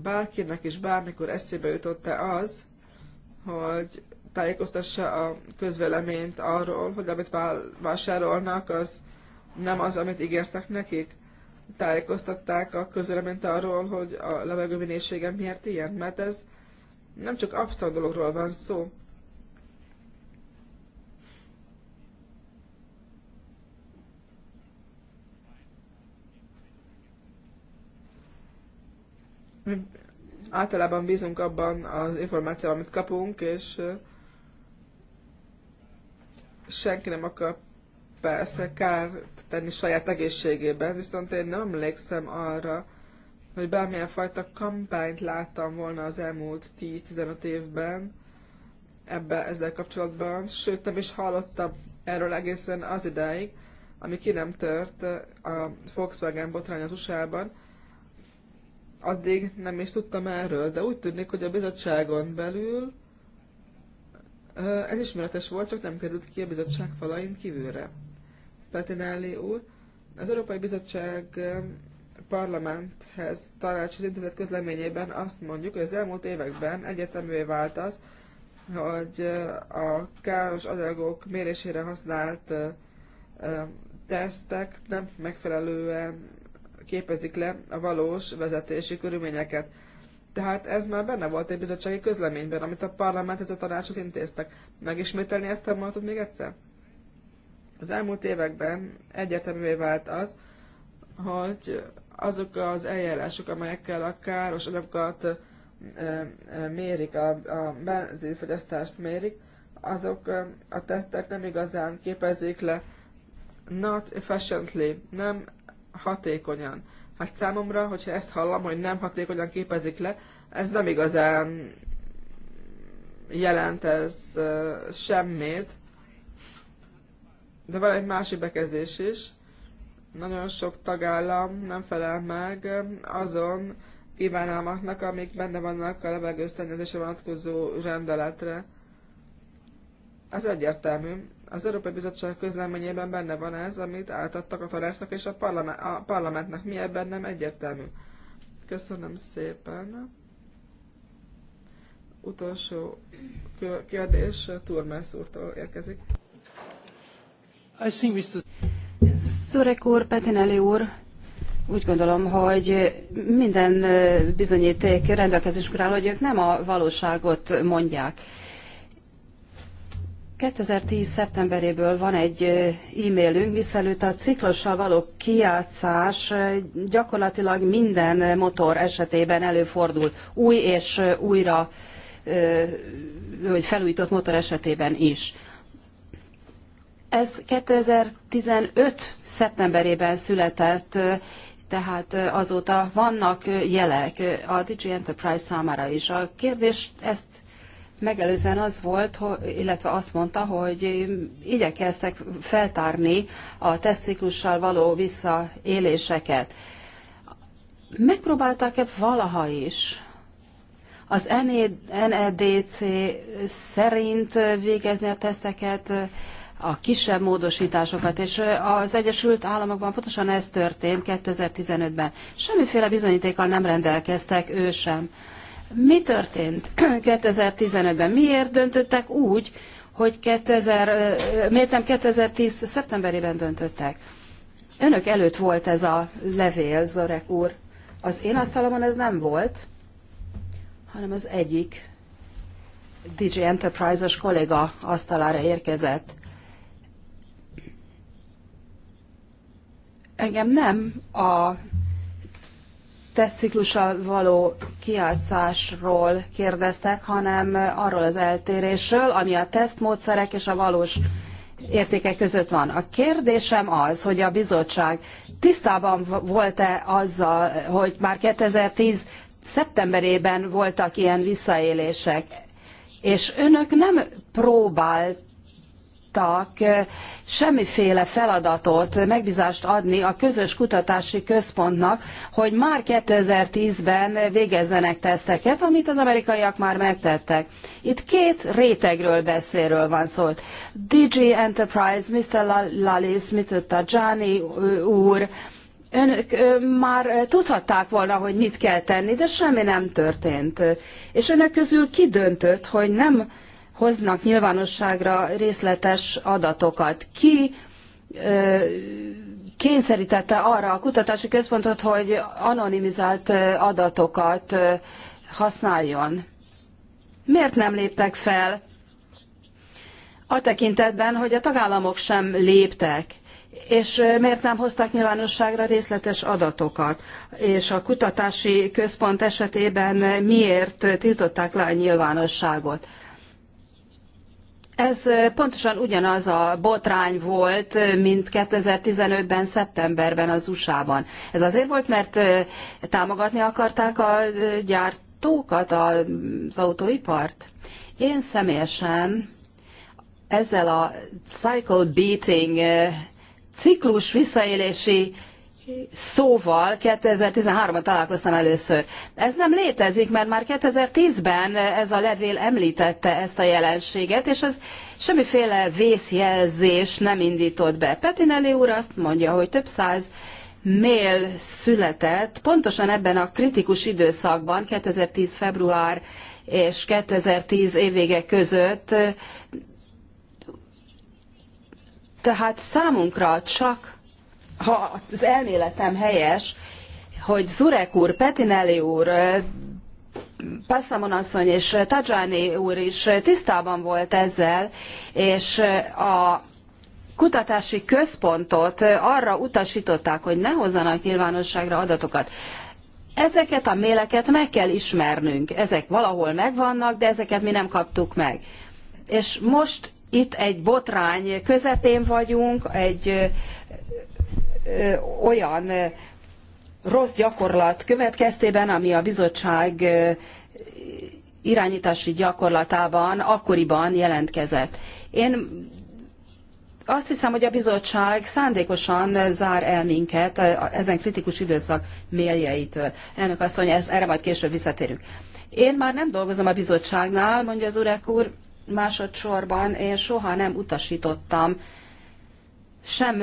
bárkinek is bármikor eszébe jutott-e az, hogy tájékoztassa a közveleményt arról, hogy amit vásárolnak, az nem az, amit ígértek nekik. Tájékoztatták a közveleményt arról, hogy a levegő minősége miért ilyen, mert ez nem csak abszolút dologról van szó. mi általában bízunk abban az információban, amit kapunk, és senki nem akar persze kárt tenni saját egészségében, viszont én nem emlékszem arra, hogy bármilyen fajta kampányt láttam volna az elmúlt 10-15 évben ebbe ezzel kapcsolatban, sőt nem is hallottam erről egészen az ideig, ami ki nem tört a Volkswagen botrány az USA-ban, addig nem is tudtam erről, de úgy tűnik, hogy a bizottságon belül ez ismeretes volt, csak nem került ki a bizottság falain kívülre. Petinelli úr, az Európai Bizottság parlamenthez az intézet közleményében azt mondjuk, hogy az elmúlt években egyeteművé vált az, hogy a káros anyagok mérésére használt tesztek nem megfelelően képezik le a valós vezetési körülményeket. Tehát ez már benne volt egy bizottsági közleményben, amit a parlamenthez a tanácshoz intéztek. Megismételni ezt a mondatot még egyszer? Az elmúlt években egyértelművé vált az, hogy azok az eljárások, amelyekkel a káros anyagokat mérik, a, a benzinfogyasztást mérik, azok a tesztek nem igazán képezik le not efficiently, nem hatékonyan. Hát számomra, hogyha ezt hallom, hogy nem hatékonyan képezik le, ez nem igazán jelent ez semmit. De van egy másik bekezdés is. Nagyon sok tagállam nem felel meg azon kívánalmaknak, amik benne vannak a levegőszennyezésre vonatkozó rendeletre. Ez egyértelmű. Az Európai Bizottság közleményében benne van ez, amit átadtak a tanácsnak és a, parlament, a parlamentnek. Mi ebben nem egyértelmű. Köszönöm szépen. Utolsó kérdés Turmes úrtól érkezik. Szurek úr, Petinelli úr, úgy gondolom, hogy minden bizonyíték rendelkezésükre áll, hogy ők nem a valóságot mondják. 2010. szeptemberéből van egy e-mailünk, miszerint a ciklossal való kijátszás gyakorlatilag minden motor esetében előfordul, új és újra, vagy felújított motor esetében is. Ez 2015. szeptemberében született, tehát azóta vannak jelek a Digi Enterprise számára is. A kérdést ezt megelőzően az volt, illetve azt mondta, hogy igyekeztek feltárni a tesztciklussal való visszaéléseket. Megpróbálták-e valaha is az NEDC szerint végezni a teszteket, a kisebb módosításokat, és az Egyesült Államokban pontosan ez történt 2015-ben. Semmiféle bizonyítékkal nem rendelkeztek ő sem mi történt 2015-ben? Miért döntöttek úgy, hogy 2000, miért nem 2010. szeptemberében döntöttek? Önök előtt volt ez a levél, Zorek úr. Az én asztalomon ez nem volt, hanem az egyik DJ Enterprise-os kolléga asztalára érkezett. Engem nem a tesztciklussal való kiátszásról kérdeztek, hanem arról az eltérésről, ami a tesztmódszerek és a valós értékek között van. A kérdésem az, hogy a bizottság tisztában volt-e azzal, hogy már 2010 szeptemberében voltak ilyen visszaélések, és önök nem próbált tudtak eh, semmiféle feladatot, megbízást adni a közös kutatási központnak, hogy már 2010-ben végezzenek teszteket, amit az amerikaiak már megtettek. Itt két rétegről beszélről van szó. DG Enterprise, Mr. Lalis, Mr. Tajani úr, Önök már tudhatták volna, hogy mit kell tenni, de semmi nem történt. És önök közül ki döntött, hogy nem hoznak nyilvánosságra részletes adatokat. Ki kényszerítette arra a kutatási központot, hogy anonimizált adatokat használjon? Miért nem léptek fel a tekintetben, hogy a tagállamok sem léptek? És miért nem hoztak nyilvánosságra részletes adatokat? És a kutatási központ esetében miért tiltották le a nyilvánosságot? Ez pontosan ugyanaz a botrány volt, mint 2015-ben, szeptemberben az USA-ban. Ez azért volt, mert támogatni akarták a gyártókat, az autóipart. Én személyesen ezzel a cycle beating ciklus visszaélési szóval 2013-ban találkoztam először. Ez nem létezik, mert már 2010-ben ez a levél említette ezt a jelenséget, és ez semmiféle vészjelzés nem indított be. Petinelli úr azt mondja, hogy több száz mail született, pontosan ebben a kritikus időszakban, 2010. február és 2010 évvége között, tehát számunkra csak ha az elméletem helyes, hogy Zurek úr, Petinelli úr, Passamon asszony és Tajani úr is tisztában volt ezzel, és a kutatási központot arra utasították, hogy ne hozzanak nyilvánosságra adatokat. Ezeket a méleket meg kell ismernünk. Ezek valahol megvannak, de ezeket mi nem kaptuk meg. És most itt egy botrány közepén vagyunk, egy olyan rossz gyakorlat következtében, ami a bizottság irányítási gyakorlatában akkoriban jelentkezett. Én azt hiszem, hogy a bizottság szándékosan zár el minket ezen kritikus időszak mélyeitől. Elnök asszony, erre majd később visszatérünk. Én már nem dolgozom a bizottságnál, mondja az urek úr, másodszorban én soha nem utasítottam sem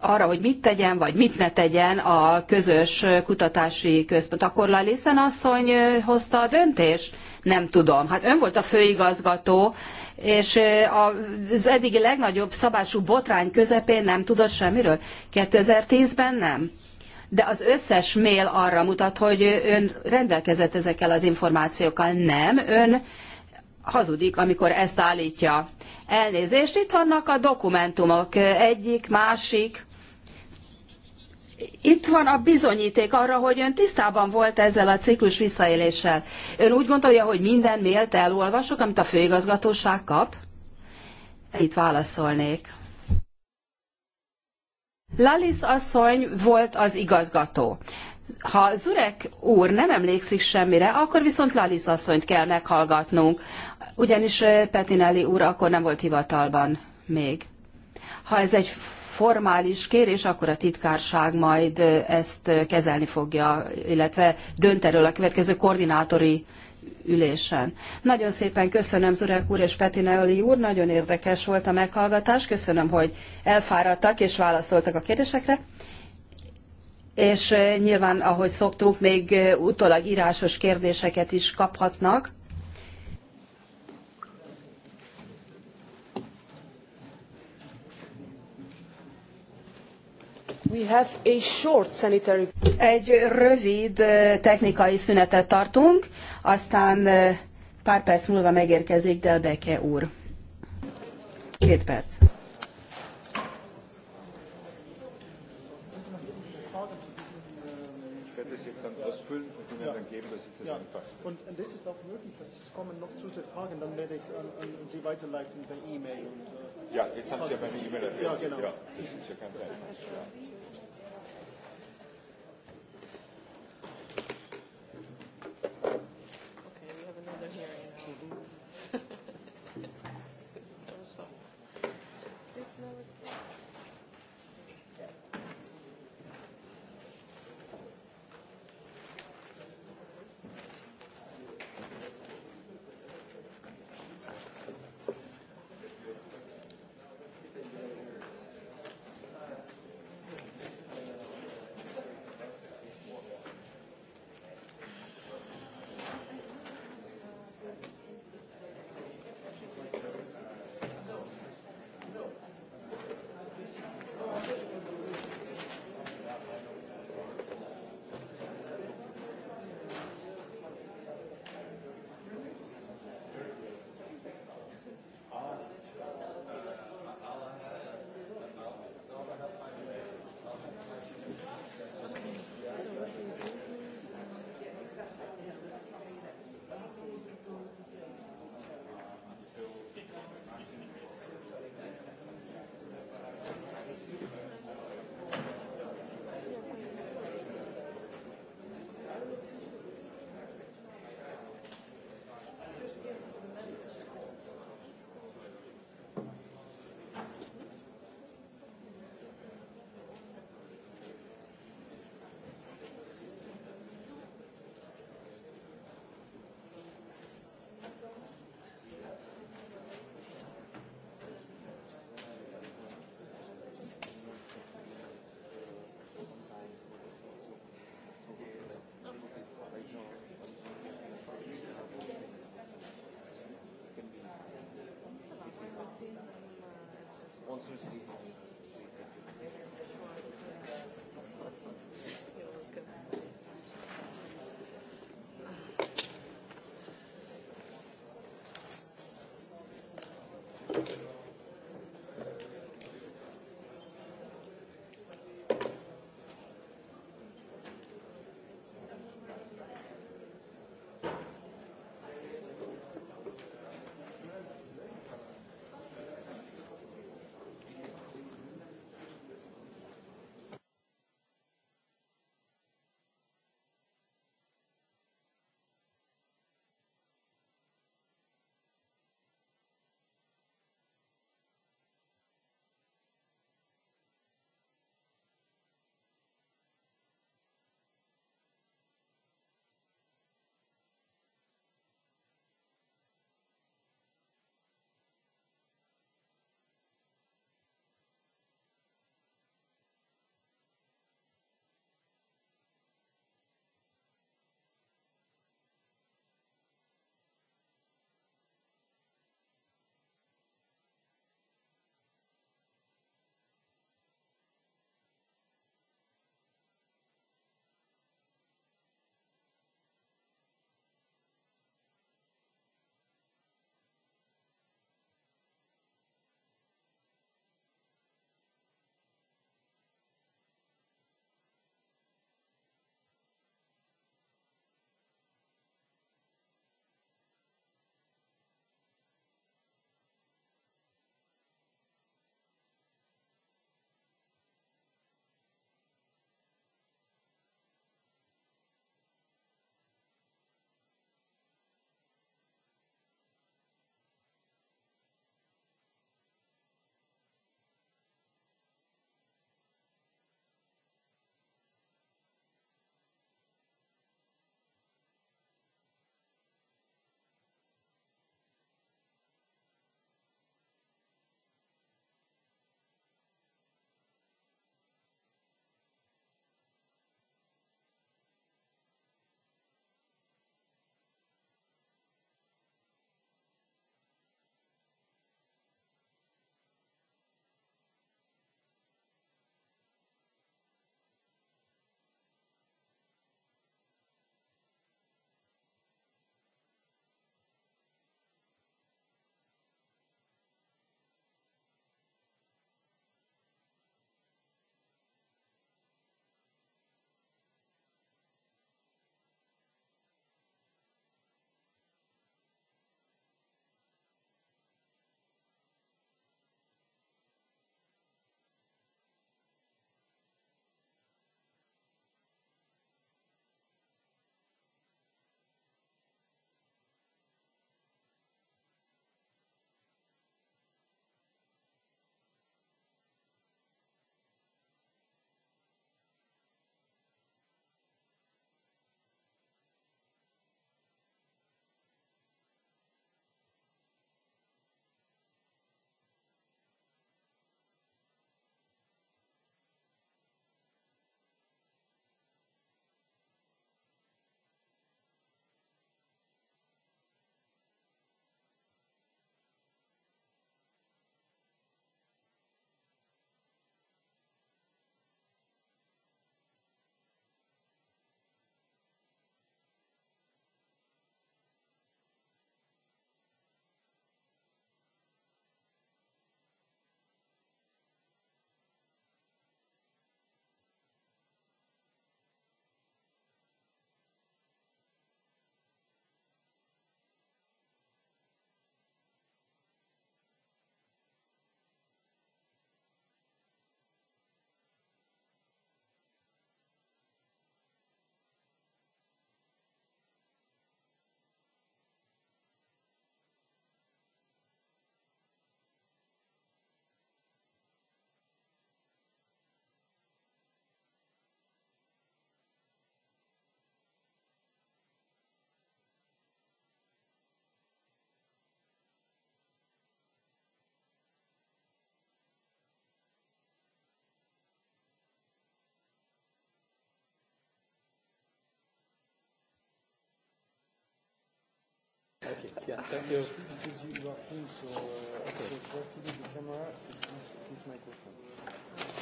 arra, hogy mit tegyen, vagy mit ne tegyen a közös kutatási központ. Akkor Laliszen asszony hozta a döntést? Nem tudom. Hát ön volt a főigazgató, és az eddigi legnagyobb szabású botrány közepén nem tudott semmiről. 2010-ben nem. De az összes mail arra mutat, hogy ön rendelkezett ezekkel az információkkal. Nem, ön hazudik, amikor ezt állítja. Elnézést, itt vannak a dokumentumok, egyik, másik itt van a bizonyíték arra, hogy ön tisztában volt ezzel a ciklus visszaéléssel. Ön úgy gondolja, hogy minden mélt elolvasok, amit a főigazgatóság kap? Itt válaszolnék. Lalis asszony volt az igazgató. Ha Zurek úr nem emlékszik semmire, akkor viszont Lalis asszonyt kell meghallgatnunk, ugyanis eh, Petinelli úr akkor nem volt hivatalban még. Ha ez egy formális kérés, akkor a titkárság majd ezt kezelni fogja, illetve dönt erről a következő koordinátori ülésen. Nagyon szépen köszönöm Zurek úr és Petineoli úr, nagyon érdekes volt a meghallgatás, köszönöm, hogy elfáradtak és válaszoltak a kérdésekre. És nyilván, ahogy szoktuk, még utólag írásos kérdéseket is kaphatnak. Egy rövid technikai szünetet tartunk, aztán pár perc múlva megérkezik Delbeke úr. Két perc. Ja, jetzt haben Sie ja meine E-Mail-Adresse. Ja, genau. Ja, das ist ja also see Great. thank you. Because you, you are so, uh, okay. so to the camera, this, this microphone.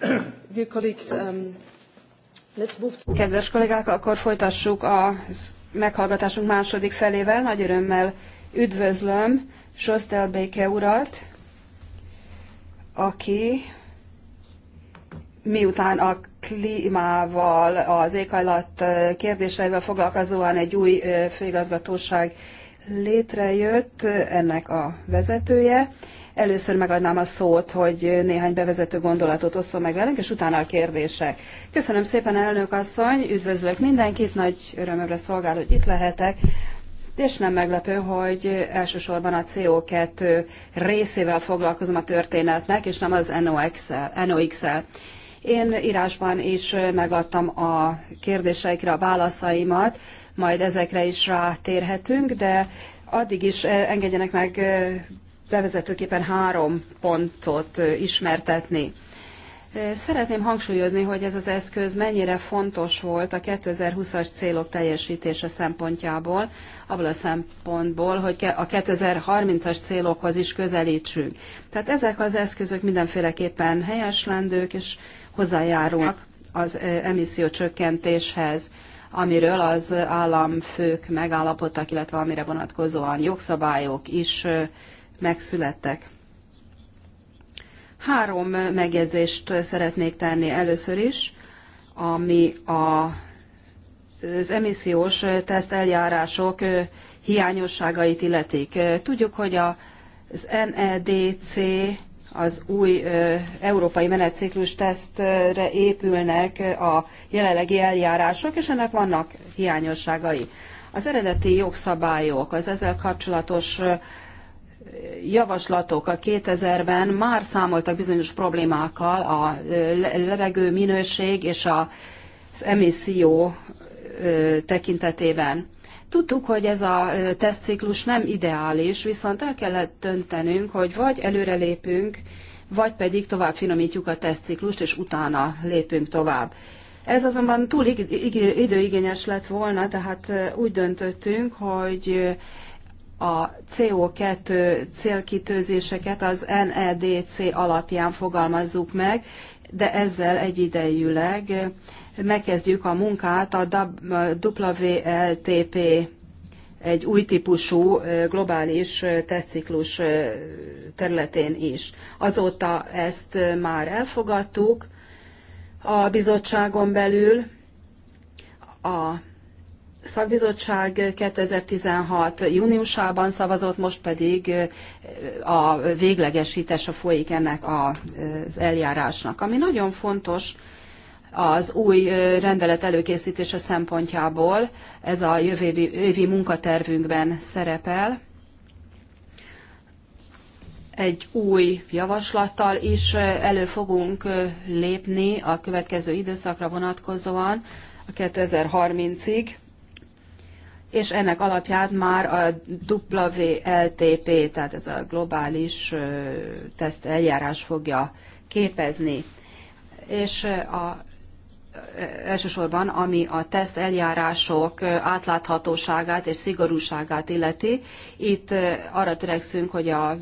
Um, Kedves kollégák, akkor folytassuk a meghallgatásunk második felével. Nagy örömmel üdvözlöm Sostel Béke urat, aki miután a klímával, az éghajlat kérdéseivel foglalkozóan egy új főigazgatóság létrejött, ennek a vezetője. Először megadnám a szót, hogy néhány bevezető gondolatot osszon meg velünk, és utána a kérdések. Köszönöm szépen, elnök asszony, üdvözlök mindenkit, nagy örömömre szolgál, hogy itt lehetek. És nem meglepő, hogy elsősorban a CO2 részével foglalkozom a történetnek, és nem az NOx-el. NOx -el. Én írásban is megadtam a kérdéseikre a válaszaimat, majd ezekre is rátérhetünk, de addig is eh, engedjenek meg eh, bevezetőképpen három pontot ismertetni. Szeretném hangsúlyozni, hogy ez az eszköz mennyire fontos volt a 2020-as célok teljesítése szempontjából, abból a szempontból, hogy a 2030-as célokhoz is közelítsünk. Tehát ezek az eszközök mindenféleképpen helyeslendők és hozzájárulnak az emisszió csökkentéshez, amiről az államfők megállapodtak, illetve amire vonatkozóan jogszabályok is megszülettek. Három megjegyzést szeretnék tenni először is, ami a az emissziós teszt eljárások hiányosságait illetik. Tudjuk, hogy az NEDC az új európai menetciklus tesztre épülnek a jelenlegi eljárások, és ennek vannak hiányosságai. Az eredeti jogszabályok, az ezzel kapcsolatos javaslatok a 2000-ben már számoltak bizonyos problémákkal, a levegő minőség és az emisszió tekintetében. Tudtuk, hogy ez a tesztciklus nem ideális, viszont el kellett döntenünk, hogy vagy előrelépünk, vagy pedig tovább finomítjuk a tesztciklust, és utána lépünk tovább. Ez azonban túl időigényes lett volna, tehát úgy döntöttünk, hogy a CO2 célkitőzéseket az NEDC alapján fogalmazzuk meg, de ezzel egyidejűleg megkezdjük a munkát a WLTP egy új típusú globális tesztciklus területén is. Azóta ezt már elfogadtuk a bizottságon belül, a szakbizottság 2016. júniusában szavazott, most pedig a véglegesítése folyik ennek az eljárásnak. Ami nagyon fontos az új rendelet előkészítése szempontjából, ez a jövő évi munkatervünkben szerepel, egy új javaslattal is elő fogunk lépni a következő időszakra vonatkozóan, a 2030-ig és ennek alapját már a WLTP, tehát ez a globális teszt eljárás fogja képezni. És a, elsősorban, ami a teszt eljárások átláthatóságát és szigorúságát illeti, itt arra törekszünk, hogy a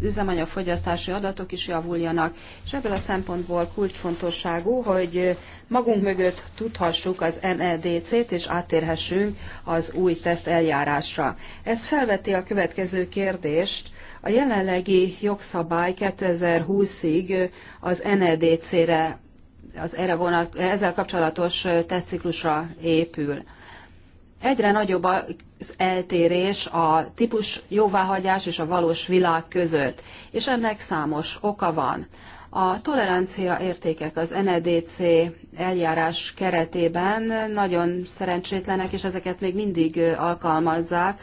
üzemanyagfogyasztási adatok is javuljanak, és ebből a szempontból kulcsfontosságú, hogy magunk mögött tudhassuk az NEDC-t, és áttérhessünk az új teszt eljárásra. Ez felveti a következő kérdést. A jelenlegi jogszabály 2020-ig az NEDC-re, az erre vonat, ezzel kapcsolatos tesztciklusra épül. Egyre nagyobb az eltérés a típus jóváhagyás és a valós világ között, és ennek számos oka van. A tolerancia értékek az NEDC eljárás keretében nagyon szerencsétlenek, és ezeket még mindig alkalmazzák,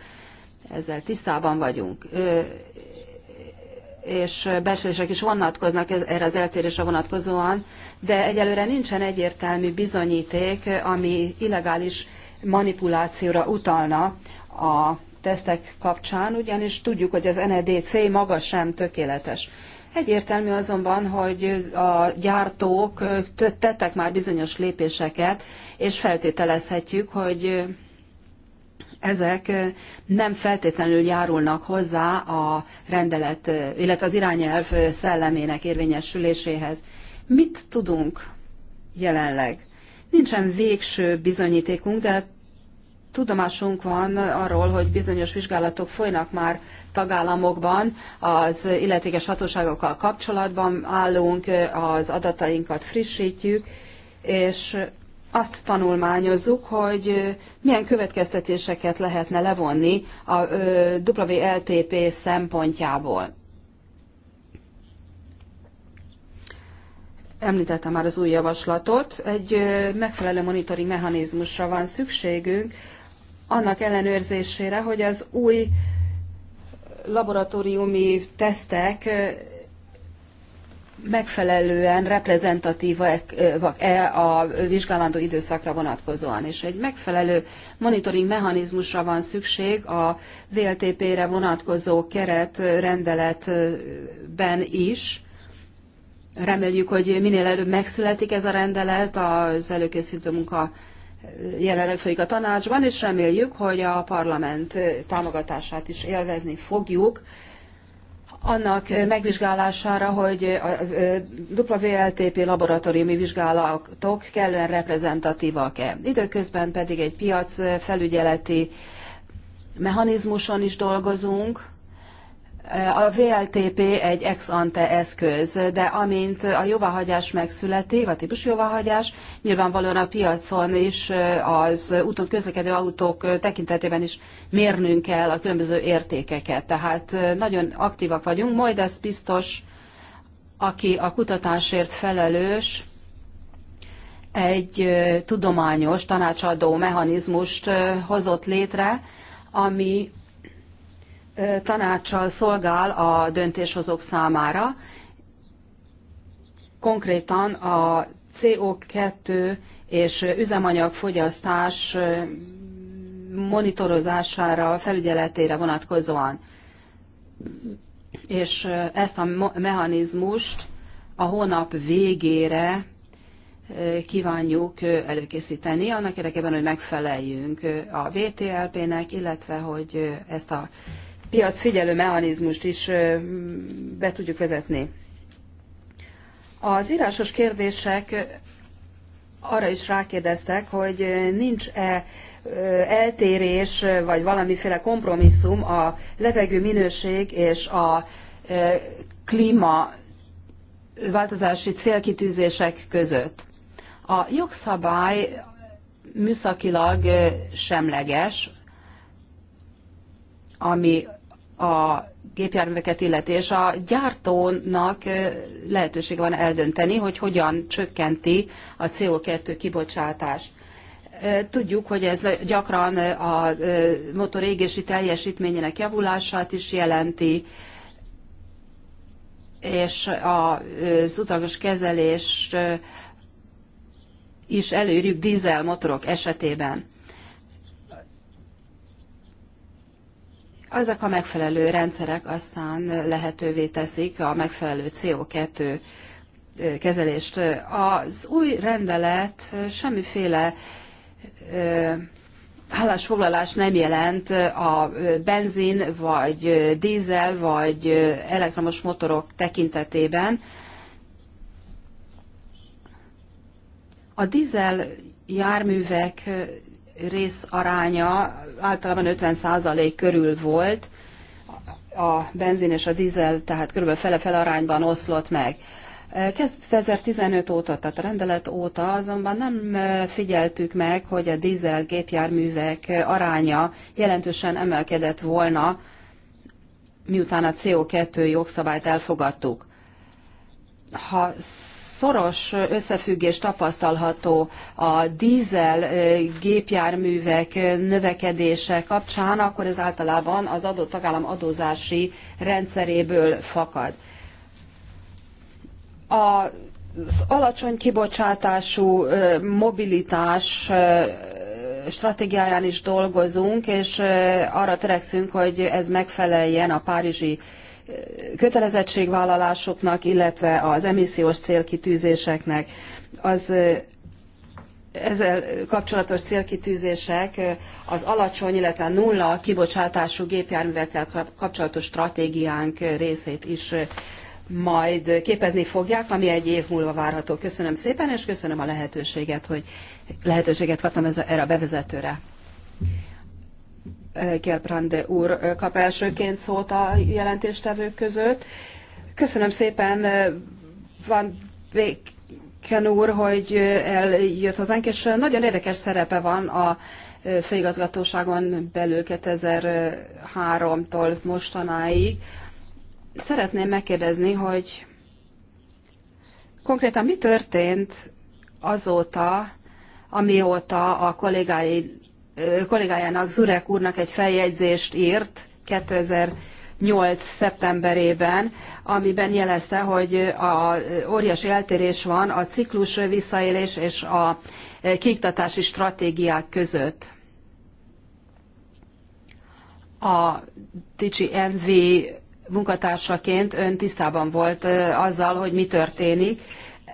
ezzel tisztában vagyunk. És becslések is vonatkoznak e-, erre az eltérésre vonatkozóan, de egyelőre nincsen egyértelmű bizonyíték, ami illegális manipulációra utalna a tesztek kapcsán, ugyanis tudjuk, hogy az NEDC maga sem tökéletes. Egyértelmű azonban, hogy a gyártók tettek már bizonyos lépéseket, és feltételezhetjük, hogy ezek nem feltétlenül járulnak hozzá a rendelet, illetve az irányelv szellemének érvényesüléséhez. Mit tudunk jelenleg? Nincsen végső bizonyítékunk, de tudomásunk van arról, hogy bizonyos vizsgálatok folynak már tagállamokban, az illetékes hatóságokkal kapcsolatban állunk, az adatainkat frissítjük, és azt tanulmányozzuk, hogy milyen következtetéseket lehetne levonni a WLTP szempontjából. Említettem már az új javaslatot. Egy megfelelő monitoring mechanizmusra van szükségünk, annak ellenőrzésére, hogy az új laboratóriumi tesztek megfelelően reprezentatívak-e a vizsgálandó időszakra vonatkozóan, és egy megfelelő monitoring mechanizmusra van szükség a VLTP-re vonatkozó keret rendeletben is. Reméljük, hogy minél előbb megszületik ez a rendelet az előkészítő munka jelenleg folyik a tanácsban, és reméljük, hogy a parlament támogatását is élvezni fogjuk annak megvizsgálására, hogy a WLTP laboratóriumi vizsgálatok kellően reprezentatívak-e. Időközben pedig egy piac felügyeleti mechanizmuson is dolgozunk, a VLTP egy ex-ante eszköz, de amint a jóváhagyás megszületik, a típus jóváhagyás, nyilvánvalóan a piacon is az úton közlekedő autók tekintetében is mérnünk kell a különböző értékeket. Tehát nagyon aktívak vagyunk, majd ez biztos, aki a kutatásért felelős, egy tudományos tanácsadó mechanizmust hozott létre, ami tanácsal szolgál a döntéshozók számára, konkrétan a CO2 és üzemanyagfogyasztás monitorozására, felügyeletére vonatkozóan. És ezt a mechanizmust a hónap végére kívánjuk előkészíteni, annak érdekében, hogy megfeleljünk a VTLP-nek, illetve hogy ezt a piacfigyelő mechanizmust is be tudjuk vezetni. Az írásos kérdések arra is rákérdeztek, hogy nincs-e eltérés, vagy valamiféle kompromisszum a levegő minőség és a klíma változási célkitűzések között. A jogszabály műszakilag semleges, ami a gépjárműveket illeti, és a gyártónak lehetőség van eldönteni, hogy hogyan csökkenti a CO2 kibocsátást. Tudjuk, hogy ez gyakran a motor égési teljesítményének javulását is jelenti, és az utagos kezelés is előírjuk dízelmotorok esetében. Ezek a megfelelő rendszerek aztán lehetővé teszik a megfelelő CO2 kezelést. Az új rendelet semmiféle állásfoglalás nem jelent a benzin, vagy dízel, vagy elektromos motorok tekintetében. A dízel járművek részaránya általában 50% körül volt, a benzin és a dízel tehát kb. fele-fele arányban oszlott meg. 2015 óta, tehát a rendelet óta azonban nem figyeltük meg, hogy a dízel gépjárművek aránya jelentősen emelkedett volna, miután a CO2 jogszabályt elfogadtuk. Ha szoros összefüggés tapasztalható a dízel gépjárművek növekedése kapcsán, akkor ez általában az adott tagállam adózási rendszeréből fakad. Az alacsony kibocsátású mobilitás stratégiáján is dolgozunk, és arra törekszünk, hogy ez megfeleljen a párizsi kötelezettségvállalásoknak, illetve az emissziós célkitűzéseknek. Az ezzel kapcsolatos célkitűzések az alacsony, illetve nulla kibocsátású gépjárművekkel kapcsolatos stratégiánk részét is majd képezni fogják, ami egy év múlva várható. Köszönöm szépen, és köszönöm a lehetőséget, hogy lehetőséget kaptam erre a bevezetőre. Gelbrande úr kap elsőként szót a jelentéstevők között. Köszönöm szépen Van Béken úr, hogy eljött hozzánk, és nagyon érdekes szerepe van a főigazgatóságon belül 2003-tól mostanáig. Szeretném megkérdezni, hogy konkrétan mi történt azóta, amióta a kollégái kollégájának, Zurek úrnak egy feljegyzést írt 2008. szeptemberében, amiben jelezte, hogy a óriási eltérés van a ciklus visszaélés és a kiiktatási stratégiák között. A Dicsi MV munkatársaként ön tisztában volt azzal, hogy mi történik,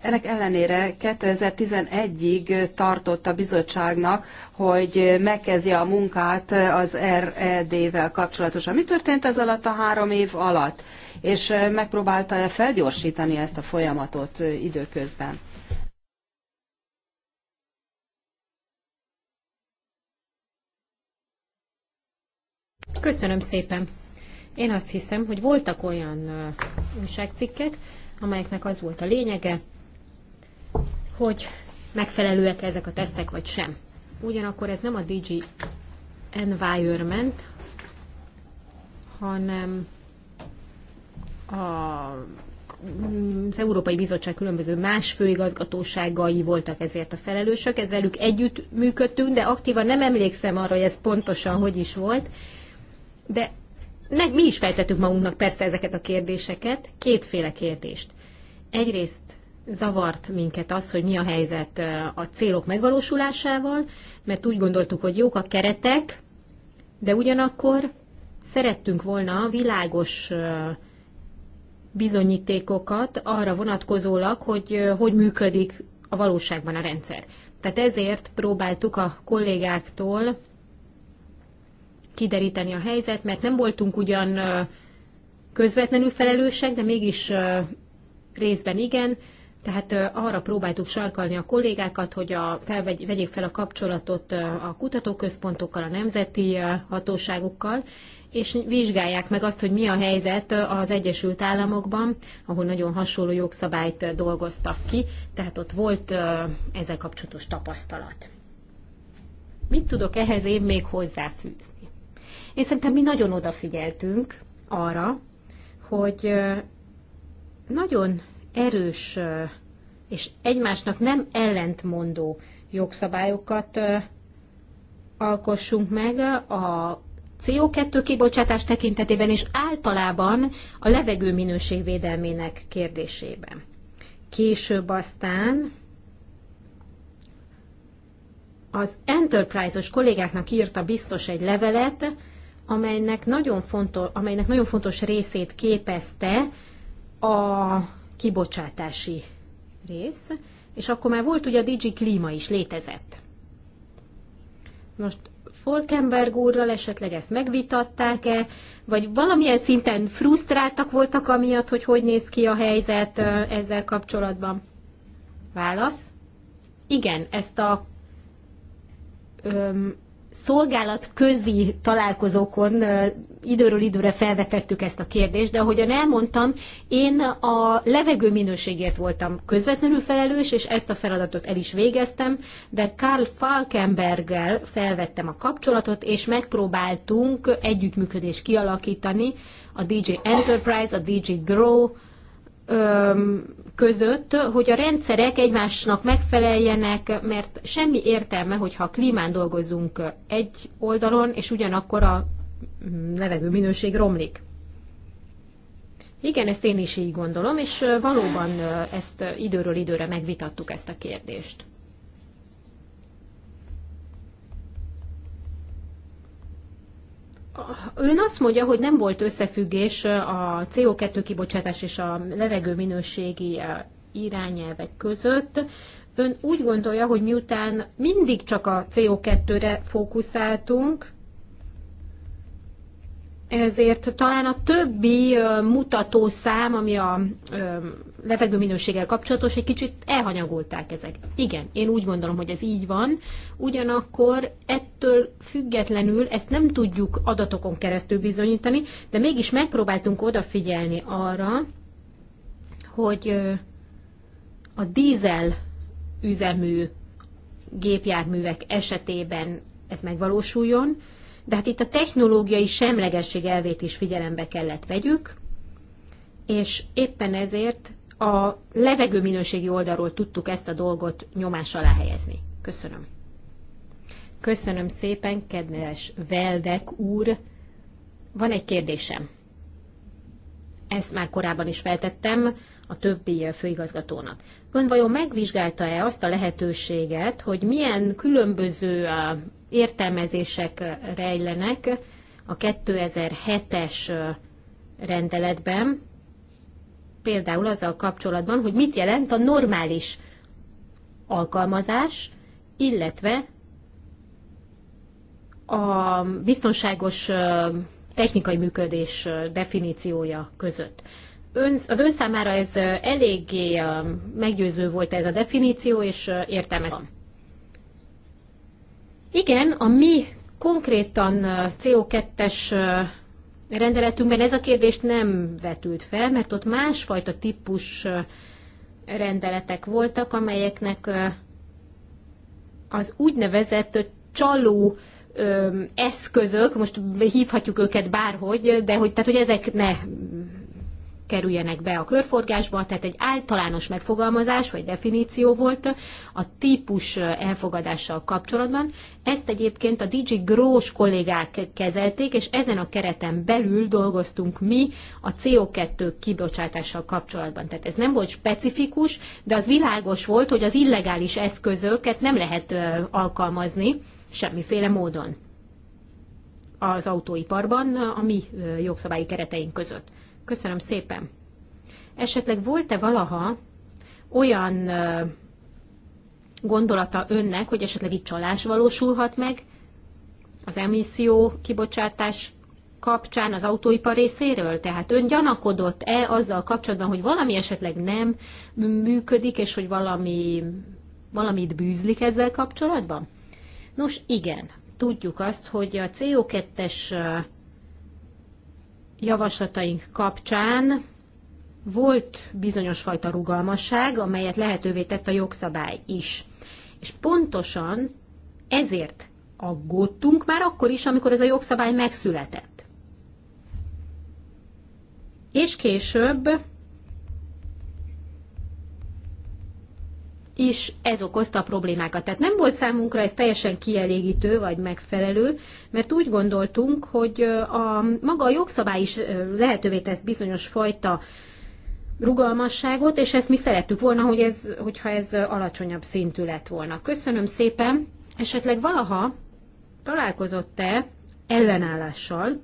ennek ellenére 2011-ig tartott a bizottságnak, hogy megkezdje a munkát az RED-vel kapcsolatosan. Mi történt ez alatt a három év alatt? És eh, megpróbálta-e felgyorsítani ezt a folyamatot eh, időközben? Köszönöm szépen. Én azt hiszem, hogy voltak olyan eh, újságcikkek, amelyeknek az volt a lényege, hogy megfelelőek ezek a tesztek, vagy sem. Ugyanakkor ez nem a DG Environment, hanem a, az Európai Bizottság különböző más főigazgatóságai voltak ezért a felelősök, ez velük együtt működtünk, de aktívan nem emlékszem arra, hogy ez pontosan hogy is volt, de ne, mi is feltettük magunknak persze ezeket a kérdéseket, kétféle kérdést. Egyrészt zavart minket az, hogy mi a helyzet a célok megvalósulásával, mert úgy gondoltuk, hogy jók a keretek, de ugyanakkor szerettünk volna világos bizonyítékokat arra vonatkozólag, hogy hogy működik a valóságban a rendszer. Tehát ezért próbáltuk a kollégáktól kideríteni a helyzet, mert nem voltunk ugyan közvetlenül felelősek, de mégis részben igen, tehát arra próbáltuk sarkalni a kollégákat, hogy a, felvegy, vegyék fel a kapcsolatot a kutatóközpontokkal, a nemzeti hatóságokkal, és vizsgálják meg azt, hogy mi a helyzet az Egyesült Államokban, ahol nagyon hasonló jogszabályt dolgoztak ki, tehát ott volt ezzel kapcsolatos tapasztalat. Mit tudok ehhez én még hozzáfűzni? Én szerintem mi nagyon odafigyeltünk arra, hogy nagyon erős és egymásnak nem ellentmondó jogszabályokat alkossunk meg a CO2 kibocsátás tekintetében és általában a levegő minőség védelmének kérdésében. Később aztán az Enterprise-os kollégáknak írta biztos egy levelet, amelynek nagyon fontos, amelynek nagyon fontos részét képezte a kibocsátási rész, és akkor már volt ugye a Digi Klíma is létezett. Most Folkenberg úrral esetleg ezt megvitatták-e, vagy valamilyen szinten frusztráltak voltak amiatt, hogy hogy néz ki a helyzet ezzel kapcsolatban? Válasz? Igen, ezt a szolgálat közi találkozókon időről időre felvetettük ezt a kérdést, de ahogyan elmondtam, én a levegő minőségért voltam közvetlenül felelős, és ezt a feladatot el is végeztem, de Karl Falkenberggel felvettem a kapcsolatot, és megpróbáltunk együttműködést kialakítani a DJ Enterprise, a DJ Grow öm, között, hogy a rendszerek egymásnak megfeleljenek, mert semmi értelme, hogyha a klímán dolgozunk egy oldalon, és ugyanakkor a mm, levegő minőség romlik. Igen, ezt én is így gondolom, és valóban ezt időről időre megvitattuk ezt a kérdést. Ön azt mondja, hogy nem volt összefüggés a CO2 kibocsátás és a levegő minőségi irányelvek között. Ön úgy gondolja, hogy miután mindig csak a CO2-re fókuszáltunk, ezért talán a többi mutatószám, ami a levegő minőséggel kapcsolatos, egy kicsit elhanyagolták ezek. Igen, én úgy gondolom, hogy ez így van, ugyanakkor ettől függetlenül ezt nem tudjuk adatokon keresztül bizonyítani, de mégis megpróbáltunk odafigyelni arra, hogy a dízel üzemű gépjárművek esetében ez megvalósuljon, de hát itt a technológiai semlegesség elvét is figyelembe kellett vegyük, és éppen ezért a levegőminőségi oldalról tudtuk ezt a dolgot nyomás alá helyezni. Köszönöm. Köszönöm szépen, kedves Veldek úr. Van egy kérdésem. Ezt már korábban is feltettem a többi főigazgatónak. Ön vajon megvizsgálta-e azt a lehetőséget, hogy milyen különböző uh, értelmezések uh, rejlenek a 2007-es uh, rendeletben, például azzal kapcsolatban, hogy mit jelent a normális alkalmazás, illetve a biztonságos technikai működés definíciója között ön, az ön számára ez eléggé meggyőző volt ez a definíció, és értelme van. Igen, a mi konkrétan CO2-es rendeletünkben ez a kérdést nem vetült fel, mert ott másfajta típus rendeletek voltak, amelyeknek az úgynevezett csaló eszközök, most hívhatjuk őket bárhogy, de hogy, tehát, hogy ezek ne kerüljenek be a körforgásba, tehát egy általános megfogalmazás vagy definíció volt a típus elfogadással kapcsolatban. Ezt egyébként a DJ Grós kollégák kezelték, és ezen a kereten belül dolgoztunk mi a CO2 kibocsátással kapcsolatban. Tehát ez nem volt specifikus, de az világos volt, hogy az illegális eszközöket nem lehet alkalmazni semmiféle módon az autóiparban a mi jogszabályi kereteink között. Köszönöm szépen. Esetleg volt-e valaha olyan gondolata önnek, hogy esetleg itt csalás valósulhat meg az emisszió kibocsátás kapcsán az autóipar részéről? Tehát ön gyanakodott-e azzal kapcsolatban, hogy valami esetleg nem működik, és hogy valami, valamit bűzlik ezzel kapcsolatban? Nos, igen. Tudjuk azt, hogy a CO2-es javaslataink kapcsán volt bizonyos fajta rugalmasság, amelyet lehetővé tett a jogszabály is. És pontosan ezért aggódtunk már akkor is, amikor ez a jogszabály megszületett. És később is ez okozta a problémákat. Tehát nem volt számunkra ez teljesen kielégítő vagy megfelelő, mert úgy gondoltunk, hogy a, maga a jogszabály is lehetővé tesz bizonyos fajta rugalmasságot, és ezt mi szerettük volna, hogy ez, hogyha ez alacsonyabb szintű lett volna. Köszönöm szépen. Esetleg valaha találkozott-e ellenállással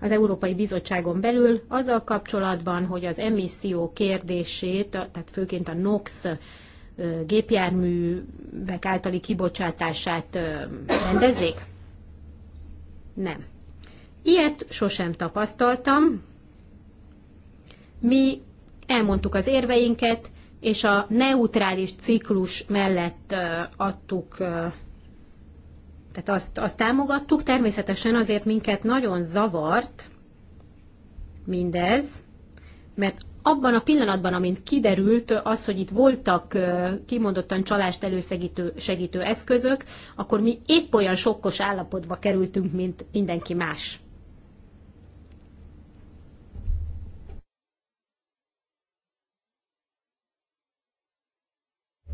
az Európai Bizottságon belül azzal kapcsolatban, hogy az emisszió kérdését, tehát főként a NOx gépjárművek általi kibocsátását rendezik? Nem. Ilyet sosem tapasztaltam. Mi elmondtuk az érveinket, és a neutrális ciklus mellett adtuk, tehát azt, azt támogattuk. Természetesen azért minket nagyon zavart mindez, mert abban a pillanatban, amint kiderült az, hogy itt voltak kimondottan csalást elősegítő segítő eszközök, akkor mi épp olyan sokkos állapotba kerültünk, mint mindenki más.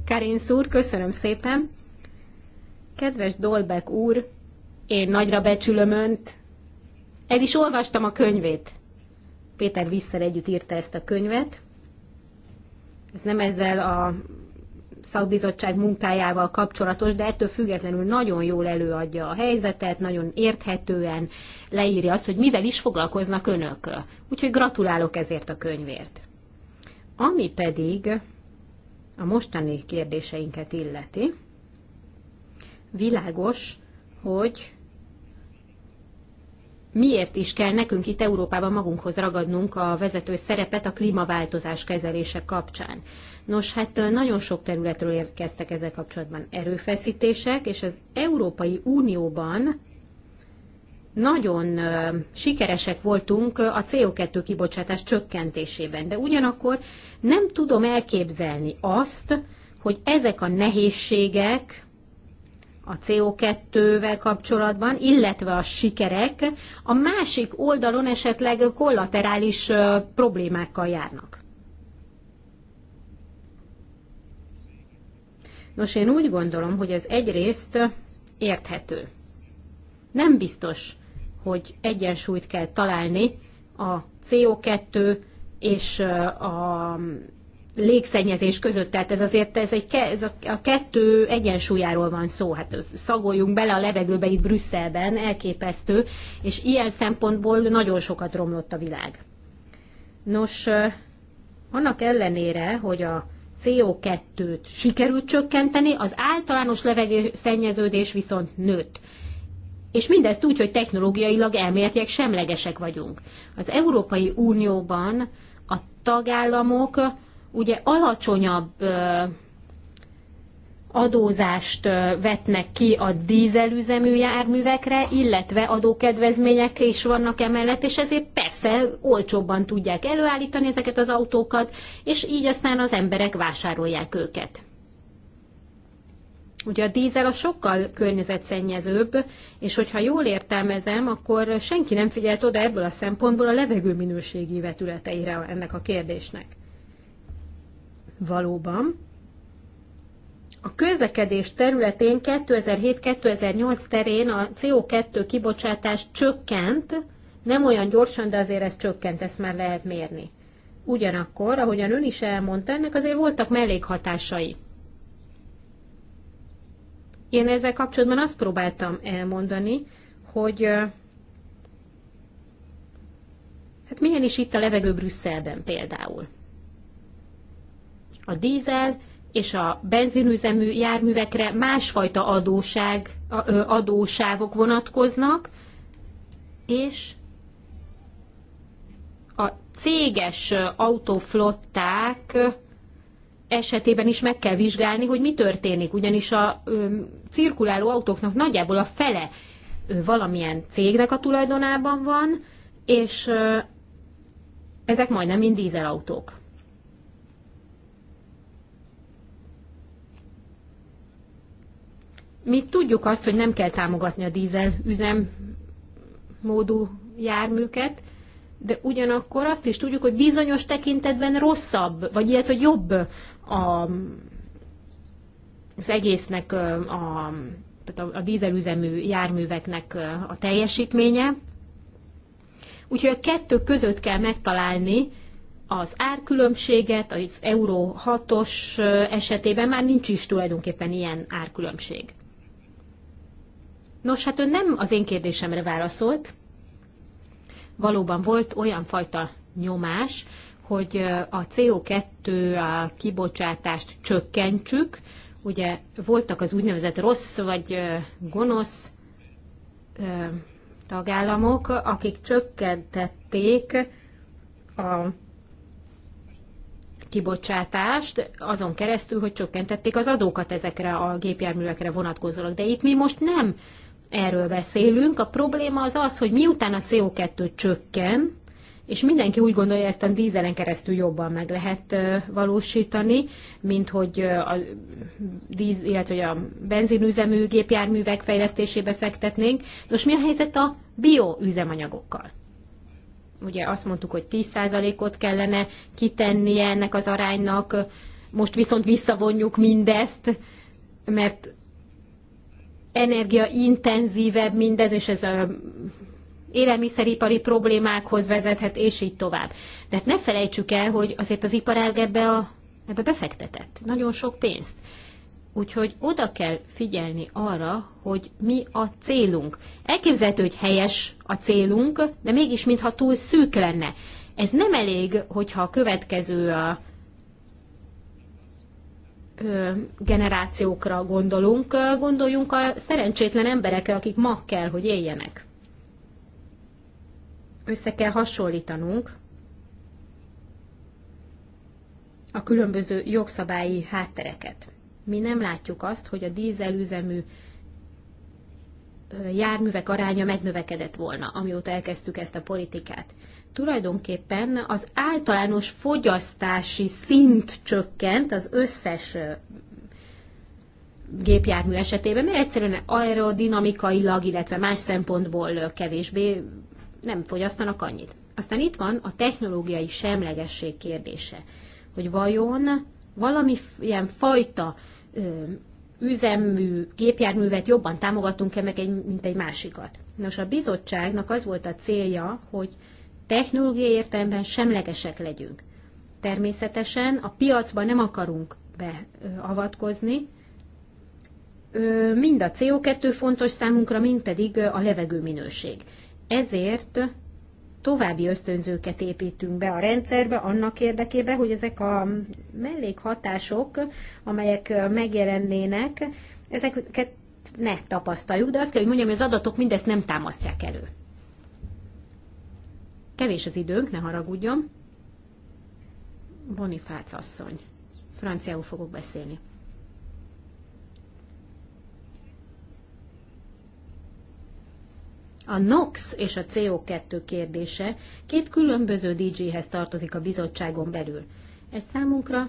Karin szúr, köszönöm szépen. Kedves Dolbek úr, én nagyra becsülöm önt. El is olvastam a könyvét. Péter visszer együtt írta ezt a könyvet. Ez nem ezzel a szakbizottság munkájával kapcsolatos, de ettől függetlenül nagyon jól előadja a helyzetet, nagyon érthetően leírja azt, hogy mivel is foglalkoznak önök. Úgyhogy gratulálok ezért a könyvért. Ami pedig a mostani kérdéseinket illeti, világos, hogy miért is kell nekünk itt Európában magunkhoz ragadnunk a vezető szerepet a klímaváltozás kezelése kapcsán. Nos, hát nagyon sok területről érkeztek ezzel kapcsolatban erőfeszítések, és az Európai Unióban nagyon sikeresek voltunk a CO2 kibocsátás csökkentésében, de ugyanakkor nem tudom elképzelni azt, hogy ezek a nehézségek a CO2-vel kapcsolatban, illetve a sikerek a másik oldalon esetleg kollaterális problémákkal járnak. Nos, én úgy gondolom, hogy ez egyrészt érthető. Nem biztos, hogy egyensúlyt kell találni a CO2 és a légszennyezés között, tehát ez azért ez egy, ez a, kettő egyensúlyáról van szó, hát szagoljunk bele a levegőbe itt Brüsszelben, elképesztő, és ilyen szempontból nagyon sokat romlott a világ. Nos, annak ellenére, hogy a CO2-t sikerült csökkenteni, az általános levegőszennyeződés viszont nőtt. És mindezt úgy, hogy technológiailag elméletileg semlegesek vagyunk. Az Európai Unióban a tagállamok ugye alacsonyabb adózást vetnek ki a dízelüzemű járművekre, illetve adókedvezmények is vannak emellett, és ezért persze olcsóbban tudják előállítani ezeket az autókat, és így aztán az emberek vásárolják őket. Ugye a dízel a sokkal környezetszennyezőbb, és hogyha jól értelmezem, akkor senki nem figyelt oda ebből a szempontból a levegőminőségi vetületeire ennek a kérdésnek. Valóban. A közlekedés területén 2007-2008 terén a CO2 kibocsátás csökkent, nem olyan gyorsan, de azért ez csökkent, ezt már lehet mérni. Ugyanakkor, ahogyan ön is elmondta, ennek azért voltak mellékhatásai. Én ezzel kapcsolatban azt próbáltam elmondani, hogy hát milyen is itt a levegő Brüsszelben például a dízel és a benzinüzemű járművekre másfajta adóság, adósávok vonatkoznak, és a céges autóflották esetében is meg kell vizsgálni, hogy mi történik, ugyanis a cirkuláló autóknak nagyjából a fele valamilyen cégnek a tulajdonában van, és ezek majdnem mind dízelautók. Mi tudjuk azt, hogy nem kell támogatni a dízel üzemmódú járműket, de ugyanakkor azt is tudjuk, hogy bizonyos tekintetben rosszabb, vagy illetve jobb a, az egésznek, a, tehát a, a dízelüzemű járműveknek a teljesítménye. Úgyhogy a kettő között kell megtalálni az árkülönbséget, az Euró 6-os esetében már nincs is tulajdonképpen ilyen árkülönbség. Nos, hát ő nem az én kérdésemre válaszolt. Valóban volt olyan fajta nyomás, hogy a CO2 a kibocsátást csökkentsük. Ugye voltak az úgynevezett rossz vagy gonosz tagállamok, akik csökkentették a kibocsátást azon keresztül, hogy csökkentették az adókat ezekre a gépjárművekre vonatkozólag. De itt mi most nem erről beszélünk. A probléma az az, hogy miután a CO2 csökken, és mindenki úgy gondolja, ezt a dízelen keresztül jobban meg lehet valósítani, mint hogy a víz, illetve a benzinüzemű gépjárművek fejlesztésébe fektetnénk. Nos, mi a helyzet a bioüzemanyagokkal? Ugye azt mondtuk, hogy 10%-ot kellene kitennie ennek az aránynak, most viszont visszavonjuk mindezt, mert energiaintenzívebb mindez, és ez a élelmiszeripari problémákhoz vezethet, és így tovább. De hát ne felejtsük el, hogy azért az iparág ebbe, a, ebbe befektetett nagyon sok pénzt. Úgyhogy oda kell figyelni arra, hogy mi a célunk. Elképzelhető, hogy helyes a célunk, de mégis mintha túl szűk lenne. Ez nem elég, hogyha a következő a generációkra gondolunk, gondoljunk a szerencsétlen emberekre, akik ma kell, hogy éljenek. Össze kell hasonlítanunk a különböző jogszabályi háttereket. Mi nem látjuk azt, hogy a dízelüzemű járművek aránya megnövekedett volna, amióta elkezdtük ezt a politikát tulajdonképpen az általános fogyasztási szint csökkent az összes gépjármű esetében, mert egyszerűen aerodinamikailag, illetve más szempontból kevésbé nem fogyasztanak annyit. Aztán itt van a technológiai semlegesség kérdése, hogy vajon valamilyen fajta ö, gépjárművet jobban támogatunk-e meg, egy, mint egy másikat. Nos, a bizottságnak az volt a célja, hogy technológiai értelemben semlegesek legyünk. Természetesen a piacba nem akarunk beavatkozni, mind a CO2 fontos számunkra, mind pedig a levegő minőség. Ezért további ösztönzőket építünk be a rendszerbe annak érdekében, hogy ezek a mellékhatások, amelyek megjelennének, ezeket ne tapasztaljuk, de azt kell, hogy mondjam, hogy az adatok mindezt nem támasztják elő. Kevés az időnk, ne haragudjon. Bonifác asszony. Franciául fogok beszélni. A NOx és a CO2 kérdése két különböző DJ-hez tartozik a bizottságon belül. Ez számunkra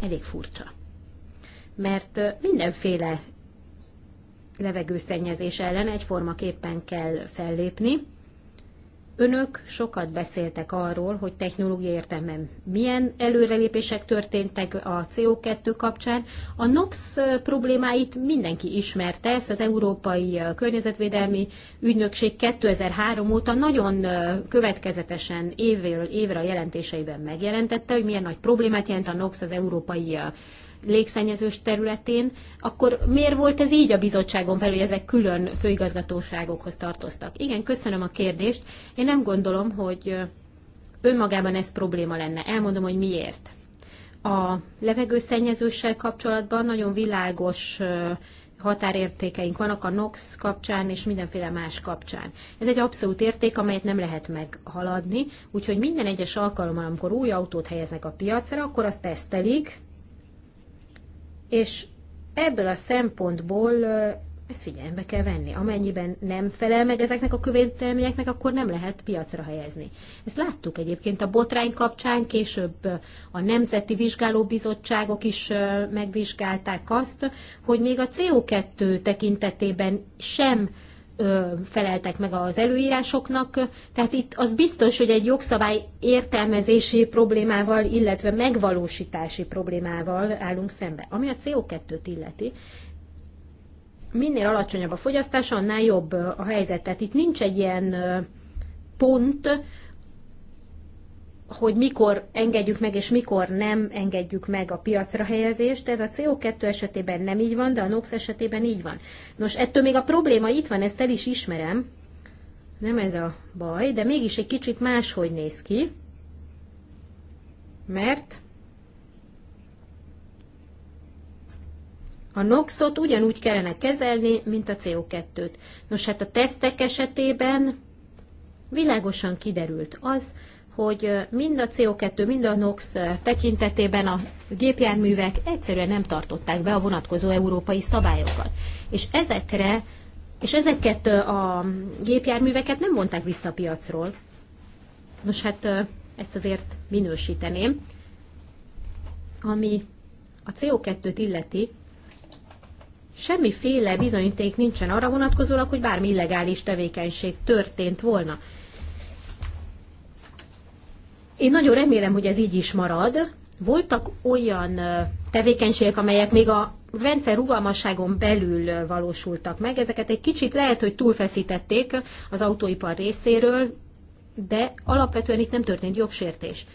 elég furcsa. Mert mindenféle levegőszennyezés ellen egyformaképpen kell fellépni, Önök sokat beszéltek arról, hogy technológia értelmem milyen előrelépések történtek a CO2 kapcsán. A NOx problémáit mindenki ismerte, ezt az Európai Környezetvédelmi Ügynökség 2003 óta nagyon következetesen évről évre a jelentéseiben megjelentette, hogy milyen nagy problémát jelent a NOx az európai légszennyezős területén, akkor miért volt ez így a bizottságon belül, hogy ezek külön főigazgatóságokhoz tartoztak? Igen, köszönöm a kérdést. Én nem gondolom, hogy önmagában ez probléma lenne. Elmondom, hogy miért. A levegőszennyezőssel kapcsolatban nagyon világos határértékeink vannak a NOx kapcsán és mindenféle más kapcsán. Ez egy abszolút érték, amelyet nem lehet meghaladni, úgyhogy minden egyes alkalommal, amikor új autót helyeznek a piacra, akkor azt tesztelik, és ebből a szempontból ezt figyelembe kell venni. Amennyiben nem felel meg ezeknek a követelményeknek, akkor nem lehet piacra helyezni. Ezt láttuk egyébként a botrány kapcsán, később a Nemzeti Vizsgálóbizottságok is megvizsgálták azt, hogy még a CO2 tekintetében sem feleltek meg az előírásoknak, tehát itt az biztos, hogy egy jogszabály értelmezési problémával, illetve megvalósítási problémával állunk szembe. Ami a CO2-t illeti, minél alacsonyabb a fogyasztás, annál jobb a helyzet. Tehát itt nincs egy ilyen pont, hogy mikor engedjük meg és mikor nem engedjük meg a piacra helyezést. Ez a CO2 esetében nem így van, de a NOx esetében így van. Nos, ettől még a probléma itt van, ezt el is ismerem. Nem ez a baj, de mégis egy kicsit máshogy néz ki. Mert A NOx-ot ugyanúgy kellene kezelni, mint a CO2-t. Nos, hát a tesztek esetében világosan kiderült az, hogy mind a CO2, mind a NOx tekintetében a gépjárművek egyszerűen nem tartották be a vonatkozó európai szabályokat. És ezekre és ezeket a gépjárműveket nem mondták vissza a piacról. Nos hát ezt azért minősíteném. Ami a CO2-t illeti, semmiféle bizonyíték nincsen arra vonatkozólag, hogy bármi illegális tevékenység történt volna. Én nagyon remélem, hogy ez így is marad. Voltak olyan tevékenységek, amelyek még a rendszer rugalmasságon belül valósultak meg. Ezeket egy kicsit lehet, hogy túlfeszítették az autóipar részéről, de alapvetően itt nem történt jogsértés.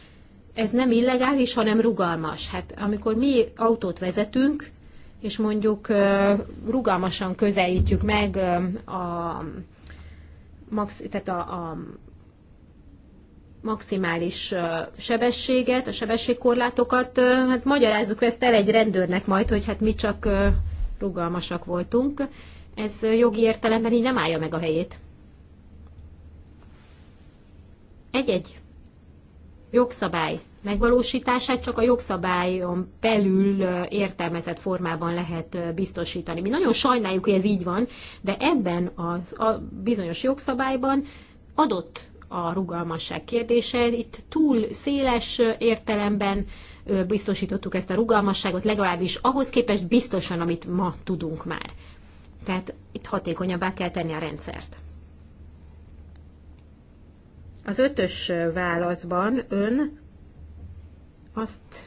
Ez nem illegális, hanem rugalmas. Hát amikor mi autót vezetünk, és mondjuk rugalmasan közelítjük meg a, max, tehát a, a maximális sebességet, a sebességkorlátokat, hát magyarázzuk ezt el egy rendőrnek majd, hogy hát mi csak rugalmasak voltunk. Ez jogi értelemben így nem állja meg a helyét. Egy-egy jogszabály megvalósítását csak a jogszabályon belül értelmezett formában lehet biztosítani. Mi nagyon sajnáljuk, hogy ez így van, de ebben az, a bizonyos jogszabályban adott a rugalmasság kérdése. Itt túl széles értelemben biztosítottuk ezt a rugalmasságot, legalábbis ahhoz képest biztosan, amit ma tudunk már. Tehát itt hatékonyabbá kell tenni a rendszert. Az ötös válaszban ön azt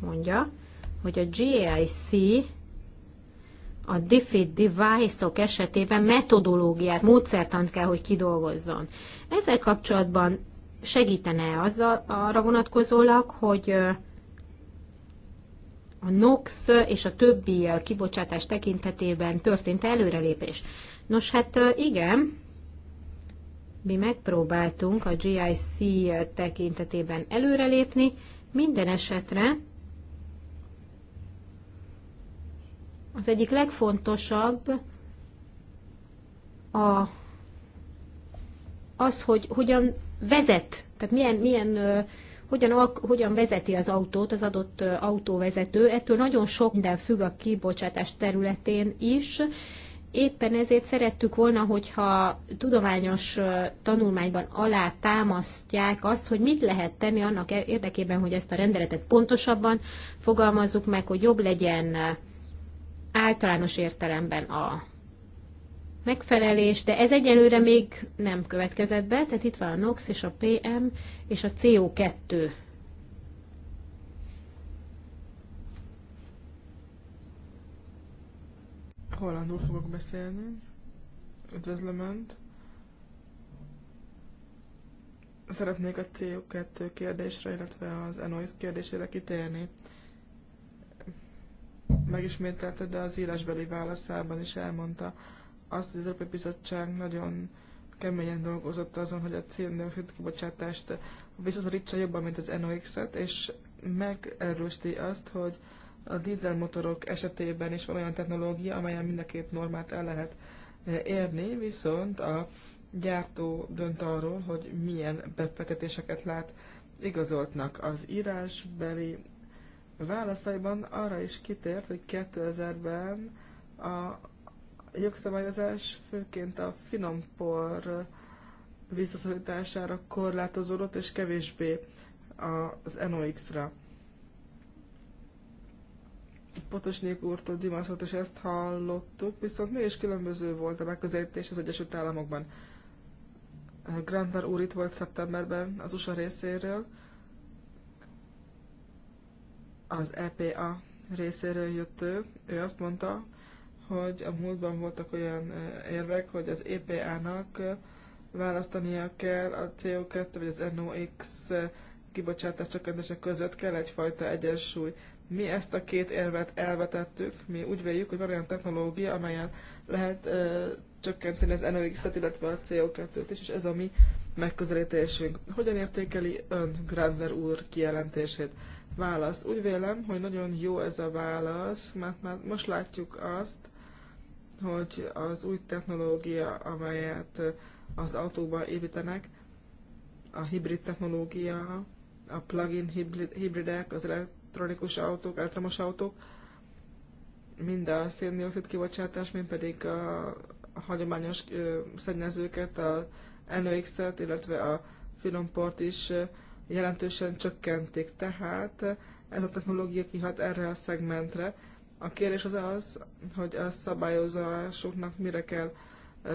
mondja, hogy a GIC a Defeat device-ok esetében metodológiát, módszertant kell, hogy kidolgozzon. Ezzel kapcsolatban segítene az arra vonatkozólag, hogy a NOx és a többi kibocsátás tekintetében történt előrelépés. Nos, hát igen, mi megpróbáltunk a GIC tekintetében előrelépni, minden esetre Az egyik legfontosabb a, az, hogy hogyan vezet, tehát milyen, milyen hogyan, hogyan vezeti az autót az adott autóvezető. Ettől nagyon sok minden függ a kibocsátás területén is. Éppen ezért szerettük volna, hogyha tudományos tanulmányban alá támasztják azt, hogy mit lehet tenni annak érdekében, hogy ezt a rendeletet pontosabban fogalmazzuk meg, hogy jobb legyen általános értelemben a megfelelés, de ez egyelőre még nem következett be, tehát itt van a NOx és a PM és a CO2 hollandul fogok beszélni. Üdvözlöm Önt! Szeretnék a CO2 kérdésre, illetve az NOx kérdésére kitérni megismételte, de az írásbeli válaszában is elmondta azt, hogy az Európai Bizottság nagyon keményen dolgozott azon, hogy a széndiokszid kibocsátást visszaszorítsa jobban, mint az NOx-et, és megerősíti azt, hogy a dízelmotorok esetében is van olyan technológia, amelyen mind a két normát el lehet eh, érni, viszont a gyártó dönt arról, hogy milyen befektetéseket lát igazoltnak. Az írásbeli válaszaiban arra is kitért, hogy 2000-ben a jogszabályozás főként a finompor visszaszorítására korlátozódott, és kevésbé az NOx-ra. Potosnyék úrtól Dimaszot és ezt hallottuk, viszont mégis különböző volt a megközelítés az Egyesült Államokban. Grantar úr itt volt szeptemberben az USA részéről, az EPA részéről jött ő, ő azt mondta, hogy a múltban voltak olyan érvek, hogy az EPA-nak választania kell a CO2 vagy az NOx kibocsátás csökkentése között kell egyfajta egyensúly. Mi ezt a két érvet elvetettük, mi úgy véljük, hogy van olyan technológia, amelyen lehet ö, csökkenteni az NOx-et, illetve a CO2-t is, és ez a mi megközelítésünk. Hogyan értékeli ön Grander úr kijelentését? válasz. Úgy vélem, hogy nagyon jó ez a válasz, mert már most látjuk azt, hogy az új technológia, amelyet az autóba építenek, a hibrid technológia, a plug-in hibridek, az elektronikus autók, elektromos autók, mind a széndiokszid kibocsátás, mind pedig a hagyományos szennyezőket, a NOx-et, illetve a filomport is jelentősen csökkentik. Tehát ez a technológia kihat erre a szegmentre. A kérdés az az, hogy a szabályozásoknak mire kell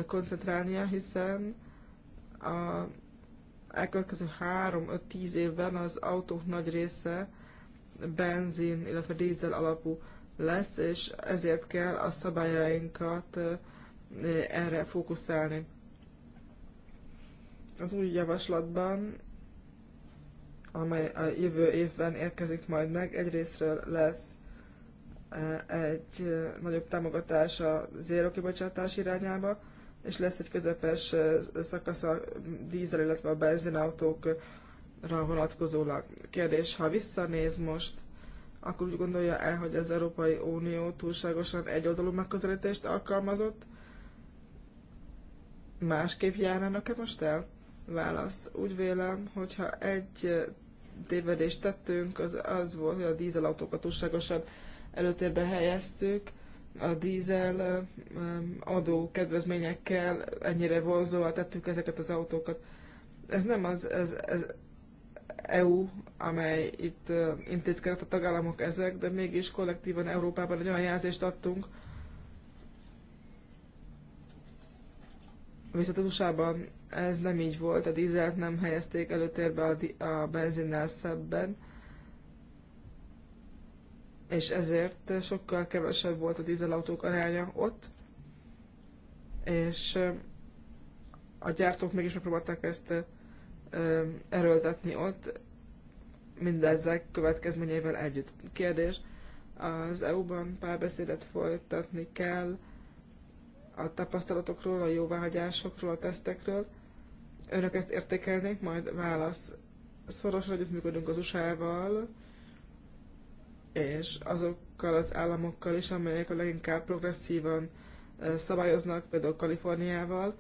koncentrálnia, hiszen a elkövetkező 3-5-10 évben az autók nagy része benzin, illetve dízel alapú lesz, és ezért kell a szabályainkat erre fókuszálni. Az új javaslatban amely a jövő évben érkezik majd meg. Egyrésztről lesz e, egy e, nagyobb támogatás a zéro kibocsátás irányába, és lesz egy közepes e, szakasz a dízel, illetve a benzinautókra vonatkozólag. Kérdés, ha visszanéz most, akkor úgy gondolja el, hogy az Európai Unió túlságosan egyoldalú megközelítést alkalmazott? Másképp járnának-e most el? Válasz. Úgy vélem, hogyha egy tévedést tettünk, az, az volt, hogy a dízelautókat túlságosan előtérbe helyeztük, a dízel um, adó kedvezményekkel ennyire vonzóvá tettük ezeket az autókat. Ez nem az, ez, ez EU, amely itt uh, intézkedett a tagállamok ezek, de mégis kollektívan Európában egy olyan jelzést adtunk, viszont az usa ez nem így volt, a dízelt nem helyezték előtérbe a, a benzinnel szebben, és ezért sokkal kevesebb volt a dízelautók aránya ott, és a gyártók mégis megpróbálták ezt erőltetni ott, mindezek következményeivel együtt. Kérdés, az EU-ban párbeszédet folytatni kell a tapasztalatokról, a jóváhagyásokról, a tesztekről, Önök ezt értékelnék, majd válasz. Szorosan együttműködünk az USA-val, és azokkal az államokkal is, amelyek a leginkább progresszívan szabályoznak, például Kaliforniával.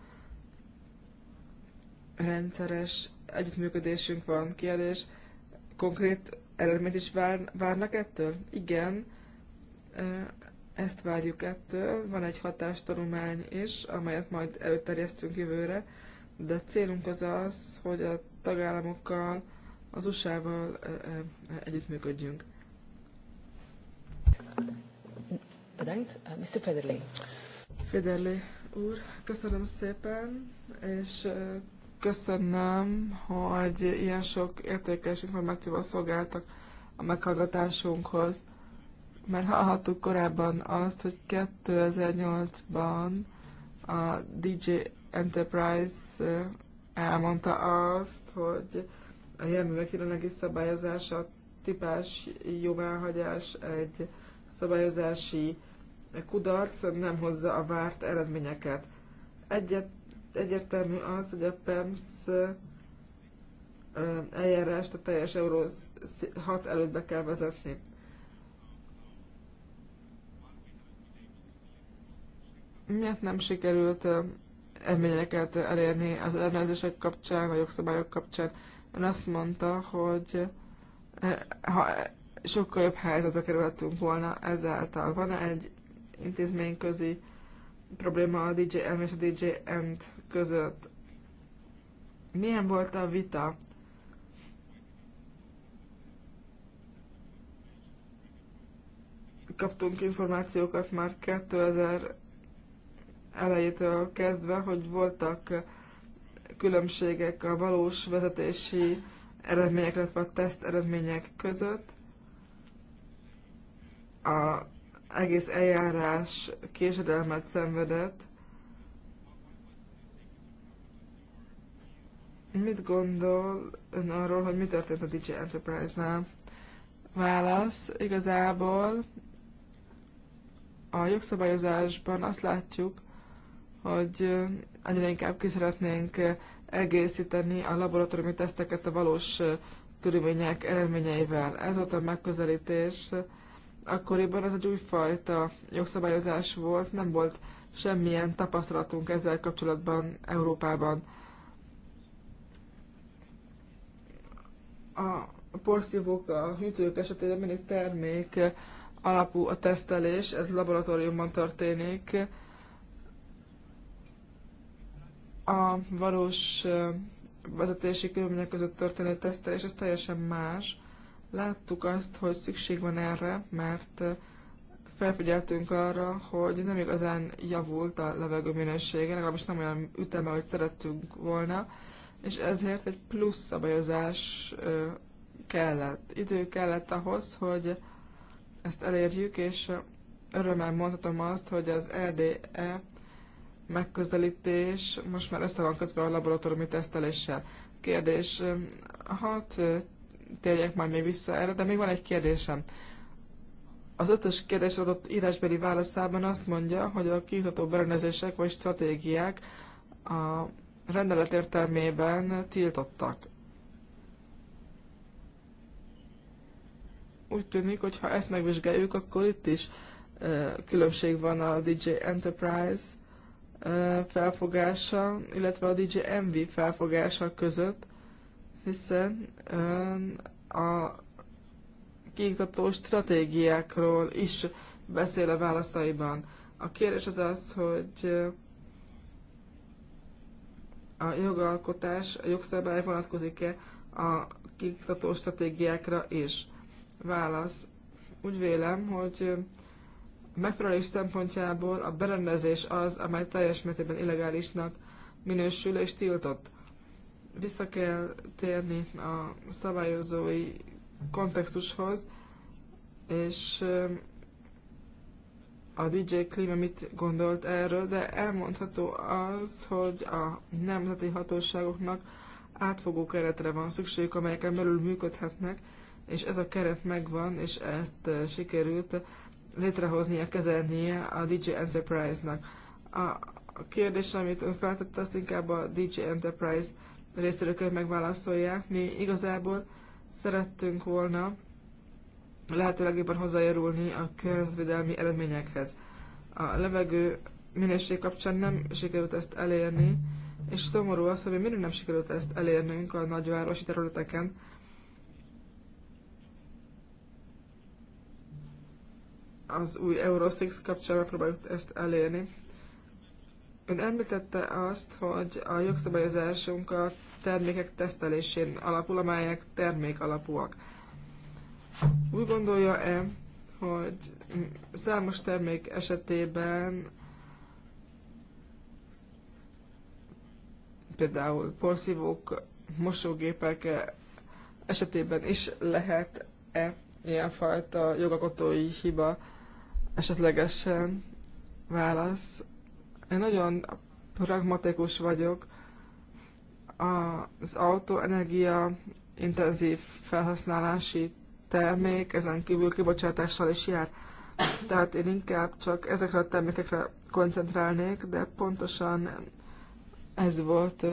Rendszeres együttműködésünk van, kérdés. Konkrét eredményt is vár, várnak ettől? Igen, ezt várjuk ettől. Van egy hatástanulmány is, amelyet majd előterjesztünk jövőre de célunk az az, hogy a tagállamokkal, az USA-val együttműködjünk. Uh, Mr. Federley. Federley úr, köszönöm szépen, és köszönöm, hogy ilyen sok értékes információval szolgáltak a meghallgatásunkhoz. Mert hallhattuk korábban azt, hogy 2008-ban a DJ Enterprise eh, elmondta azt, hogy a jelművek jelenlegi szabályozása, tipás jóváhagyás egy szabályozási kudarc nem hozza a várt eredményeket. Egyet, egyértelmű az, hogy a PEMS eh, eljárást a teljes Euró 6 előtt be kell vezetni. Miért nem sikerült eh, eredményeket elérni az ellenőrzések kapcsán, a jogszabályok kapcsán. Ön azt mondta, hogy eh, ha sokkal jobb helyzetbe kerülhetünk volna ezáltal. Van -e egy intézményközi probléma a DJM és a DJM között? Milyen volt a vita? Kaptunk információkat már 2000 elejétől kezdve, hogy voltak különbségek a valós vezetési eredmények, illetve a teszt eredmények között. A egész eljárás késedelmet szenvedett. Mit gondol ön arról, hogy mi történt a DJ Enterprise-nál? Válasz. Igazából a jogszabályozásban azt látjuk, hogy egyre inkább ki szeretnénk egészíteni a laboratóriumi teszteket a valós körülmények eredményeivel. Ez volt a megközelítés. Akkoriban ez egy újfajta jogszabályozás volt, nem volt semmilyen tapasztalatunk ezzel kapcsolatban Európában. A porszívók, a hűtők esetében mindig termék alapú a tesztelés, ez laboratóriumban történik, a valós vezetési körülmények között történő tesztelés, ez teljesen más. Láttuk azt, hogy szükség van erre, mert felfigyeltünk arra, hogy nem igazán javult a levegő minősége, legalábbis nem olyan üteme, hogy szerettünk volna, és ezért egy plusz szabályozás kellett. Idő kellett ahhoz, hogy ezt elérjük, és örömmel mondhatom azt, hogy az RDE megközelítés most már össze van kötve a laboratóriumi teszteléssel. Kérdés, hát térjek majd még vissza erre, de még van egy kérdésem. Az ötös kérdés adott írásbeli válaszában azt mondja, hogy a kiiktató berendezések vagy stratégiák a rendelet értelmében tiltottak. Úgy tűnik, hogy ha ezt megvizsgáljuk, akkor itt is különbség van a DJ Enterprise felfogása, illetve a DJ MV felfogása között, hiszen a kiiktató stratégiákról is beszél a válaszaiban. A kérdés az az, hogy a jogalkotás, a jogszabály vonatkozik-e a kiiktató stratégiákra is? Válasz. Úgy vélem, hogy megfelelés szempontjából a berendezés az, amely teljes mértékben illegálisnak minősül és tiltott. Vissza kell térni a szabályozói kontextushoz, és a DJ Klima mit gondolt erről, de elmondható az, hogy a nemzeti hatóságoknak átfogó keretre van szükségük, amelyeken belül működhetnek, és ez a keret megvan, és ezt sikerült létrehoznia, kezelnie a DJ Enterprise-nak. A kérdés, amit ön feltette, azt inkább a DJ Enterprise részéről kell megválaszolja. Mi igazából szerettünk volna lehetőlegében hozzájárulni a környezetvédelmi eredményekhez. A levegő minőség kapcsán nem sikerült ezt elérni, és szomorú az, hogy mi nem sikerült ezt elérnünk a nagyvárosi területeken, az új Euro 6 kapcsán megpróbáljuk ezt elérni. Ön említette azt, hogy a jogszabályozásunk a termékek tesztelésén alapul, amelyek termék alapúak. Úgy gondolja-e, hogy számos termék esetében például porszívók, mosógépek esetében is lehet-e ilyenfajta jogakotói hiba esetlegesen válasz. Én nagyon pragmatikus vagyok. Az autóenergia intenzív felhasználási termék ezen kívül kibocsátással is jár. Tehát én inkább csak ezekre a termékekre koncentrálnék, de pontosan ez volt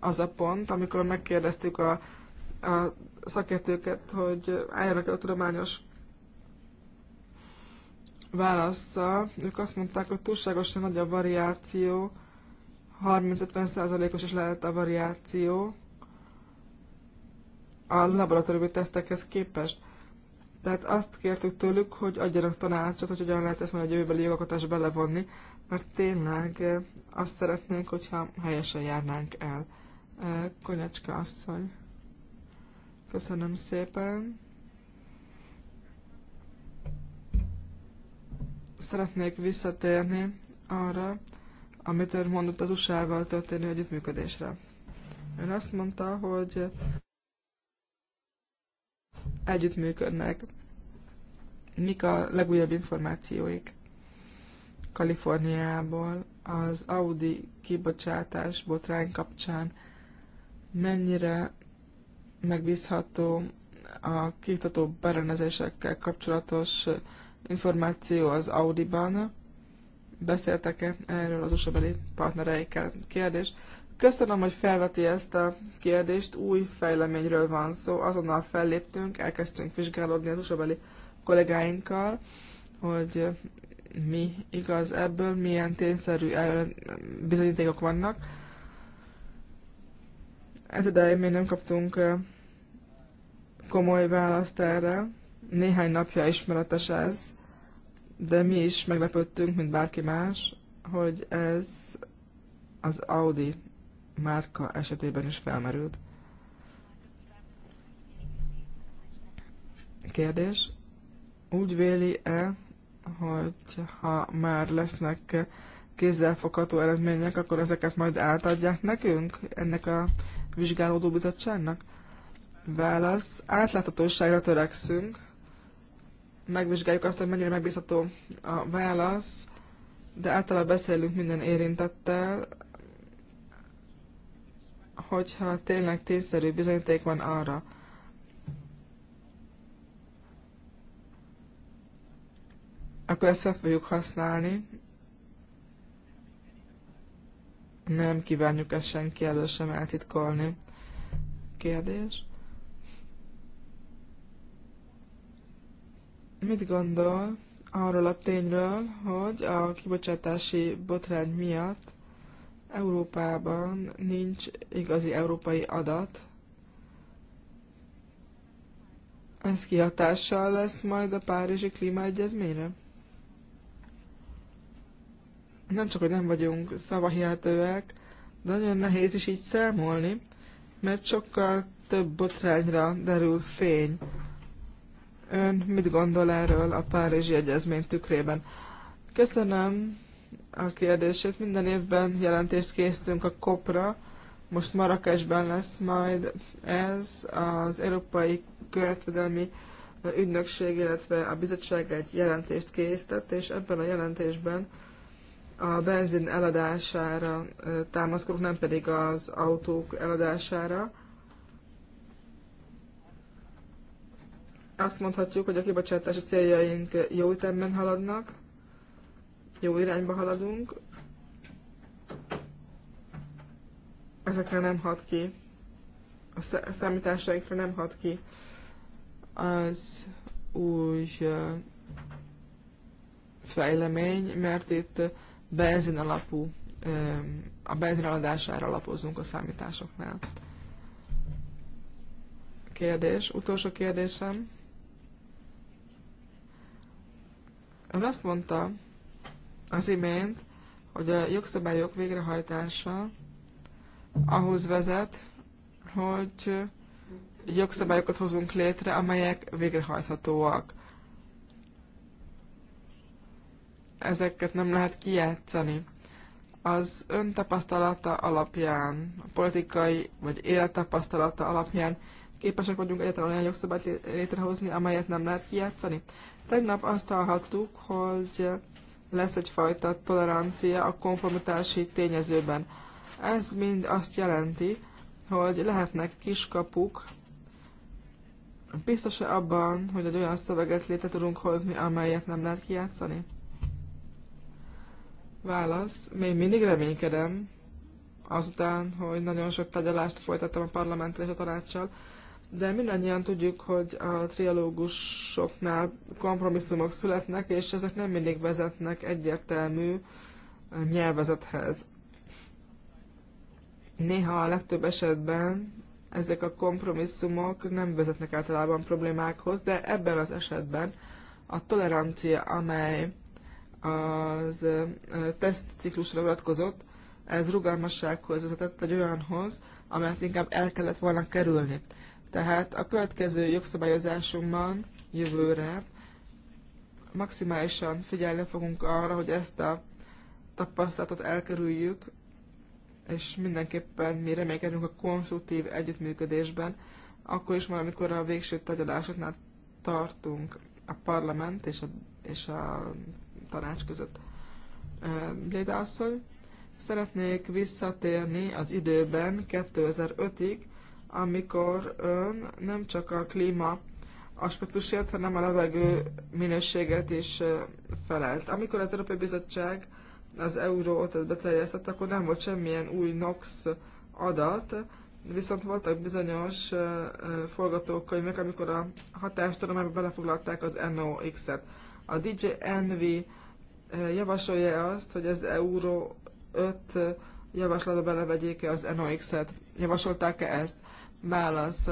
az a pont, amikor megkérdeztük a, a szakértőket, hogy álljanak el a tudományos válasza. Ők azt mondták, hogy túlságosan nagy a variáció, 30-50 százalékos is lehet a variáció a laboratóriumi tesztekhez képest. Tehát azt kértük tőlük, hogy adjanak tanácsot, hogy hogyan lehet ezt majd a jövőbeli jogalkotásba belevonni, mert tényleg azt szeretnénk, hogyha helyesen járnánk el. Konyacska asszony. Köszönöm szépen. szeretnék visszatérni arra, amit ön mondott az USA-val történő együttműködésre. Ön azt mondta, hogy együttműködnek. Mik a legújabb információik Kaliforniából az Audi kibocsátás botrány kapcsán? Mennyire megbízható a kiktató berendezésekkel kapcsolatos információ az Audi-ban. Beszéltek-e erről az usa partnereikkel? Kérdés. Köszönöm, hogy felveti ezt a kérdést. Új fejleményről van szó. Azonnal felléptünk, elkezdtünk vizsgálódni az usa kollégáinkkal, hogy mi igaz ebből, milyen tényszerű bizonyítékok vannak. Ez idején még nem kaptunk komoly választ erre. Néhány napja ismeretes ez de mi is meglepődtünk, mint bárki más, hogy ez az Audi márka esetében is felmerült. Kérdés, úgy véli-e, hogy ha már lesznek kézzelfogható eredmények, akkor ezeket majd átadják nekünk, ennek a vizsgálódó bizottságnak? Válasz, átláthatóságra törekszünk, megvizsgáljuk azt, hogy mennyire megbízható a válasz, de általában beszélünk minden érintettel, hogyha tényleg tényszerű bizonyíték van arra, akkor ezt fel fogjuk használni. Nem kívánjuk ezt senki elő sem eltitkolni. Kérdés? mit gondol arról a tényről, hogy a kibocsátási botrány miatt Európában nincs igazi európai adat. Ez kihatással lesz majd a Párizsi Klímaegyezményre? Nem csak, hogy nem vagyunk szavahihetőek, de nagyon nehéz is így számolni, mert sokkal több botrányra derül fény ön mit gondol erről a Párizsi Egyezmény tükrében? Köszönöm a kérdését. Minden évben jelentést készítünk a kopra. Most Marrakesben lesz majd ez az Európai Követvedelmi Ügynökség, illetve a bizottság egy jelentést készített, és ebben a jelentésben a benzin eladására támaszkodunk, nem pedig az autók eladására. Azt mondhatjuk, hogy a kibocsátási céljaink jó ütemben haladnak, jó irányba haladunk. Ezekre nem hat ki. A számításainkra nem hat ki az új fejlemény, mert itt benzin alapú, a benzin aladására alapozunk a számításoknál. Kérdés, utolsó kérdésem. Ön azt mondta az imént, hogy a jogszabályok végrehajtása ahhoz vezet, hogy jogszabályokat hozunk létre, amelyek végrehajthatóak. Ezeket nem lehet kijátszani. Az ön tapasztalata alapján, a politikai vagy élettapasztalata alapján képesek vagyunk egyetlen olyan jogszabályt létrehozni, amelyet nem lehet kijátszani? Tegnap azt hallhattuk, hogy lesz egyfajta tolerancia a konformitási tényezőben. Ez mind azt jelenti, hogy lehetnek kiskapuk. Biztos-e abban, hogy egy olyan szöveget létre tudunk hozni, amelyet nem lehet kijátszani? Válasz. Még mindig reménykedem, azután, hogy nagyon sok tagyalást folytattam a parlamenttel és a tanácssal, de mindannyian tudjuk, hogy a trialógusoknál kompromisszumok születnek, és ezek nem mindig vezetnek egyértelmű nyelvezethez. Néha a legtöbb esetben ezek a kompromisszumok nem vezetnek általában problémákhoz, de ebben az esetben a tolerancia, amely az tesztciklusra vonatkozott, ez rugalmassághoz vezetett egy olyanhoz, amelyet inkább el kellett volna kerülni. Tehát a következő jogszabályozásunkban jövőre maximálisan figyelni fogunk arra, hogy ezt a tapasztalatot elkerüljük, és mindenképpen mi reménykedünk a konstruktív együttműködésben, akkor is már, amikor a végső tagyalásoknál tartunk a parlament és a, és a tanács között. Bléda asszony, szeretnék visszatérni az időben 2005-ig, amikor ön nem csak a klíma aspektusért, hanem a levegő minőséget is felelt. Amikor az Európai Bizottság az eurót beterjesztett, akkor nem volt semmilyen új NOx adat, viszont voltak bizonyos forgatókönyvek, amikor a hatástudományba belefoglalták az NOx-et. A DJ Envy javasolja azt, hogy az euró 5 javaslatba belevegyék-e az NOx-et. Javasolták-e ezt? válasz.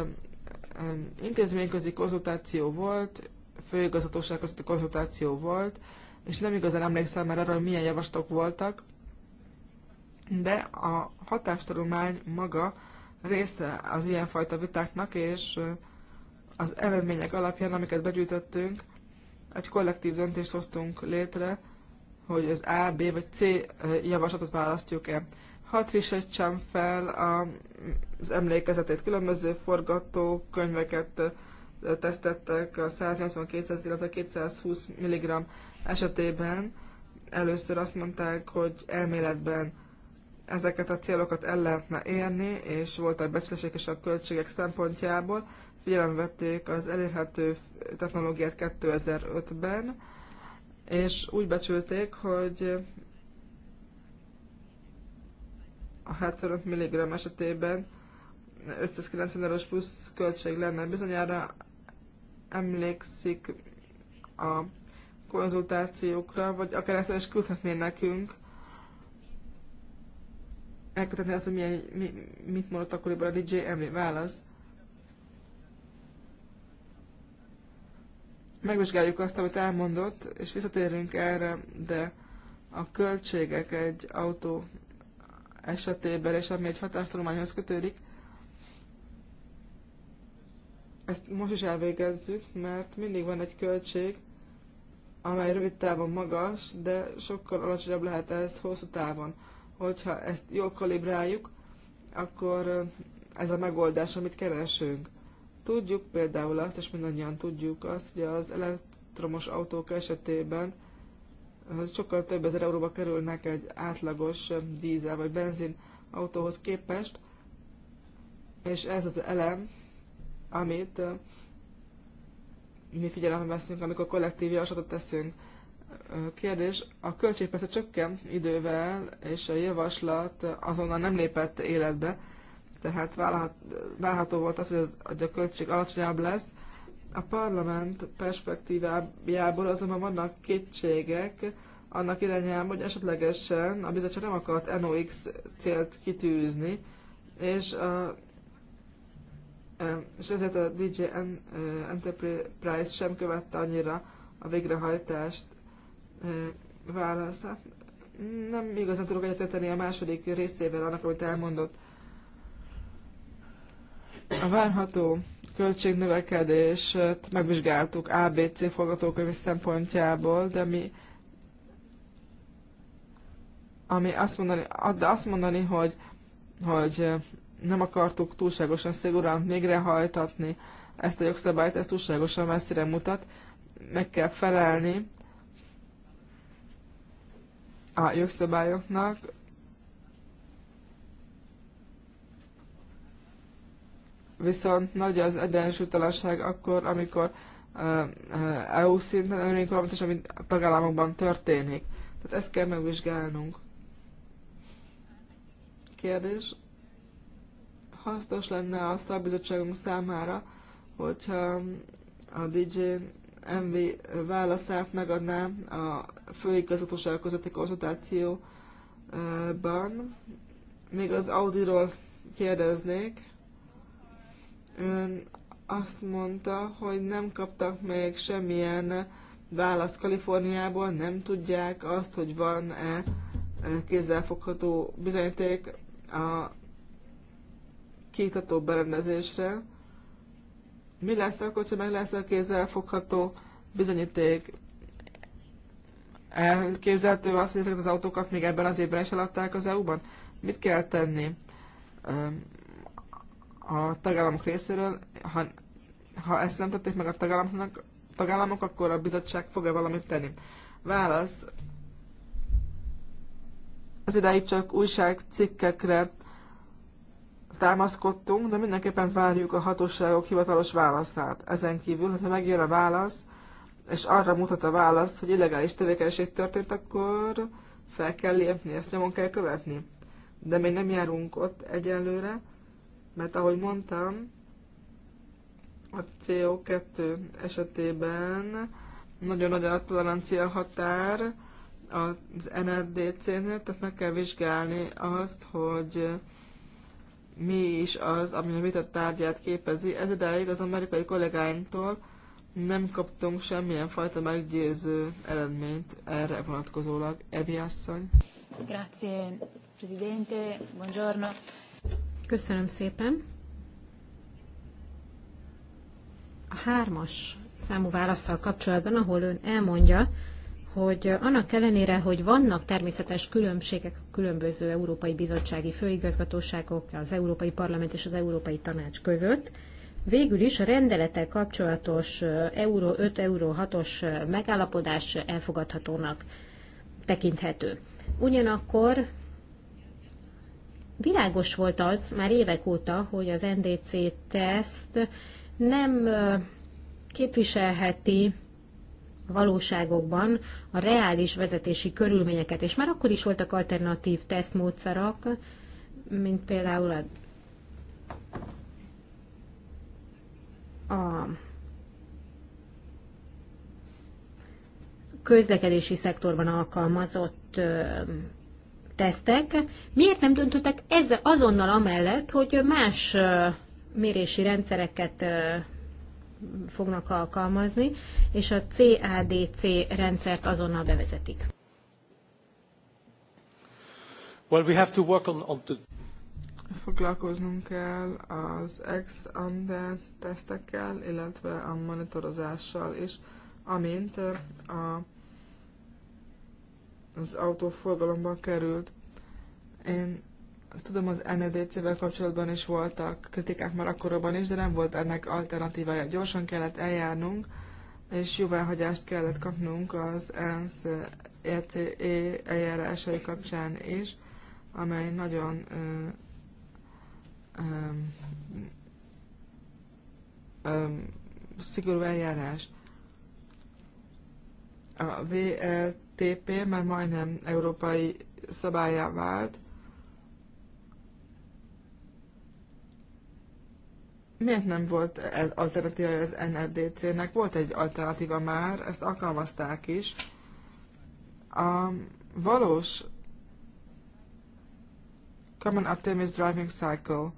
Intézményközi konzultáció volt, főigazgatóság között konzultáció volt, és nem igazán emlékszem már arra, hogy milyen javaslatok voltak, de a hatástudomány maga része az ilyenfajta vitáknak, és az eredmények alapján, amiket begyűjtöttünk, egy kollektív döntést hoztunk létre, hogy az A, B vagy C javaslatot választjuk-e hat frissítsem fel az emlékezetét. Különböző forgatókönyveket tesztettek a 182, illetve 220 mg esetében. Először azt mondták, hogy elméletben ezeket a célokat el lehetne érni, és voltak becslések és a költségek szempontjából. Figyelembe vették az elérhető technológiát 2005-ben, és úgy becsülték, hogy a 75 mg esetében 590 eurós plusz költség lenne. Bizonyára emlékszik a konzultációkra, vagy akár ezt is küldhetné nekünk, elkötetni azt, hogy milyen, mi, mit mondott akkoriban a DJ MV válasz. Megvizsgáljuk azt, amit elmondott, és visszatérünk erre, de a költségek egy autó esetében, és ami egy hatástudományhoz kötődik, ezt most is elvégezzük, mert mindig van egy költség, amely rövid távon magas, de sokkal alacsonyabb lehet ez hosszú távon. Hogyha ezt jól kalibráljuk, akkor eh, ez a megoldás, amit keresünk. Tudjuk például azt, és mindannyian tudjuk azt, hogy az elektromos autók esetében sokkal több ezer euróba kerülnek egy átlagos dízel vagy benzin autóhoz képest, és ez az elem, amit mi figyelembe veszünk, amikor kollektív javaslatot teszünk. Kérdés, a költség persze csökken idővel, és a javaslat azonnal nem lépett életbe, tehát várható volt az, hogy a költség alacsonyabb lesz, a parlament perspektívájából azonban vannak kétségek annak irányában, hogy esetlegesen a bizottság nem akart NOx célt kitűzni, és a és ezért a DJ Enterprise sem követte annyira a végrehajtást választ. Hát nem igazán tudok egyetetni a második részével annak, amit elmondott. A várható költségnövekedést megvizsgáltuk ABC forgatókönyv szempontjából, de mi ami azt mondani, de azt mondani, hogy, hogy nem akartuk túlságosan szigorúan végrehajtatni ezt a jogszabályt, ez túlságosan messzire mutat, meg kell felelni a jogszabályoknak, viszont nagy az egyensúlytalanság akkor, amikor EU szinten előnénk valamit, és ami a tagállamokban történik. Tehát ezt kell megvizsgálnunk. Kérdés? Hasznos lenne a szakbizottságunk számára, hogyha a DJ MV válaszát megadná a főigazgatóság közötti konzultációban. Még az Audi-ról kérdeznék. Ön azt mondta, hogy nem kaptak még semmilyen választ Kaliforniából, nem tudják azt, hogy van-e e, kézzelfogható bizonyíték a kiiktató berendezésre. Mi lesz akkor, ha meg lesz a kézzelfogható bizonyíték? Elképzelhető az, hogy ezeket az autókat még ebben az évben is eladták az EU-ban? Mit kell tenni? a tagállamok részéről. Ha, ha ezt nem tették meg a tagállamoknak, tagállamok, akkor a bizottság fog-e valamit tenni? Válasz. Az ideig csak újságcikkekre támaszkodtunk, de mindenképpen várjuk a hatóságok hivatalos válaszát. Ezen kívül, hogyha megjön a válasz, és arra mutat a válasz, hogy illegális tevékenység történt, akkor fel kell lépni, ezt nyomon kell követni. De még nem járunk ott egyelőre, mert ahogy mondtam, a CO2 esetében nagyon nagy a tolerancia határ az nadc e nél tehát meg kell vizsgálni azt, hogy mi is az, ami a vita tárgyát képezi. Ez ideig az amerikai kollégáinktól nem kaptunk semmilyen fajta meggyőző eredményt erre vonatkozólag. Evi asszony. Grazie, Presidente. Buongiorno. Köszönöm szépen. A hármas számú válaszsal kapcsolatban, ahol ön elmondja, hogy annak ellenére, hogy vannak természetes különbségek a különböző európai bizottsági főigazgatóságok, az Európai Parlament és az Európai Tanács között, végül is a rendelettel kapcsolatos euró 5, euró 6-os megállapodás elfogadhatónak tekinthető. Ugyanakkor Világos volt az már évek óta, hogy az NDC teszt nem képviselheti a valóságokban a reális vezetési körülményeket, és már akkor is voltak alternatív tesztmódszerek, mint például a, a közlekedési szektorban alkalmazott tesztek, miért nem döntöttek ezzel azonnal amellett, hogy más mérési rendszereket fognak alkalmazni, és a CADC rendszert azonnal bevezetik? Well, we have to work on, on the... Foglalkoznunk kell az ex-ante tesztekkel, illetve a monitorozással is, amint a az autó forgalomban került. Én tudom, az NEDC-vel kapcsolatban is voltak kritikák már akkoriban is, de nem volt ennek alternatívája. Gyorsan kellett eljárnunk, és jóváhagyást kellett kapnunk az ENSZ ECE e eljárásai kapcsán is, amely nagyon ö, ö, ö, szigorú eljárás. A VLTP már majdnem európai szabályá vált. Miért nem volt alternatíva az NRDC-nek? Volt egy alternatíva már, ezt alkalmazták is. A valós Common Optimist Driving Cycle.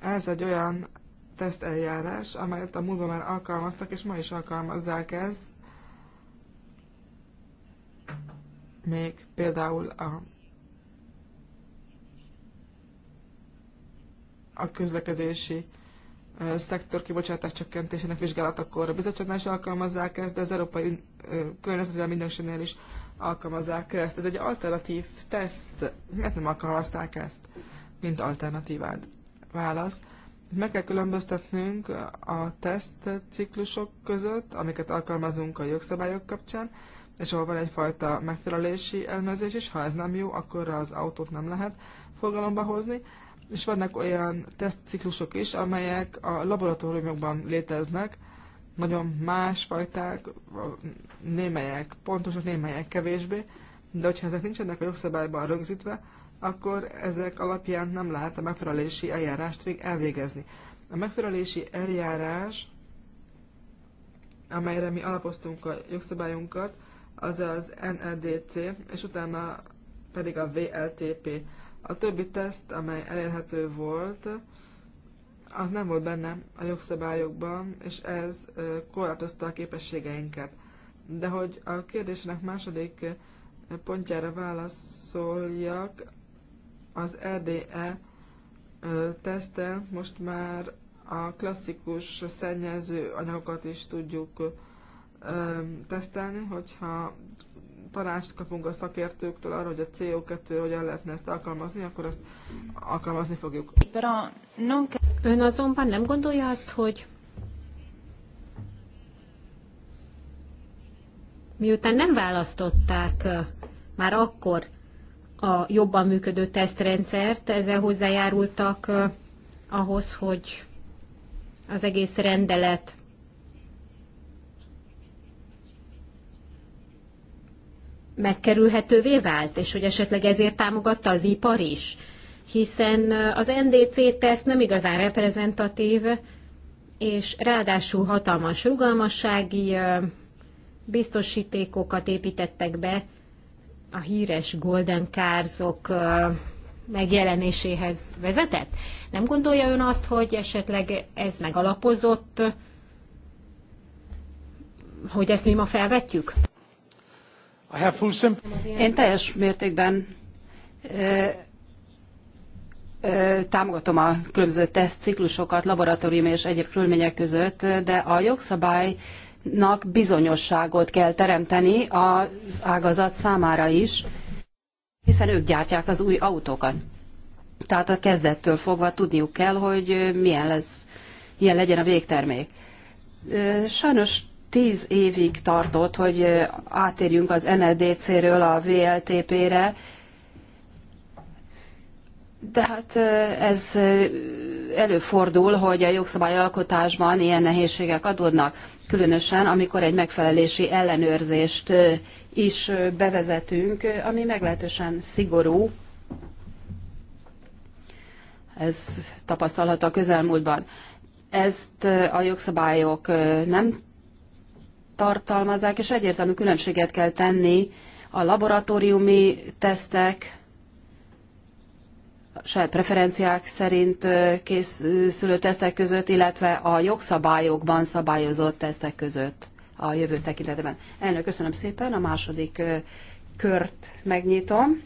Ez egy olyan teszteljárás, amelyet a múlva már alkalmaztak, és ma is alkalmazzák ezt. még például a, a közlekedési szektor kibocsátás csökkentésének vizsgálatakor a bizottságnál is alkalmazzák ezt, de az Európai Környezetvédelmi Ügynökségnél is alkalmazzák ezt. Ez egy alternatív teszt. Miért nem alkalmazták ezt, mint alternatívát? Válasz. Meg kell különböztetnünk a teszt ciklusok között, amiket alkalmazunk a jogszabályok kapcsán, és ahol van egyfajta megfelelési ellenőrzés is, ha ez nem jó, akkor az autót nem lehet forgalomba hozni, és vannak olyan tesztciklusok is, amelyek a laboratóriumokban léteznek, nagyon más fajták, némelyek pontosak, némelyek kevésbé, de hogyha ezek nincsenek a jogszabályban rögzítve, akkor ezek alapján nem lehet a megfelelési eljárást még elvégezni. A megfelelési eljárás, amelyre mi alapoztunk a jogszabályunkat, azaz NEDC, és utána pedig a VLTP. A többi teszt, amely elérhető volt, az nem volt benne a jogszabályokban, és ez korlátozta a képességeinket. De hogy a kérdésnek második pontjára válaszoljak, az RDE tesztel most már a klasszikus szennyező anyagokat is tudjuk tesztelni, hogyha tanást kapunk a szakértőktől arra, hogy a CO2 hogyan lehetne ezt alkalmazni, akkor ezt alkalmazni fogjuk. Ön azonban nem gondolja azt, hogy miután nem választották már akkor a jobban működő tesztrendszert, ezzel hozzájárultak ahhoz, hogy az egész rendelet megkerülhetővé vált, és hogy esetleg ezért támogatta az ipar is. Hiszen az NDC teszt nem igazán reprezentatív, és ráadásul hatalmas rugalmassági biztosítékokat építettek be a híres Golden Cars-ok megjelenéséhez vezetett? Nem gondolja ön azt, hogy esetleg ez megalapozott, hogy ezt mi ma felvetjük? Én teljes mértékben támogatom a különböző tesztciklusokat laboratóriumi és egyéb körülmények között, de a jogszabálynak bizonyosságot kell teremteni az ágazat számára is, hiszen ők gyártják az új autókat. Tehát a kezdettől fogva tudniuk kell, hogy milyen lesz, milyen legyen a végtermék. Sajnos tíz évig tartott, hogy átérjünk az NLDC-ről e a VLTP-re, de hát ez előfordul, hogy a jogszabályalkotásban ilyen nehézségek adódnak, különösen amikor egy megfelelési ellenőrzést is bevezetünk, ami meglehetősen szigorú. Ez tapasztalható a közelmúltban. Ezt a jogszabályok nem tartalmazzák, és egyértelmű különbséget kell tenni a laboratóriumi tesztek, saját preferenciák szerint készülő tesztek között, illetve a jogszabályokban szabályozott tesztek között a jövő tekintetében. Elnök, köszönöm szépen, a második kört megnyitom.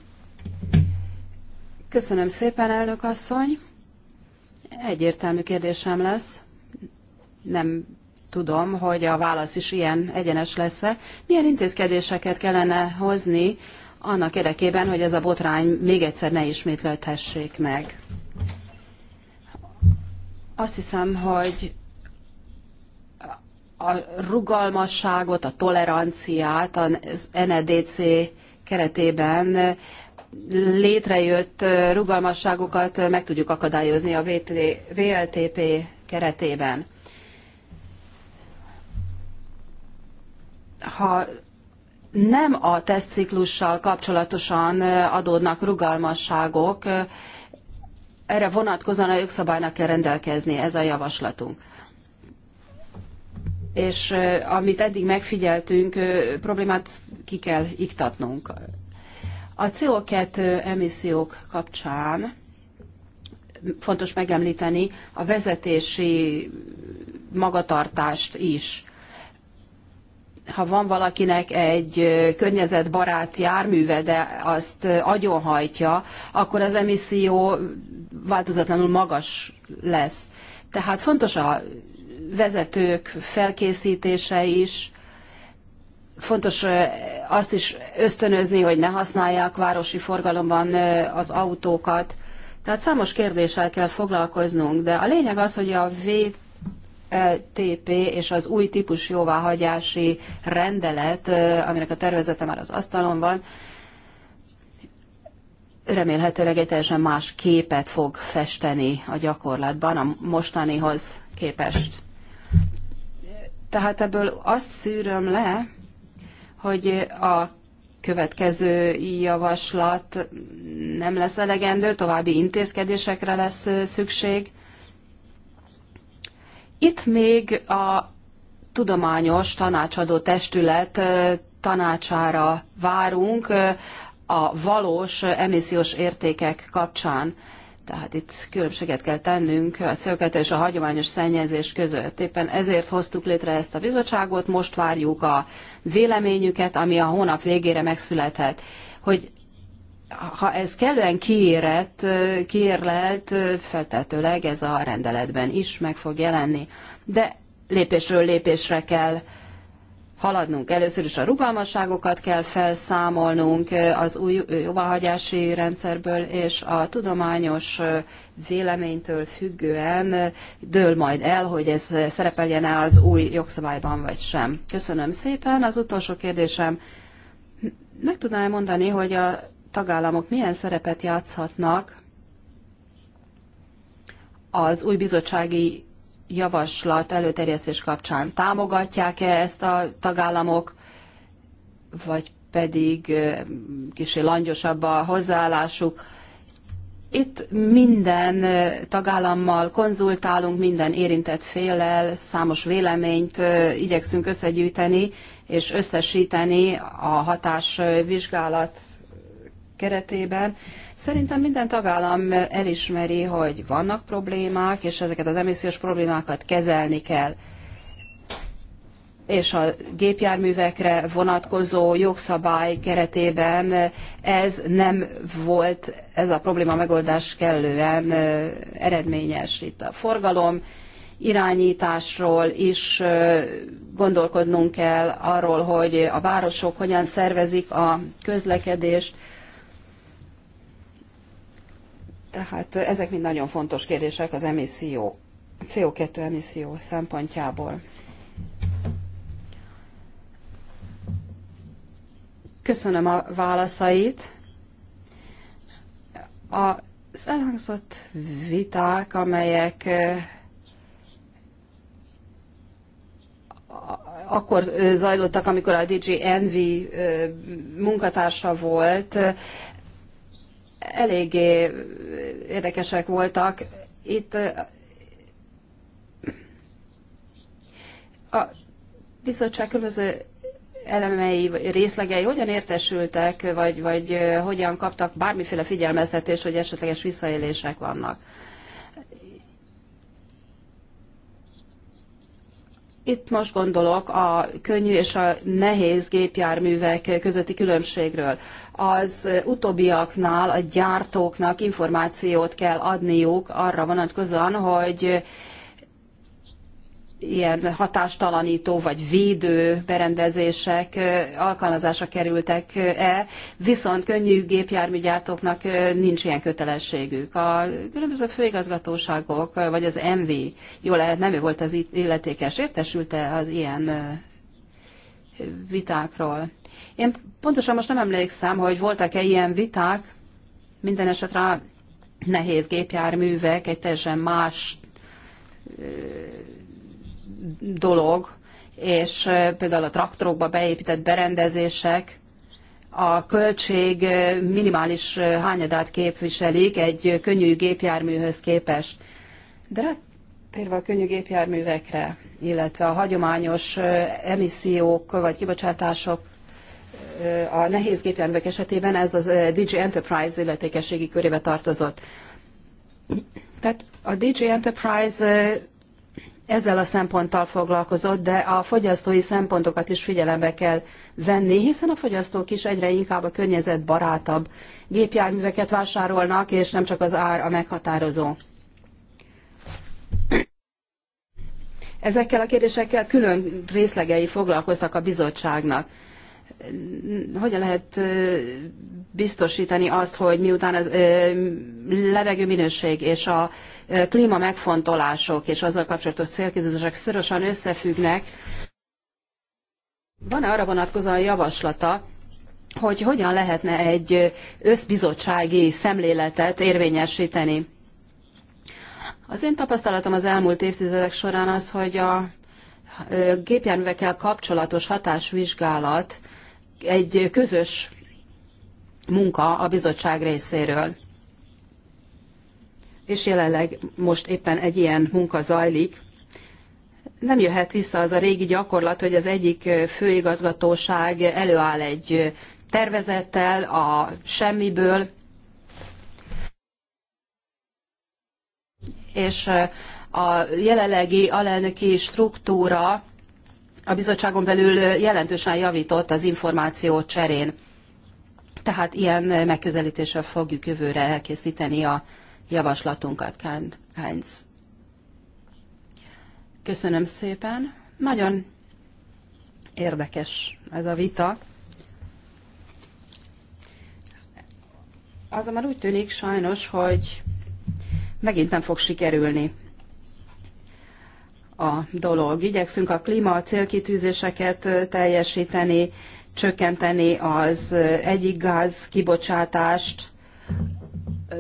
Köszönöm szépen, elnök asszony. Egyértelmű kérdésem lesz. Nem tudom, hogy a válasz is ilyen egyenes lesz -e. Milyen intézkedéseket kellene hozni annak érdekében, hogy ez a botrány még egyszer ne ismétlődhessék meg? Azt hiszem, hogy a rugalmasságot, a toleranciát az NEDC keretében létrejött rugalmasságokat meg tudjuk akadályozni a VLTP keretében. ha nem a tesztciklussal kapcsolatosan adódnak rugalmasságok, erre vonatkozóan a jogszabálynak kell rendelkezni, ez a javaslatunk. És amit eddig megfigyeltünk, problémát ki kell iktatnunk. A CO2 emissziók kapcsán fontos megemlíteni a vezetési magatartást is ha van valakinek egy környezetbarát járműve, de azt agyonhajtja, akkor az emisszió változatlanul magas lesz. Tehát fontos a vezetők felkészítése is, fontos azt is ösztönözni, hogy ne használják városi forgalomban az autókat. Tehát számos kérdéssel kell foglalkoznunk, de a lényeg az, hogy a vét LTP és az új típus jóváhagyási rendelet, aminek a tervezete már az asztalon van, remélhetőleg egy teljesen más képet fog festeni a gyakorlatban a mostanihoz képest. Tehát ebből azt szűröm le, hogy a következő javaslat nem lesz elegendő, további intézkedésekre lesz szükség, itt még a tudományos tanácsadó testület tanácsára várunk a valós emissziós értékek kapcsán. Tehát itt különbséget kell tennünk a CO2 és a hagyományos szennyezés között. Éppen ezért hoztuk létre ezt a bizottságot, most várjuk a véleményüket, ami a hónap végére megszülethet. Hogy ha ez kellően kiérett, kiérlelt, feltetőleg ez a rendeletben is meg fog jelenni. De lépésről lépésre kell haladnunk. Először is a rugalmasságokat kell felszámolnunk az új jóváhagyási rendszerből, és a tudományos véleménytől függően dől majd el, hogy ez szerepeljen-e az új jogszabályban vagy sem. Köszönöm szépen. Az utolsó kérdésem, meg tudnál mondani, hogy a tagállamok milyen szerepet játszhatnak az új bizottsági javaslat előterjesztés kapcsán. Támogatják-e ezt a tagállamok, vagy pedig kicsi langyosabb a hozzáállásuk? Itt minden tagállammal konzultálunk, minden érintett félel, számos véleményt igyekszünk összegyűjteni és összesíteni a hatásvizsgálat keretében. Szerintem minden tagállam elismeri, hogy vannak problémák, és ezeket az emissziós problémákat kezelni kell. És a gépjárművekre vonatkozó jogszabály keretében ez nem volt, ez a probléma megoldás kellően eredményes. Itt a forgalom, irányításról is gondolkodnunk kell, arról, hogy a városok hogyan szervezik a közlekedést, tehát ezek mind nagyon fontos kérdések az emisszió, CO2 emisszió szempontjából. Köszönöm a válaszait. Az elhangzott viták, amelyek eh, akkor eh, zajlottak, amikor a DG Envy eh, munkatársa volt, eléggé érdekesek voltak. Itt a bizottság különböző elemei, részlegei hogyan értesültek, vagy, vagy hogyan kaptak bármiféle figyelmeztetést, hogy esetleges visszaélések vannak. Itt most gondolok a könnyű és a nehéz gépjárművek közötti különbségről. Az utóbbiaknál a gyártóknak információt kell adniuk arra vonatkozóan, hogy ilyen hatástalanító vagy védő berendezések alkalmazása kerültek-e, viszont könnyű gépjárműgyártóknak nincs ilyen kötelességük. A különböző főigazgatóságok, vagy az MV, jól lehet, nem ő volt az illetékes, értesült-e az ilyen vitákról? Én pontosan most nem emlékszem, hogy voltak-e ilyen viták, minden esetre nehéz gépjárművek egy teljesen más dolog, és például a traktorokba beépített berendezések a költség minimális hányadát képviselik egy könnyű gépjárműhöz képest. De rátérve a könnyű gépjárművekre, illetve a hagyományos emissziók vagy kibocsátások a nehéz gépjárművek esetében ez az DG Enterprise illetékességi körébe tartozott. Tehát a DG Enterprise ezzel a szemponttal foglalkozott, de a fogyasztói szempontokat is figyelembe kell venni, hiszen a fogyasztók is egyre inkább a környezetbarátabb gépjárműveket vásárolnak, és nem csak az ár a meghatározó. Ezekkel a kérdésekkel külön részlegei foglalkoztak a bizottságnak hogyan lehet biztosítani azt, hogy miután az minőség és a klíma megfontolások és azzal kapcsolatos célkérdések szorosan összefüggnek, van-e arra vonatkozóan javaslata, hogy hogyan lehetne egy összbizottsági szemléletet érvényesíteni? Az én tapasztalatom az elmúlt évtizedek során az, hogy a gépjárművekkel kapcsolatos hatásvizsgálat egy közös munka a bizottság részéről. És jelenleg most éppen egy ilyen munka zajlik. Nem jöhet vissza az a régi gyakorlat, hogy az egyik főigazgatóság előáll egy tervezettel a semmiből, és a jelenlegi alelnöki struktúra a bizottságon belül jelentősen javított az információ cserén. Tehát ilyen megközelítéssel fogjuk jövőre elkészíteni a javaslatunkat, Kán Heinz. Köszönöm szépen. Nagyon érdekes ez a vita. Azonban úgy tűnik sajnos, hogy megint nem fog sikerülni a dolog. Igyekszünk a klíma célkitűzéseket teljesíteni, csökkenteni az egyik gáz kibocsátást,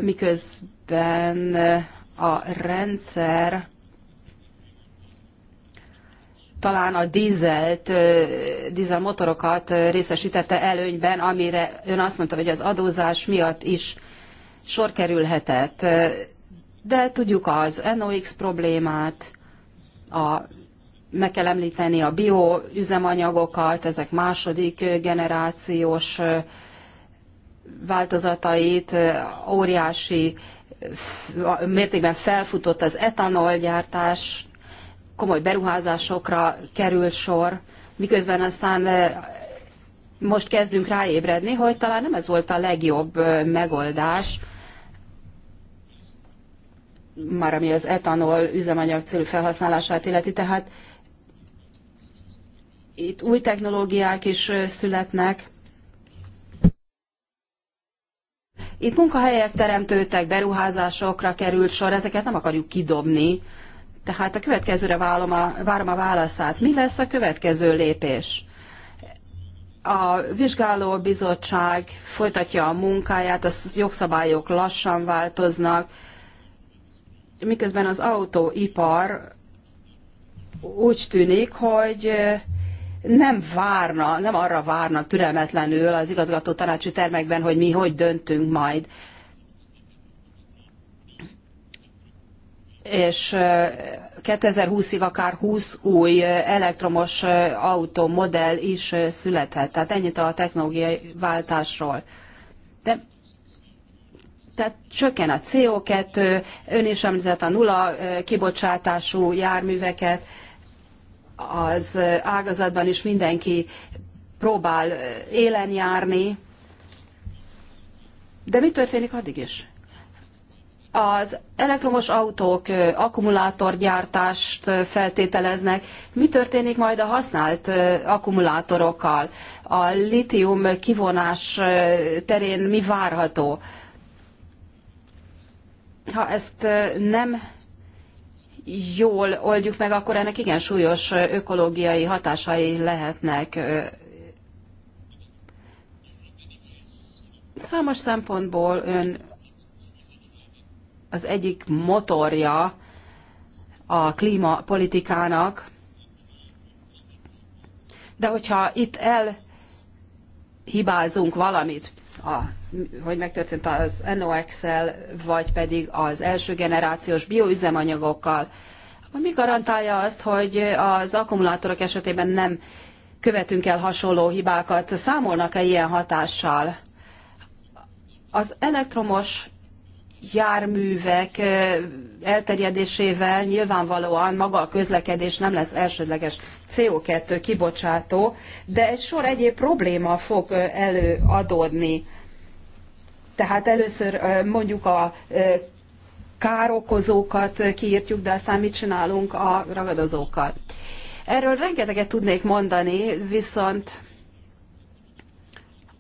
miközben a rendszer talán a dízelt, motorokat részesítette előnyben, amire ön azt mondta, hogy az adózás miatt is sor kerülhetett. De tudjuk az NOx problémát, a, meg kell említeni a bioüzemanyagokat, ezek második generációs változatait, óriási mértékben felfutott az etanolgyártás, komoly beruházásokra kerül sor, miközben aztán most kezdünk ráébredni, hogy talán nem ez volt a legjobb megoldás, már ami az etanol üzemanyag célú felhasználását illeti, tehát itt új technológiák is születnek. Itt munkahelyek teremtődtek, beruházásokra került sor, ezeket nem akarjuk kidobni. Tehát a következőre várom a, várom a válaszát. Mi lesz a következő lépés? A vizsgáló bizottság folytatja a munkáját, a jogszabályok lassan változnak, miközben az autóipar úgy tűnik, hogy nem várna, nem arra várna türelmetlenül az igazgató tanácsi termekben, hogy mi hogy döntünk majd. És 2020-ig akár 20 új elektromos autómodell is születhet. Tehát ennyit a technológiai váltásról. De tehát csökken a CO2, ön is említett a nulla kibocsátású járműveket, az ágazatban is mindenki próbál élen járni. De mi történik addig is? Az elektromos autók akkumulátorgyártást feltételeznek. Mi történik majd a használt akkumulátorokkal? A litium kivonás terén mi várható? ha ezt nem jól oldjuk meg, akkor ennek igen súlyos ökológiai hatásai lehetnek. Számos szempontból ön az egyik motorja a klímapolitikának, de hogyha itt elhibázunk valamit a hogy megtörtént az NOx-el, vagy pedig az első generációs bioüzemanyagokkal, akkor mi garantálja azt, hogy az akkumulátorok esetében nem követünk el hasonló hibákat? Számolnak-e ilyen hatással? Az elektromos járművek elterjedésével nyilvánvalóan maga a közlekedés nem lesz elsődleges CO2 kibocsátó, de egy sor egyéb probléma fog előadódni. Tehát először mondjuk a károkozókat kiírtjuk, de aztán mit csinálunk a ragadozókkal. Erről rengeteget tudnék mondani, viszont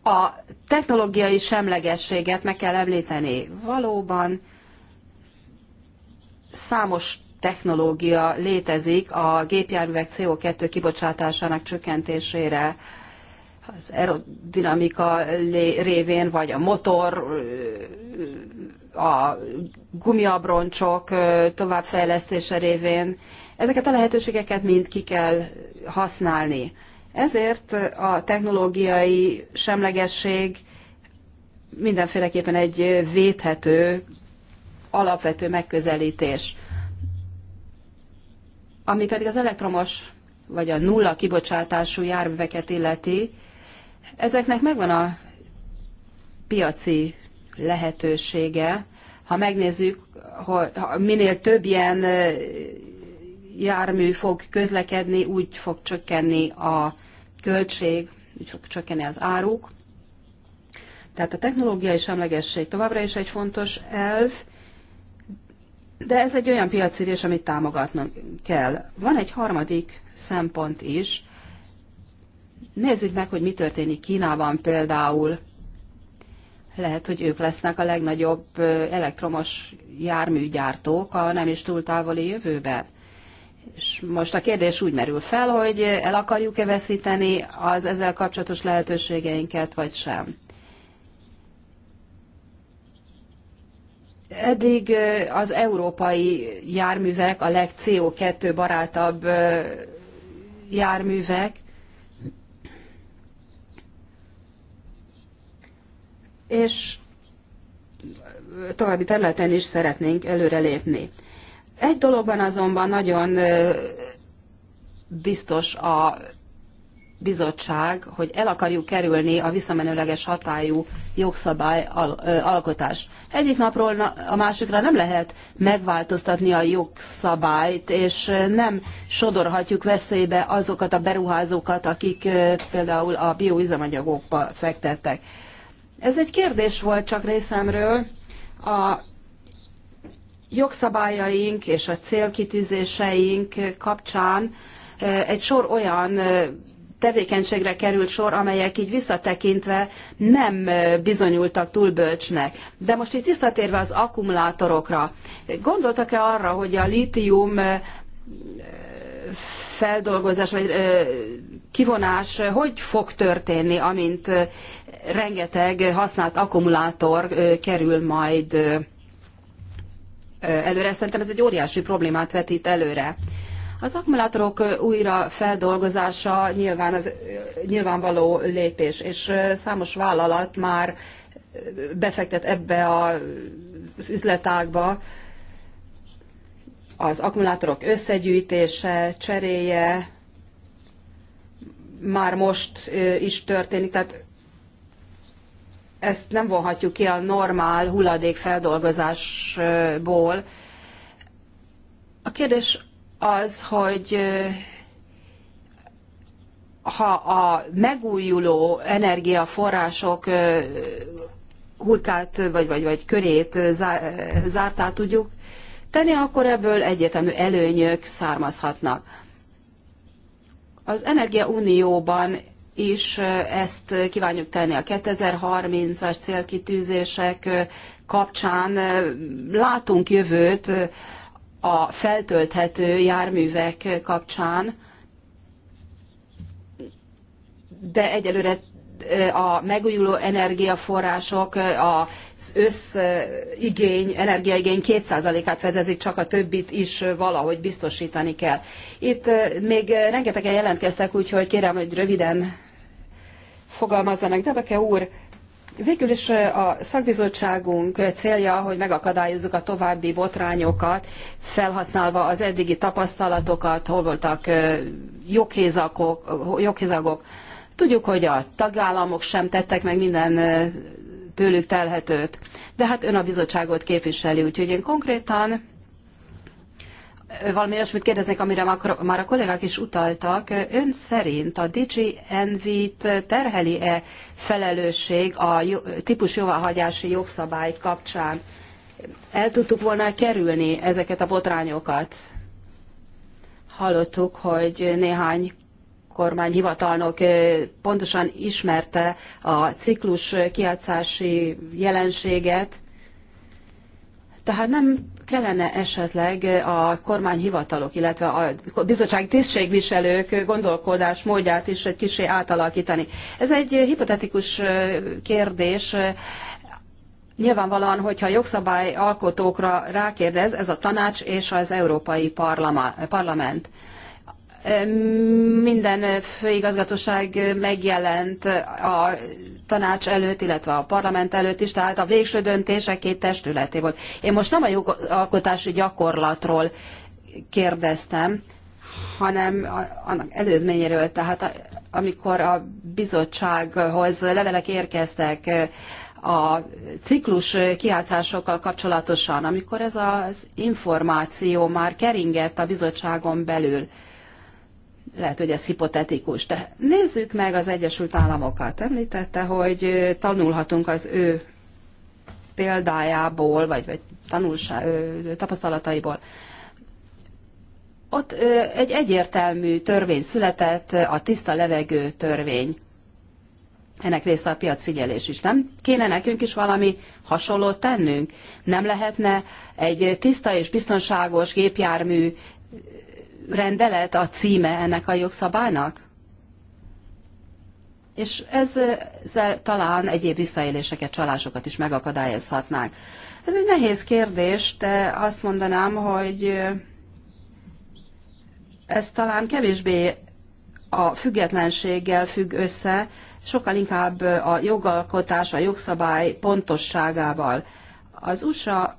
a technológiai semlegességet meg kell említeni. Valóban számos technológia létezik a gépjárművek CO2 kibocsátásának csökkentésére, az aerodinamika révén, vagy a motor, a gumiabroncsok továbbfejlesztése révén. Ezeket a lehetőségeket mind ki kell használni. Ezért a technológiai semlegesség mindenféleképpen egy védhető, alapvető megközelítés. Ami pedig az elektromos vagy a nulla kibocsátású járműveket illeti, Ezeknek megvan a piaci lehetősége, ha megnézzük, hogy minél több ilyen jármű fog közlekedni, úgy fog csökkenni a költség, úgy fog csökkenni az áruk. Tehát a technológiai semlegesség továbbra is egy fontos elv, de ez egy olyan piacérés, amit támogatnunk kell. Van egy harmadik szempont is, Nézzük meg, hogy mi történik Kínában például. Lehet, hogy ők lesznek a legnagyobb elektromos járműgyártók a nem is túl távoli jövőben. És most a kérdés úgy merül fel, hogy el akarjuk-e veszíteni az ezzel kapcsolatos lehetőségeinket, vagy sem. Eddig az európai járművek a legCO2 barátabb járművek, és további területen is szeretnénk előrelépni. Egy dologban azonban nagyon biztos a bizottság, hogy el akarjuk kerülni a visszamenőleges hatályú jogszabály al- alkotást. Egyik napról a másikra nem lehet megváltoztatni a jogszabályt, és nem sodorhatjuk veszélybe azokat a beruházókat, akik például a bioüzemanyagokba fektettek. Ez egy kérdés volt csak részemről. A jogszabályaink és a célkitűzéseink kapcsán egy sor olyan tevékenységre került sor, amelyek így visszatekintve nem bizonyultak túl bölcsnek. De most itt visszatérve az akkumulátorokra, gondoltak-e arra, hogy a litium feldolgozás vagy kivonás hogy fog történni, amint rengeteg használt akkumulátor kerül majd előre. Szerintem ez egy óriási problémát vetít előre. Az akkumulátorok újra feldolgozása nyilván az, nyilvánvaló lépés, és számos vállalat már befektet ebbe az üzletágba, az akkumulátorok összegyűjtése, cseréje már most is történik, tehát ezt nem vonhatjuk ki a normál hulladékfeldolgozásból. A kérdés az, hogy ha a megújuló energiaforrások hurkát vagy, vagy, vagy körét zártá tudjuk tenni, akkor ebből egyetemű előnyök származhatnak. Az Energia Unióban is ezt kívánjuk tenni a 2030-as célkitűzések kapcsán. Látunk jövőt a feltölthető járművek kapcsán, de egyelőre a megújuló energiaforrások az összigény, energiaigény 2%-át fedezik, csak a többit is valahogy biztosítani kell. Itt még rengetegen jelentkeztek, úgyhogy kérem, hogy röviden fogalmazzanak. Debeke úr, Végül is a szakbizottságunk célja, hogy megakadályozzuk a további botrányokat, felhasználva az eddigi tapasztalatokat, hol voltak joghézagok, joghézagok Tudjuk, hogy a tagállamok sem tettek meg minden tőlük telhetőt, de hát ön a bizottságot képviseli, úgyhogy én konkrétan valami olyasmit kérdeznék, amire már a kollégák is utaltak. Ön szerint a DG Envy-t terheli-e felelősség a típus jóváhagyási jogszabály kapcsán? El tudtuk volna kerülni ezeket a botrányokat? Hallottuk, hogy néhány kormányhivatalnok pontosan ismerte a ciklus kiátszási jelenséget, tehát nem kellene esetleg a kormányhivatalok, illetve a bizottsági tisztségviselők gondolkodás módját is egy kicsi átalakítani. Ez egy hipotetikus kérdés. Nyilvánvalóan, hogyha jogszabályalkotókra rákérdez, ez a tanács és az Európai Parlament. Minden főigazgatóság megjelent a tanács előtt, illetve a parlament előtt is, tehát a végső döntések két testületé volt. Én most nem a jogalkotási gyakorlatról kérdeztem, hanem annak előzményéről, tehát amikor a bizottsághoz levelek érkeztek a ciklus kiátszásokkal kapcsolatosan, amikor ez az információ már keringett a bizottságon belül, lehet, hogy ez hipotetikus, de nézzük meg az Egyesült Államokat. Említette, hogy tanulhatunk az ő példájából, vagy, vagy tanulsa, tapasztalataiból. Ott egy egyértelmű törvény született, a tiszta levegő törvény. Ennek része a piacfigyelés is. Nem kéne nekünk is valami hasonlót tennünk? Nem lehetne egy tiszta és biztonságos gépjármű rendelet a címe ennek a jogszabálynak? És ezzel talán egyéb visszaéléseket, csalásokat is megakadályozhatnánk. Ez egy nehéz kérdés, de azt mondanám, hogy ez talán kevésbé a függetlenséggel függ össze, sokkal inkább a jogalkotás, a jogszabály pontosságával. Az USA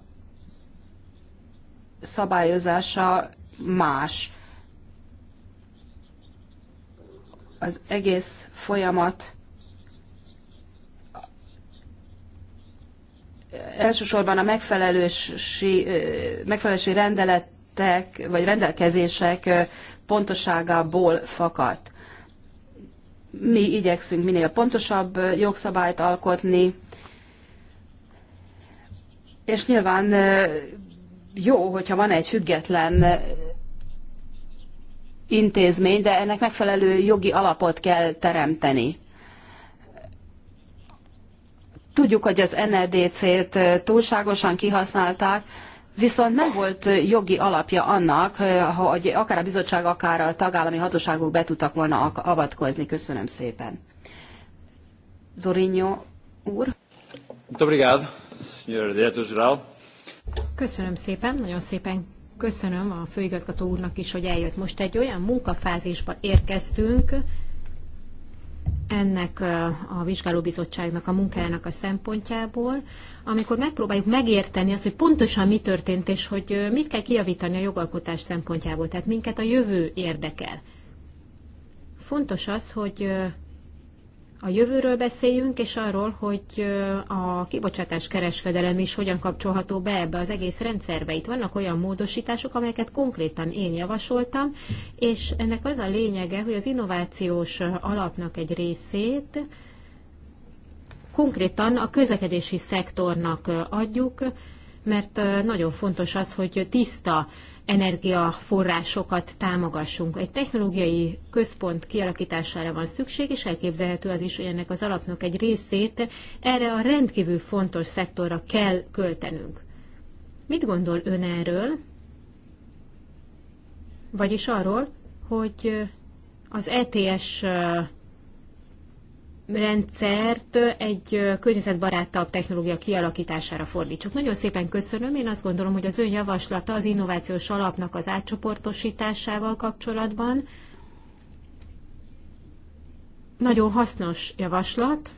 szabályozása más. Az egész folyamat elsősorban a megfelelősi, rendeletek vagy rendelkezések pontosságából fakadt. Mi igyekszünk minél pontosabb jogszabályt alkotni, és nyilván jó, hogyha van egy független intézmény, de ennek megfelelő jogi alapot kell teremteni. Tudjuk, hogy az NLDC-t e túlságosan kihasználták, viszont nem volt jogi alapja annak, hogy akár a bizottság, akár a tagállami hatóságok be tudtak volna avatkozni. Köszönöm szépen. Zorinho úr. Dobrigád, obrigado, Köszönöm szépen, nagyon szépen köszönöm a főigazgató úrnak is, hogy eljött. Most egy olyan munkafázisba érkeztünk ennek a vizsgálóbizottságnak a munkájának a szempontjából, amikor megpróbáljuk megérteni azt, hogy pontosan mi történt, és hogy mit kell kiavítani a jogalkotás szempontjából. Tehát minket a jövő érdekel. Fontos az, hogy a jövőről beszéljünk, és arról, hogy a kibocsátás kereskedelem is hogyan kapcsolható be ebbe az egész rendszerbe. Itt vannak olyan módosítások, amelyeket konkrétan én javasoltam, és ennek az a lényege, hogy az innovációs alapnak egy részét konkrétan a közlekedési szektornak adjuk, mert nagyon fontos az, hogy tiszta energiaforrásokat támogassunk. Egy technológiai központ kialakítására van szükség, és elképzelhető az is, hogy ennek az alapnak egy részét erre a rendkívül fontos szektorra kell költenünk. Mit gondol ön erről? Vagyis arról, hogy az ETS rendszert egy környezetbarátabb technológia kialakítására fordítsuk. Nagyon szépen köszönöm, én azt gondolom, hogy az ön javaslata az innovációs alapnak az átcsoportosításával kapcsolatban nagyon hasznos javaslat,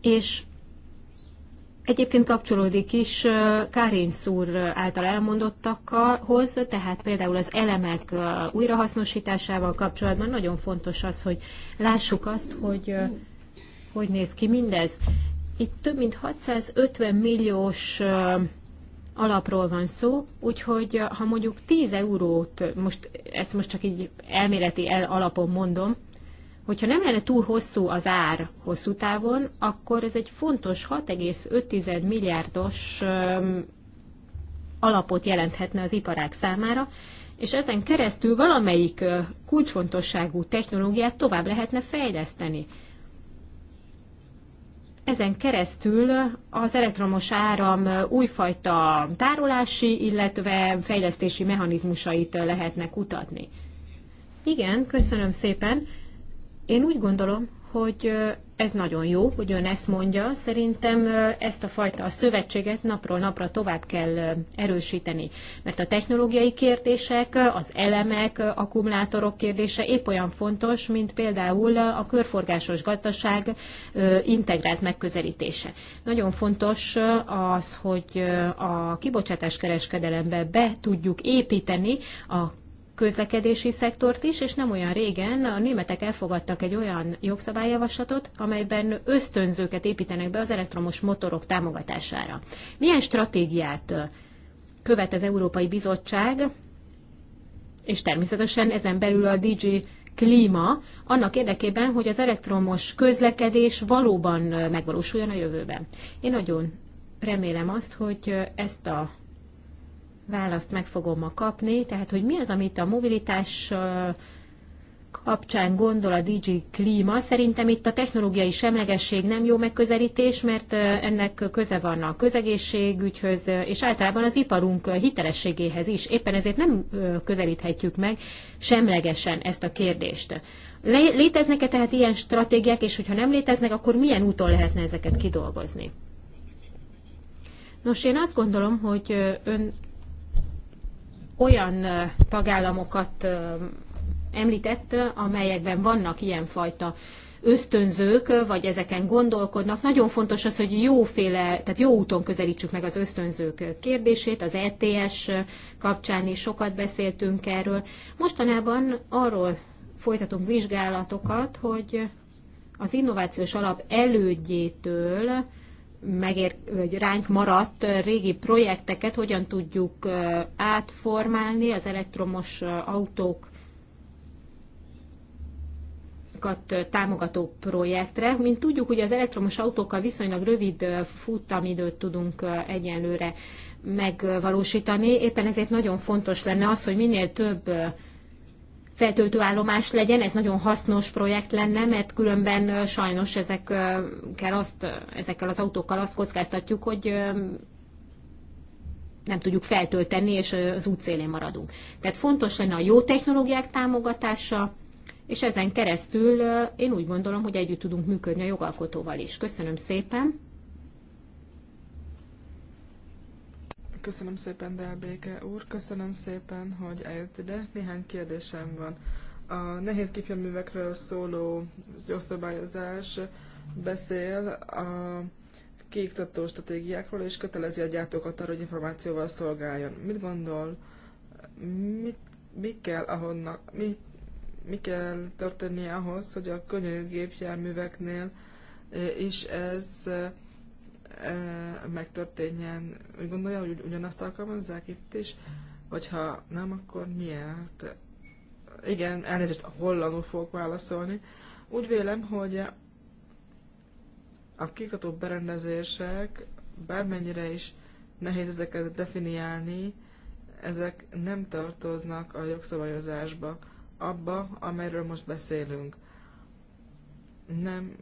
és Egyébként kapcsolódik is Kárin úr által elmondottakhoz, tehát például az elemek újrahasznosításával kapcsolatban nagyon fontos az, hogy lássuk azt, hogy hogy néz ki mindez. Itt több mint 650 milliós alapról van szó, úgyhogy ha mondjuk 10 eurót, most ezt most csak így elméleti el alapon mondom, Hogyha nem lenne túl hosszú az ár hosszú távon, akkor ez egy fontos 6,5 milliárdos alapot jelenthetne az iparák számára, és ezen keresztül valamelyik kulcsfontosságú technológiát tovább lehetne fejleszteni. Ezen keresztül az elektromos áram újfajta tárolási, illetve fejlesztési mechanizmusait lehetne kutatni. Igen, köszönöm szépen. Én úgy gondolom, hogy ez nagyon jó, hogy ön ezt mondja. Szerintem ezt a fajta a szövetséget napról napra tovább kell erősíteni, mert a technológiai kérdések, az elemek, akkumulátorok kérdése épp olyan fontos, mint például a körforgásos gazdaság integrált megközelítése. Nagyon fontos az, hogy a kibocsátás kereskedelembe be tudjuk építeni a közlekedési szektort is, és nem olyan régen a németek elfogadtak egy olyan jogszabályjavaslatot, amelyben ösztönzőket építenek be az elektromos motorok támogatására. Milyen stratégiát követ az Európai Bizottság, és természetesen ezen belül a DG klíma annak érdekében, hogy az elektromos közlekedés valóban megvalósuljon a jövőben. Én nagyon remélem azt, hogy ezt a választ meg fogom ma kapni, tehát hogy mi az, amit a mobilitás kapcsán gondol a DG Klíma. Szerintem itt a technológiai semlegesség nem jó megközelítés, mert ennek köze van a közegészségügyhöz, és általában az iparunk hitelességéhez is. Éppen ezért nem közelíthetjük meg semlegesen ezt a kérdést. Léteznek-e tehát ilyen stratégiák, és hogyha nem léteznek, akkor milyen úton lehetne ezeket kidolgozni? Nos, én azt gondolom, hogy ön olyan tagállamokat említett, amelyekben vannak ilyenfajta ösztönzők, vagy ezeken gondolkodnak. Nagyon fontos az, hogy jóféle, tehát jó úton közelítsük meg az ösztönzők kérdését. Az ETS kapcsán is sokat beszéltünk erről. Mostanában arról folytatunk vizsgálatokat, hogy az innovációs alap elődjétől megér, vagy ránk maradt régi projekteket hogyan tudjuk átformálni az elektromos autók támogató projektre. Mint tudjuk, hogy az elektromos autókkal viszonylag rövid futamidőt tudunk egyenlőre megvalósítani, éppen ezért nagyon fontos lenne az, hogy minél több feltöltőállomás legyen, ez nagyon hasznos projekt lenne, mert különben sajnos ezekkel, azt, ezekkel az autókkal azt kockáztatjuk, hogy nem tudjuk feltölteni, és az út szélén maradunk. Tehát fontos lenne a jó technológiák támogatása, és ezen keresztül én úgy gondolom, hogy együtt tudunk működni a jogalkotóval is. Köszönöm szépen! Köszönöm szépen, Béke úr, köszönöm szépen, hogy eljött ide. Néhány kérdésem van. A nehéz gépjárművekről szóló jószabályozás beszél a kiiktató stratégiákról, és kötelezi a gyártókat arra, hogy információval szolgáljon. Mit gondol, mit, mi kell ahonnak, mi, mi kell történnie ahhoz, hogy a könnyű gépjárműveknél is ez megtörténjen, úgy gondolja, hogy ugyanazt alkalmazzák itt is, hogyha nem, akkor miért? Igen, elnézést, hollandul fogok válaszolni. Úgy vélem, hogy a kiktató berendezések, bármennyire is nehéz ezeket definiálni, ezek nem tartoznak a jogszabályozásba, abba, amelyről most beszélünk. Nem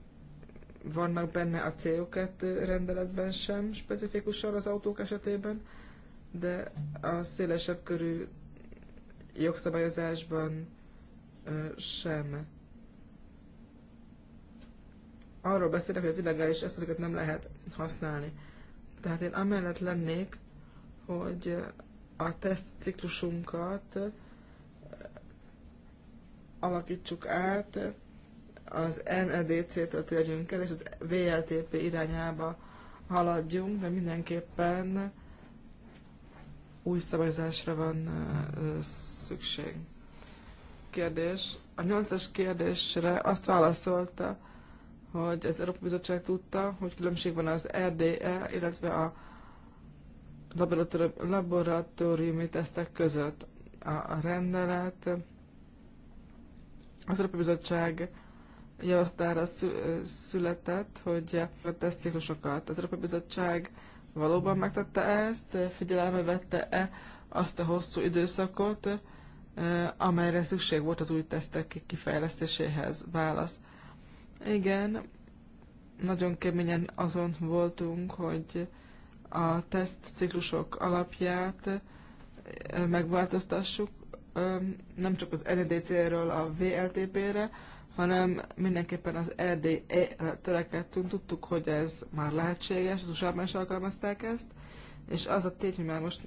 vannak benne a CO2 rendeletben sem specifikusan az autók esetében, de a szélesebb körű jogszabályozásban sem. Arról beszélek, hogy az illegális eszközöket nem lehet használni. Tehát én amellett lennék, hogy a tesztciklusunkat alakítsuk át, az NEDC-től térjünk el, és az VLTP irányába haladjunk, de mindenképpen új szavazásra van szükség. Kérdés. A nyolcas kérdésre azt válaszolta, hogy az Európai Bizottság tudta, hogy különbség van az RDE, illetve a laboratóriumi tesztek között. A rendelet az Európai Bizottság javaslatára született, hogy a tesztciklusokat. Az Európai Bizottság valóban megtette ezt, figyelembe vette-e azt a hosszú időszakot, amelyre szükség volt az új tesztek kifejlesztéséhez? Válasz. Igen, nagyon keményen azon voltunk, hogy a tesztciklusok alapját megváltoztassuk, nem csak az NDC-ről e a VLTP-re, hanem mindenképpen az RDE-re törekedtünk, tudtuk, hogy ez már lehetséges, az usa is alkalmazták ezt, és az a tény, hogy már most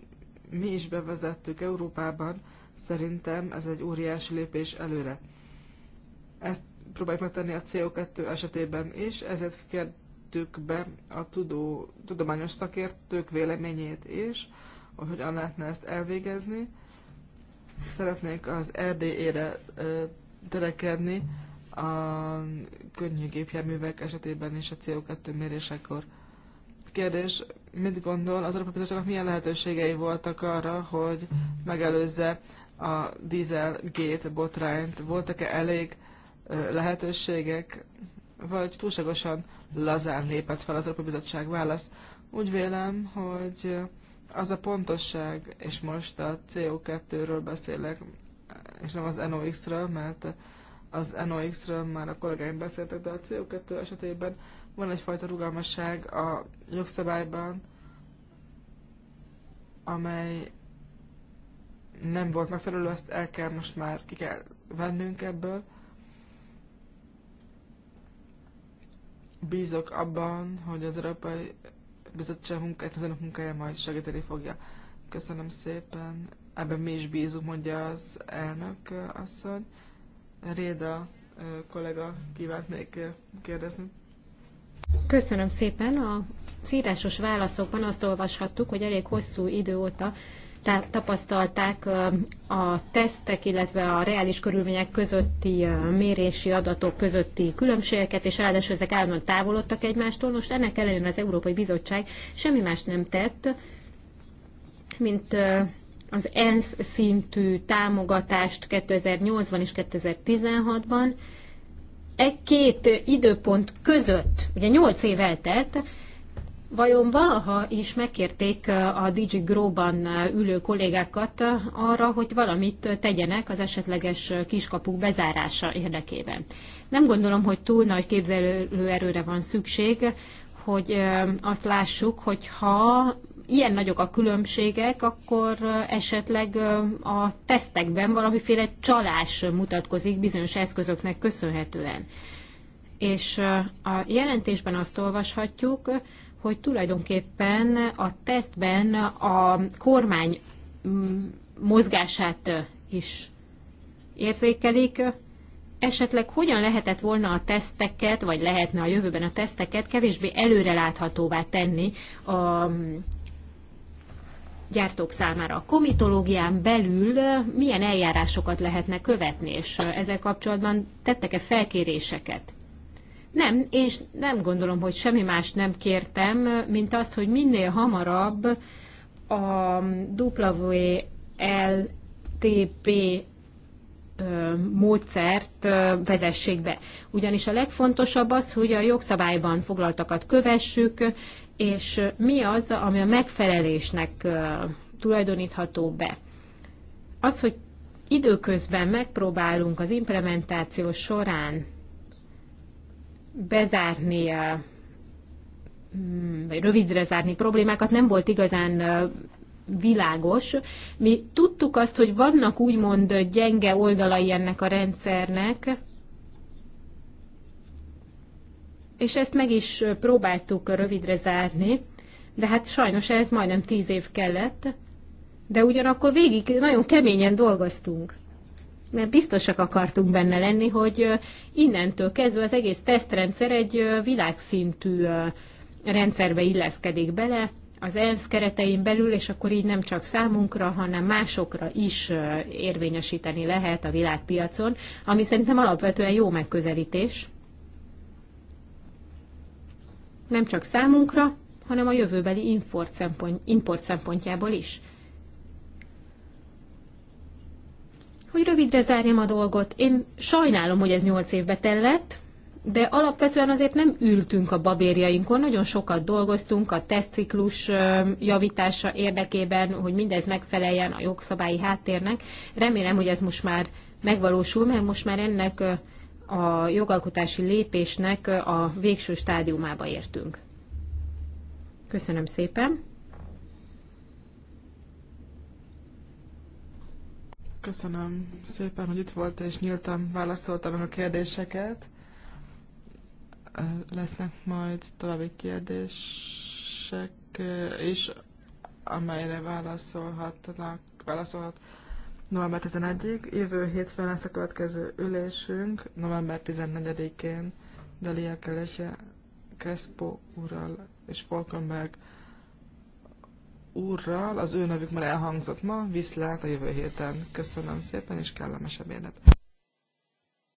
mi is bevezettük Európában, szerintem ez egy óriási lépés előre. Ezt próbáljuk megtenni a CO2 esetében is, ezért kértük be a tudó, tudományos szakértők véleményét is, hogy hogyan lehetne ezt elvégezni. Szeretnék az RDE-re törekedni, a könnyű gépjárművek esetében is a CO2 mérésekor. Kérdés, mit gondol, az Európai Bizottságnak milyen lehetőségei voltak arra, hogy megelőzze a gét botrányt? Voltak-e elég lehetőségek, vagy túlságosan lazán lépett fel az Európai Bizottság válasz? Úgy vélem, hogy az a pontosság, és most a CO2-ről beszélek, és nem az NOx-ről, mert az NOx-ről már a kollégáim beszéltek, de a CO2 esetében van egyfajta rugalmasság a jogszabályban, amely nem volt megfelelő, ezt el kell most már ki kell vennünk ebből. Bízok abban, hogy az Európai Bizottság munkáját, az önök munkája majd segíteni fogja. Köszönöm szépen. Ebben mi is bízunk, mondja az elnök asszony. Réda kollega kívánt még kérdezni. Köszönöm szépen. A írásos válaszokban azt olvashattuk, hogy elég hosszú idő óta tapasztalták a tesztek, illetve a reális körülmények közötti mérési adatok közötti különbségeket, és ráadásul ezek állandóan távolodtak egymástól. Most ennek ellenére az Európai Bizottság semmi más nem tett, mint az ENSZ szintű támogatást 2008-ban és 2016-ban, e két időpont között, ugye 8 év eltelt, vajon valaha is megkérték eh, a Digi gróban eh, ülő kollégákat eh, arra, hogy valamit tegyenek az esetleges kiskapuk bezárása érdekében. Nem gondolom, hogy túl nagy képzelőerőre van szükség, hogy azt lássuk, hogy ha ilyen nagyok a különbségek, akkor esetleg a tesztekben valamiféle csalás mutatkozik bizonyos eszközöknek köszönhetően. És a jelentésben azt olvashatjuk, hogy tulajdonképpen a tesztben a kormány mm, mozgását is érzékelik, esetleg hogyan lehetett volna a teszteket, vagy lehetne a jövőben a teszteket kevésbé előreláthatóvá tenni a gyártók számára. A komitológián belül milyen eljárásokat lehetne követni, és ezzel kapcsolatban tettek-e felkéréseket? Nem, és nem gondolom, hogy semmi más nem kértem, mint azt, hogy minél hamarabb a WLTP módszert vezessék be. Ugyanis a legfontosabb az, hogy a jogszabályban foglaltakat kövessük, és mi az, ami a megfelelésnek tulajdonítható be. Az, hogy időközben megpróbálunk az implementáció során bezárni, vagy rövidre zárni problémákat, nem volt igazán világos. Mi tudtuk azt, hogy vannak úgymond gyenge oldalai ennek a rendszernek, és ezt meg is próbáltuk rövidre zárni, de hát sajnos ez majdnem tíz év kellett, de ugyanakkor végig nagyon keményen dolgoztunk mert biztosak akartunk benne lenni, hogy innentől kezdve az egész tesztrendszer egy világszintű rendszerbe illeszkedik bele, az ENSZ keretein belül, és akkor így nem csak számunkra, hanem másokra is érvényesíteni lehet a világpiacon, ami szerintem alapvetően jó megközelítés nem csak számunkra, hanem a jövőbeli import, szempont, import szempontjából is. Hogy rövidre zárjam a dolgot, én sajnálom, hogy ez 8 évbe tellett, de alapvetően azért nem ültünk a babérjainkon, nagyon sokat dolgoztunk a tesztciklus javítása érdekében, hogy mindez megfeleljen a jogszabályi háttérnek. Remélem, hogy ez most már megvalósul, mert most már ennek a jogalkotási lépésnek a végső stádiumába értünk. Köszönöm szépen! Köszönöm szépen, hogy itt volt és nyíltan válaszolta meg a kérdéseket. Lesznek majd további kérdések is, amelyre válaszolhatnak, válaszolhat november 11-ig, jövő hétfőn lesz a következő ülésünk, november 14-én Delia Kelese Crespo úrral és Falkenberg úrral, az ő nevük már elhangzott ma, viszlát a jövő héten. Köszönöm szépen, és kellemes ebédet!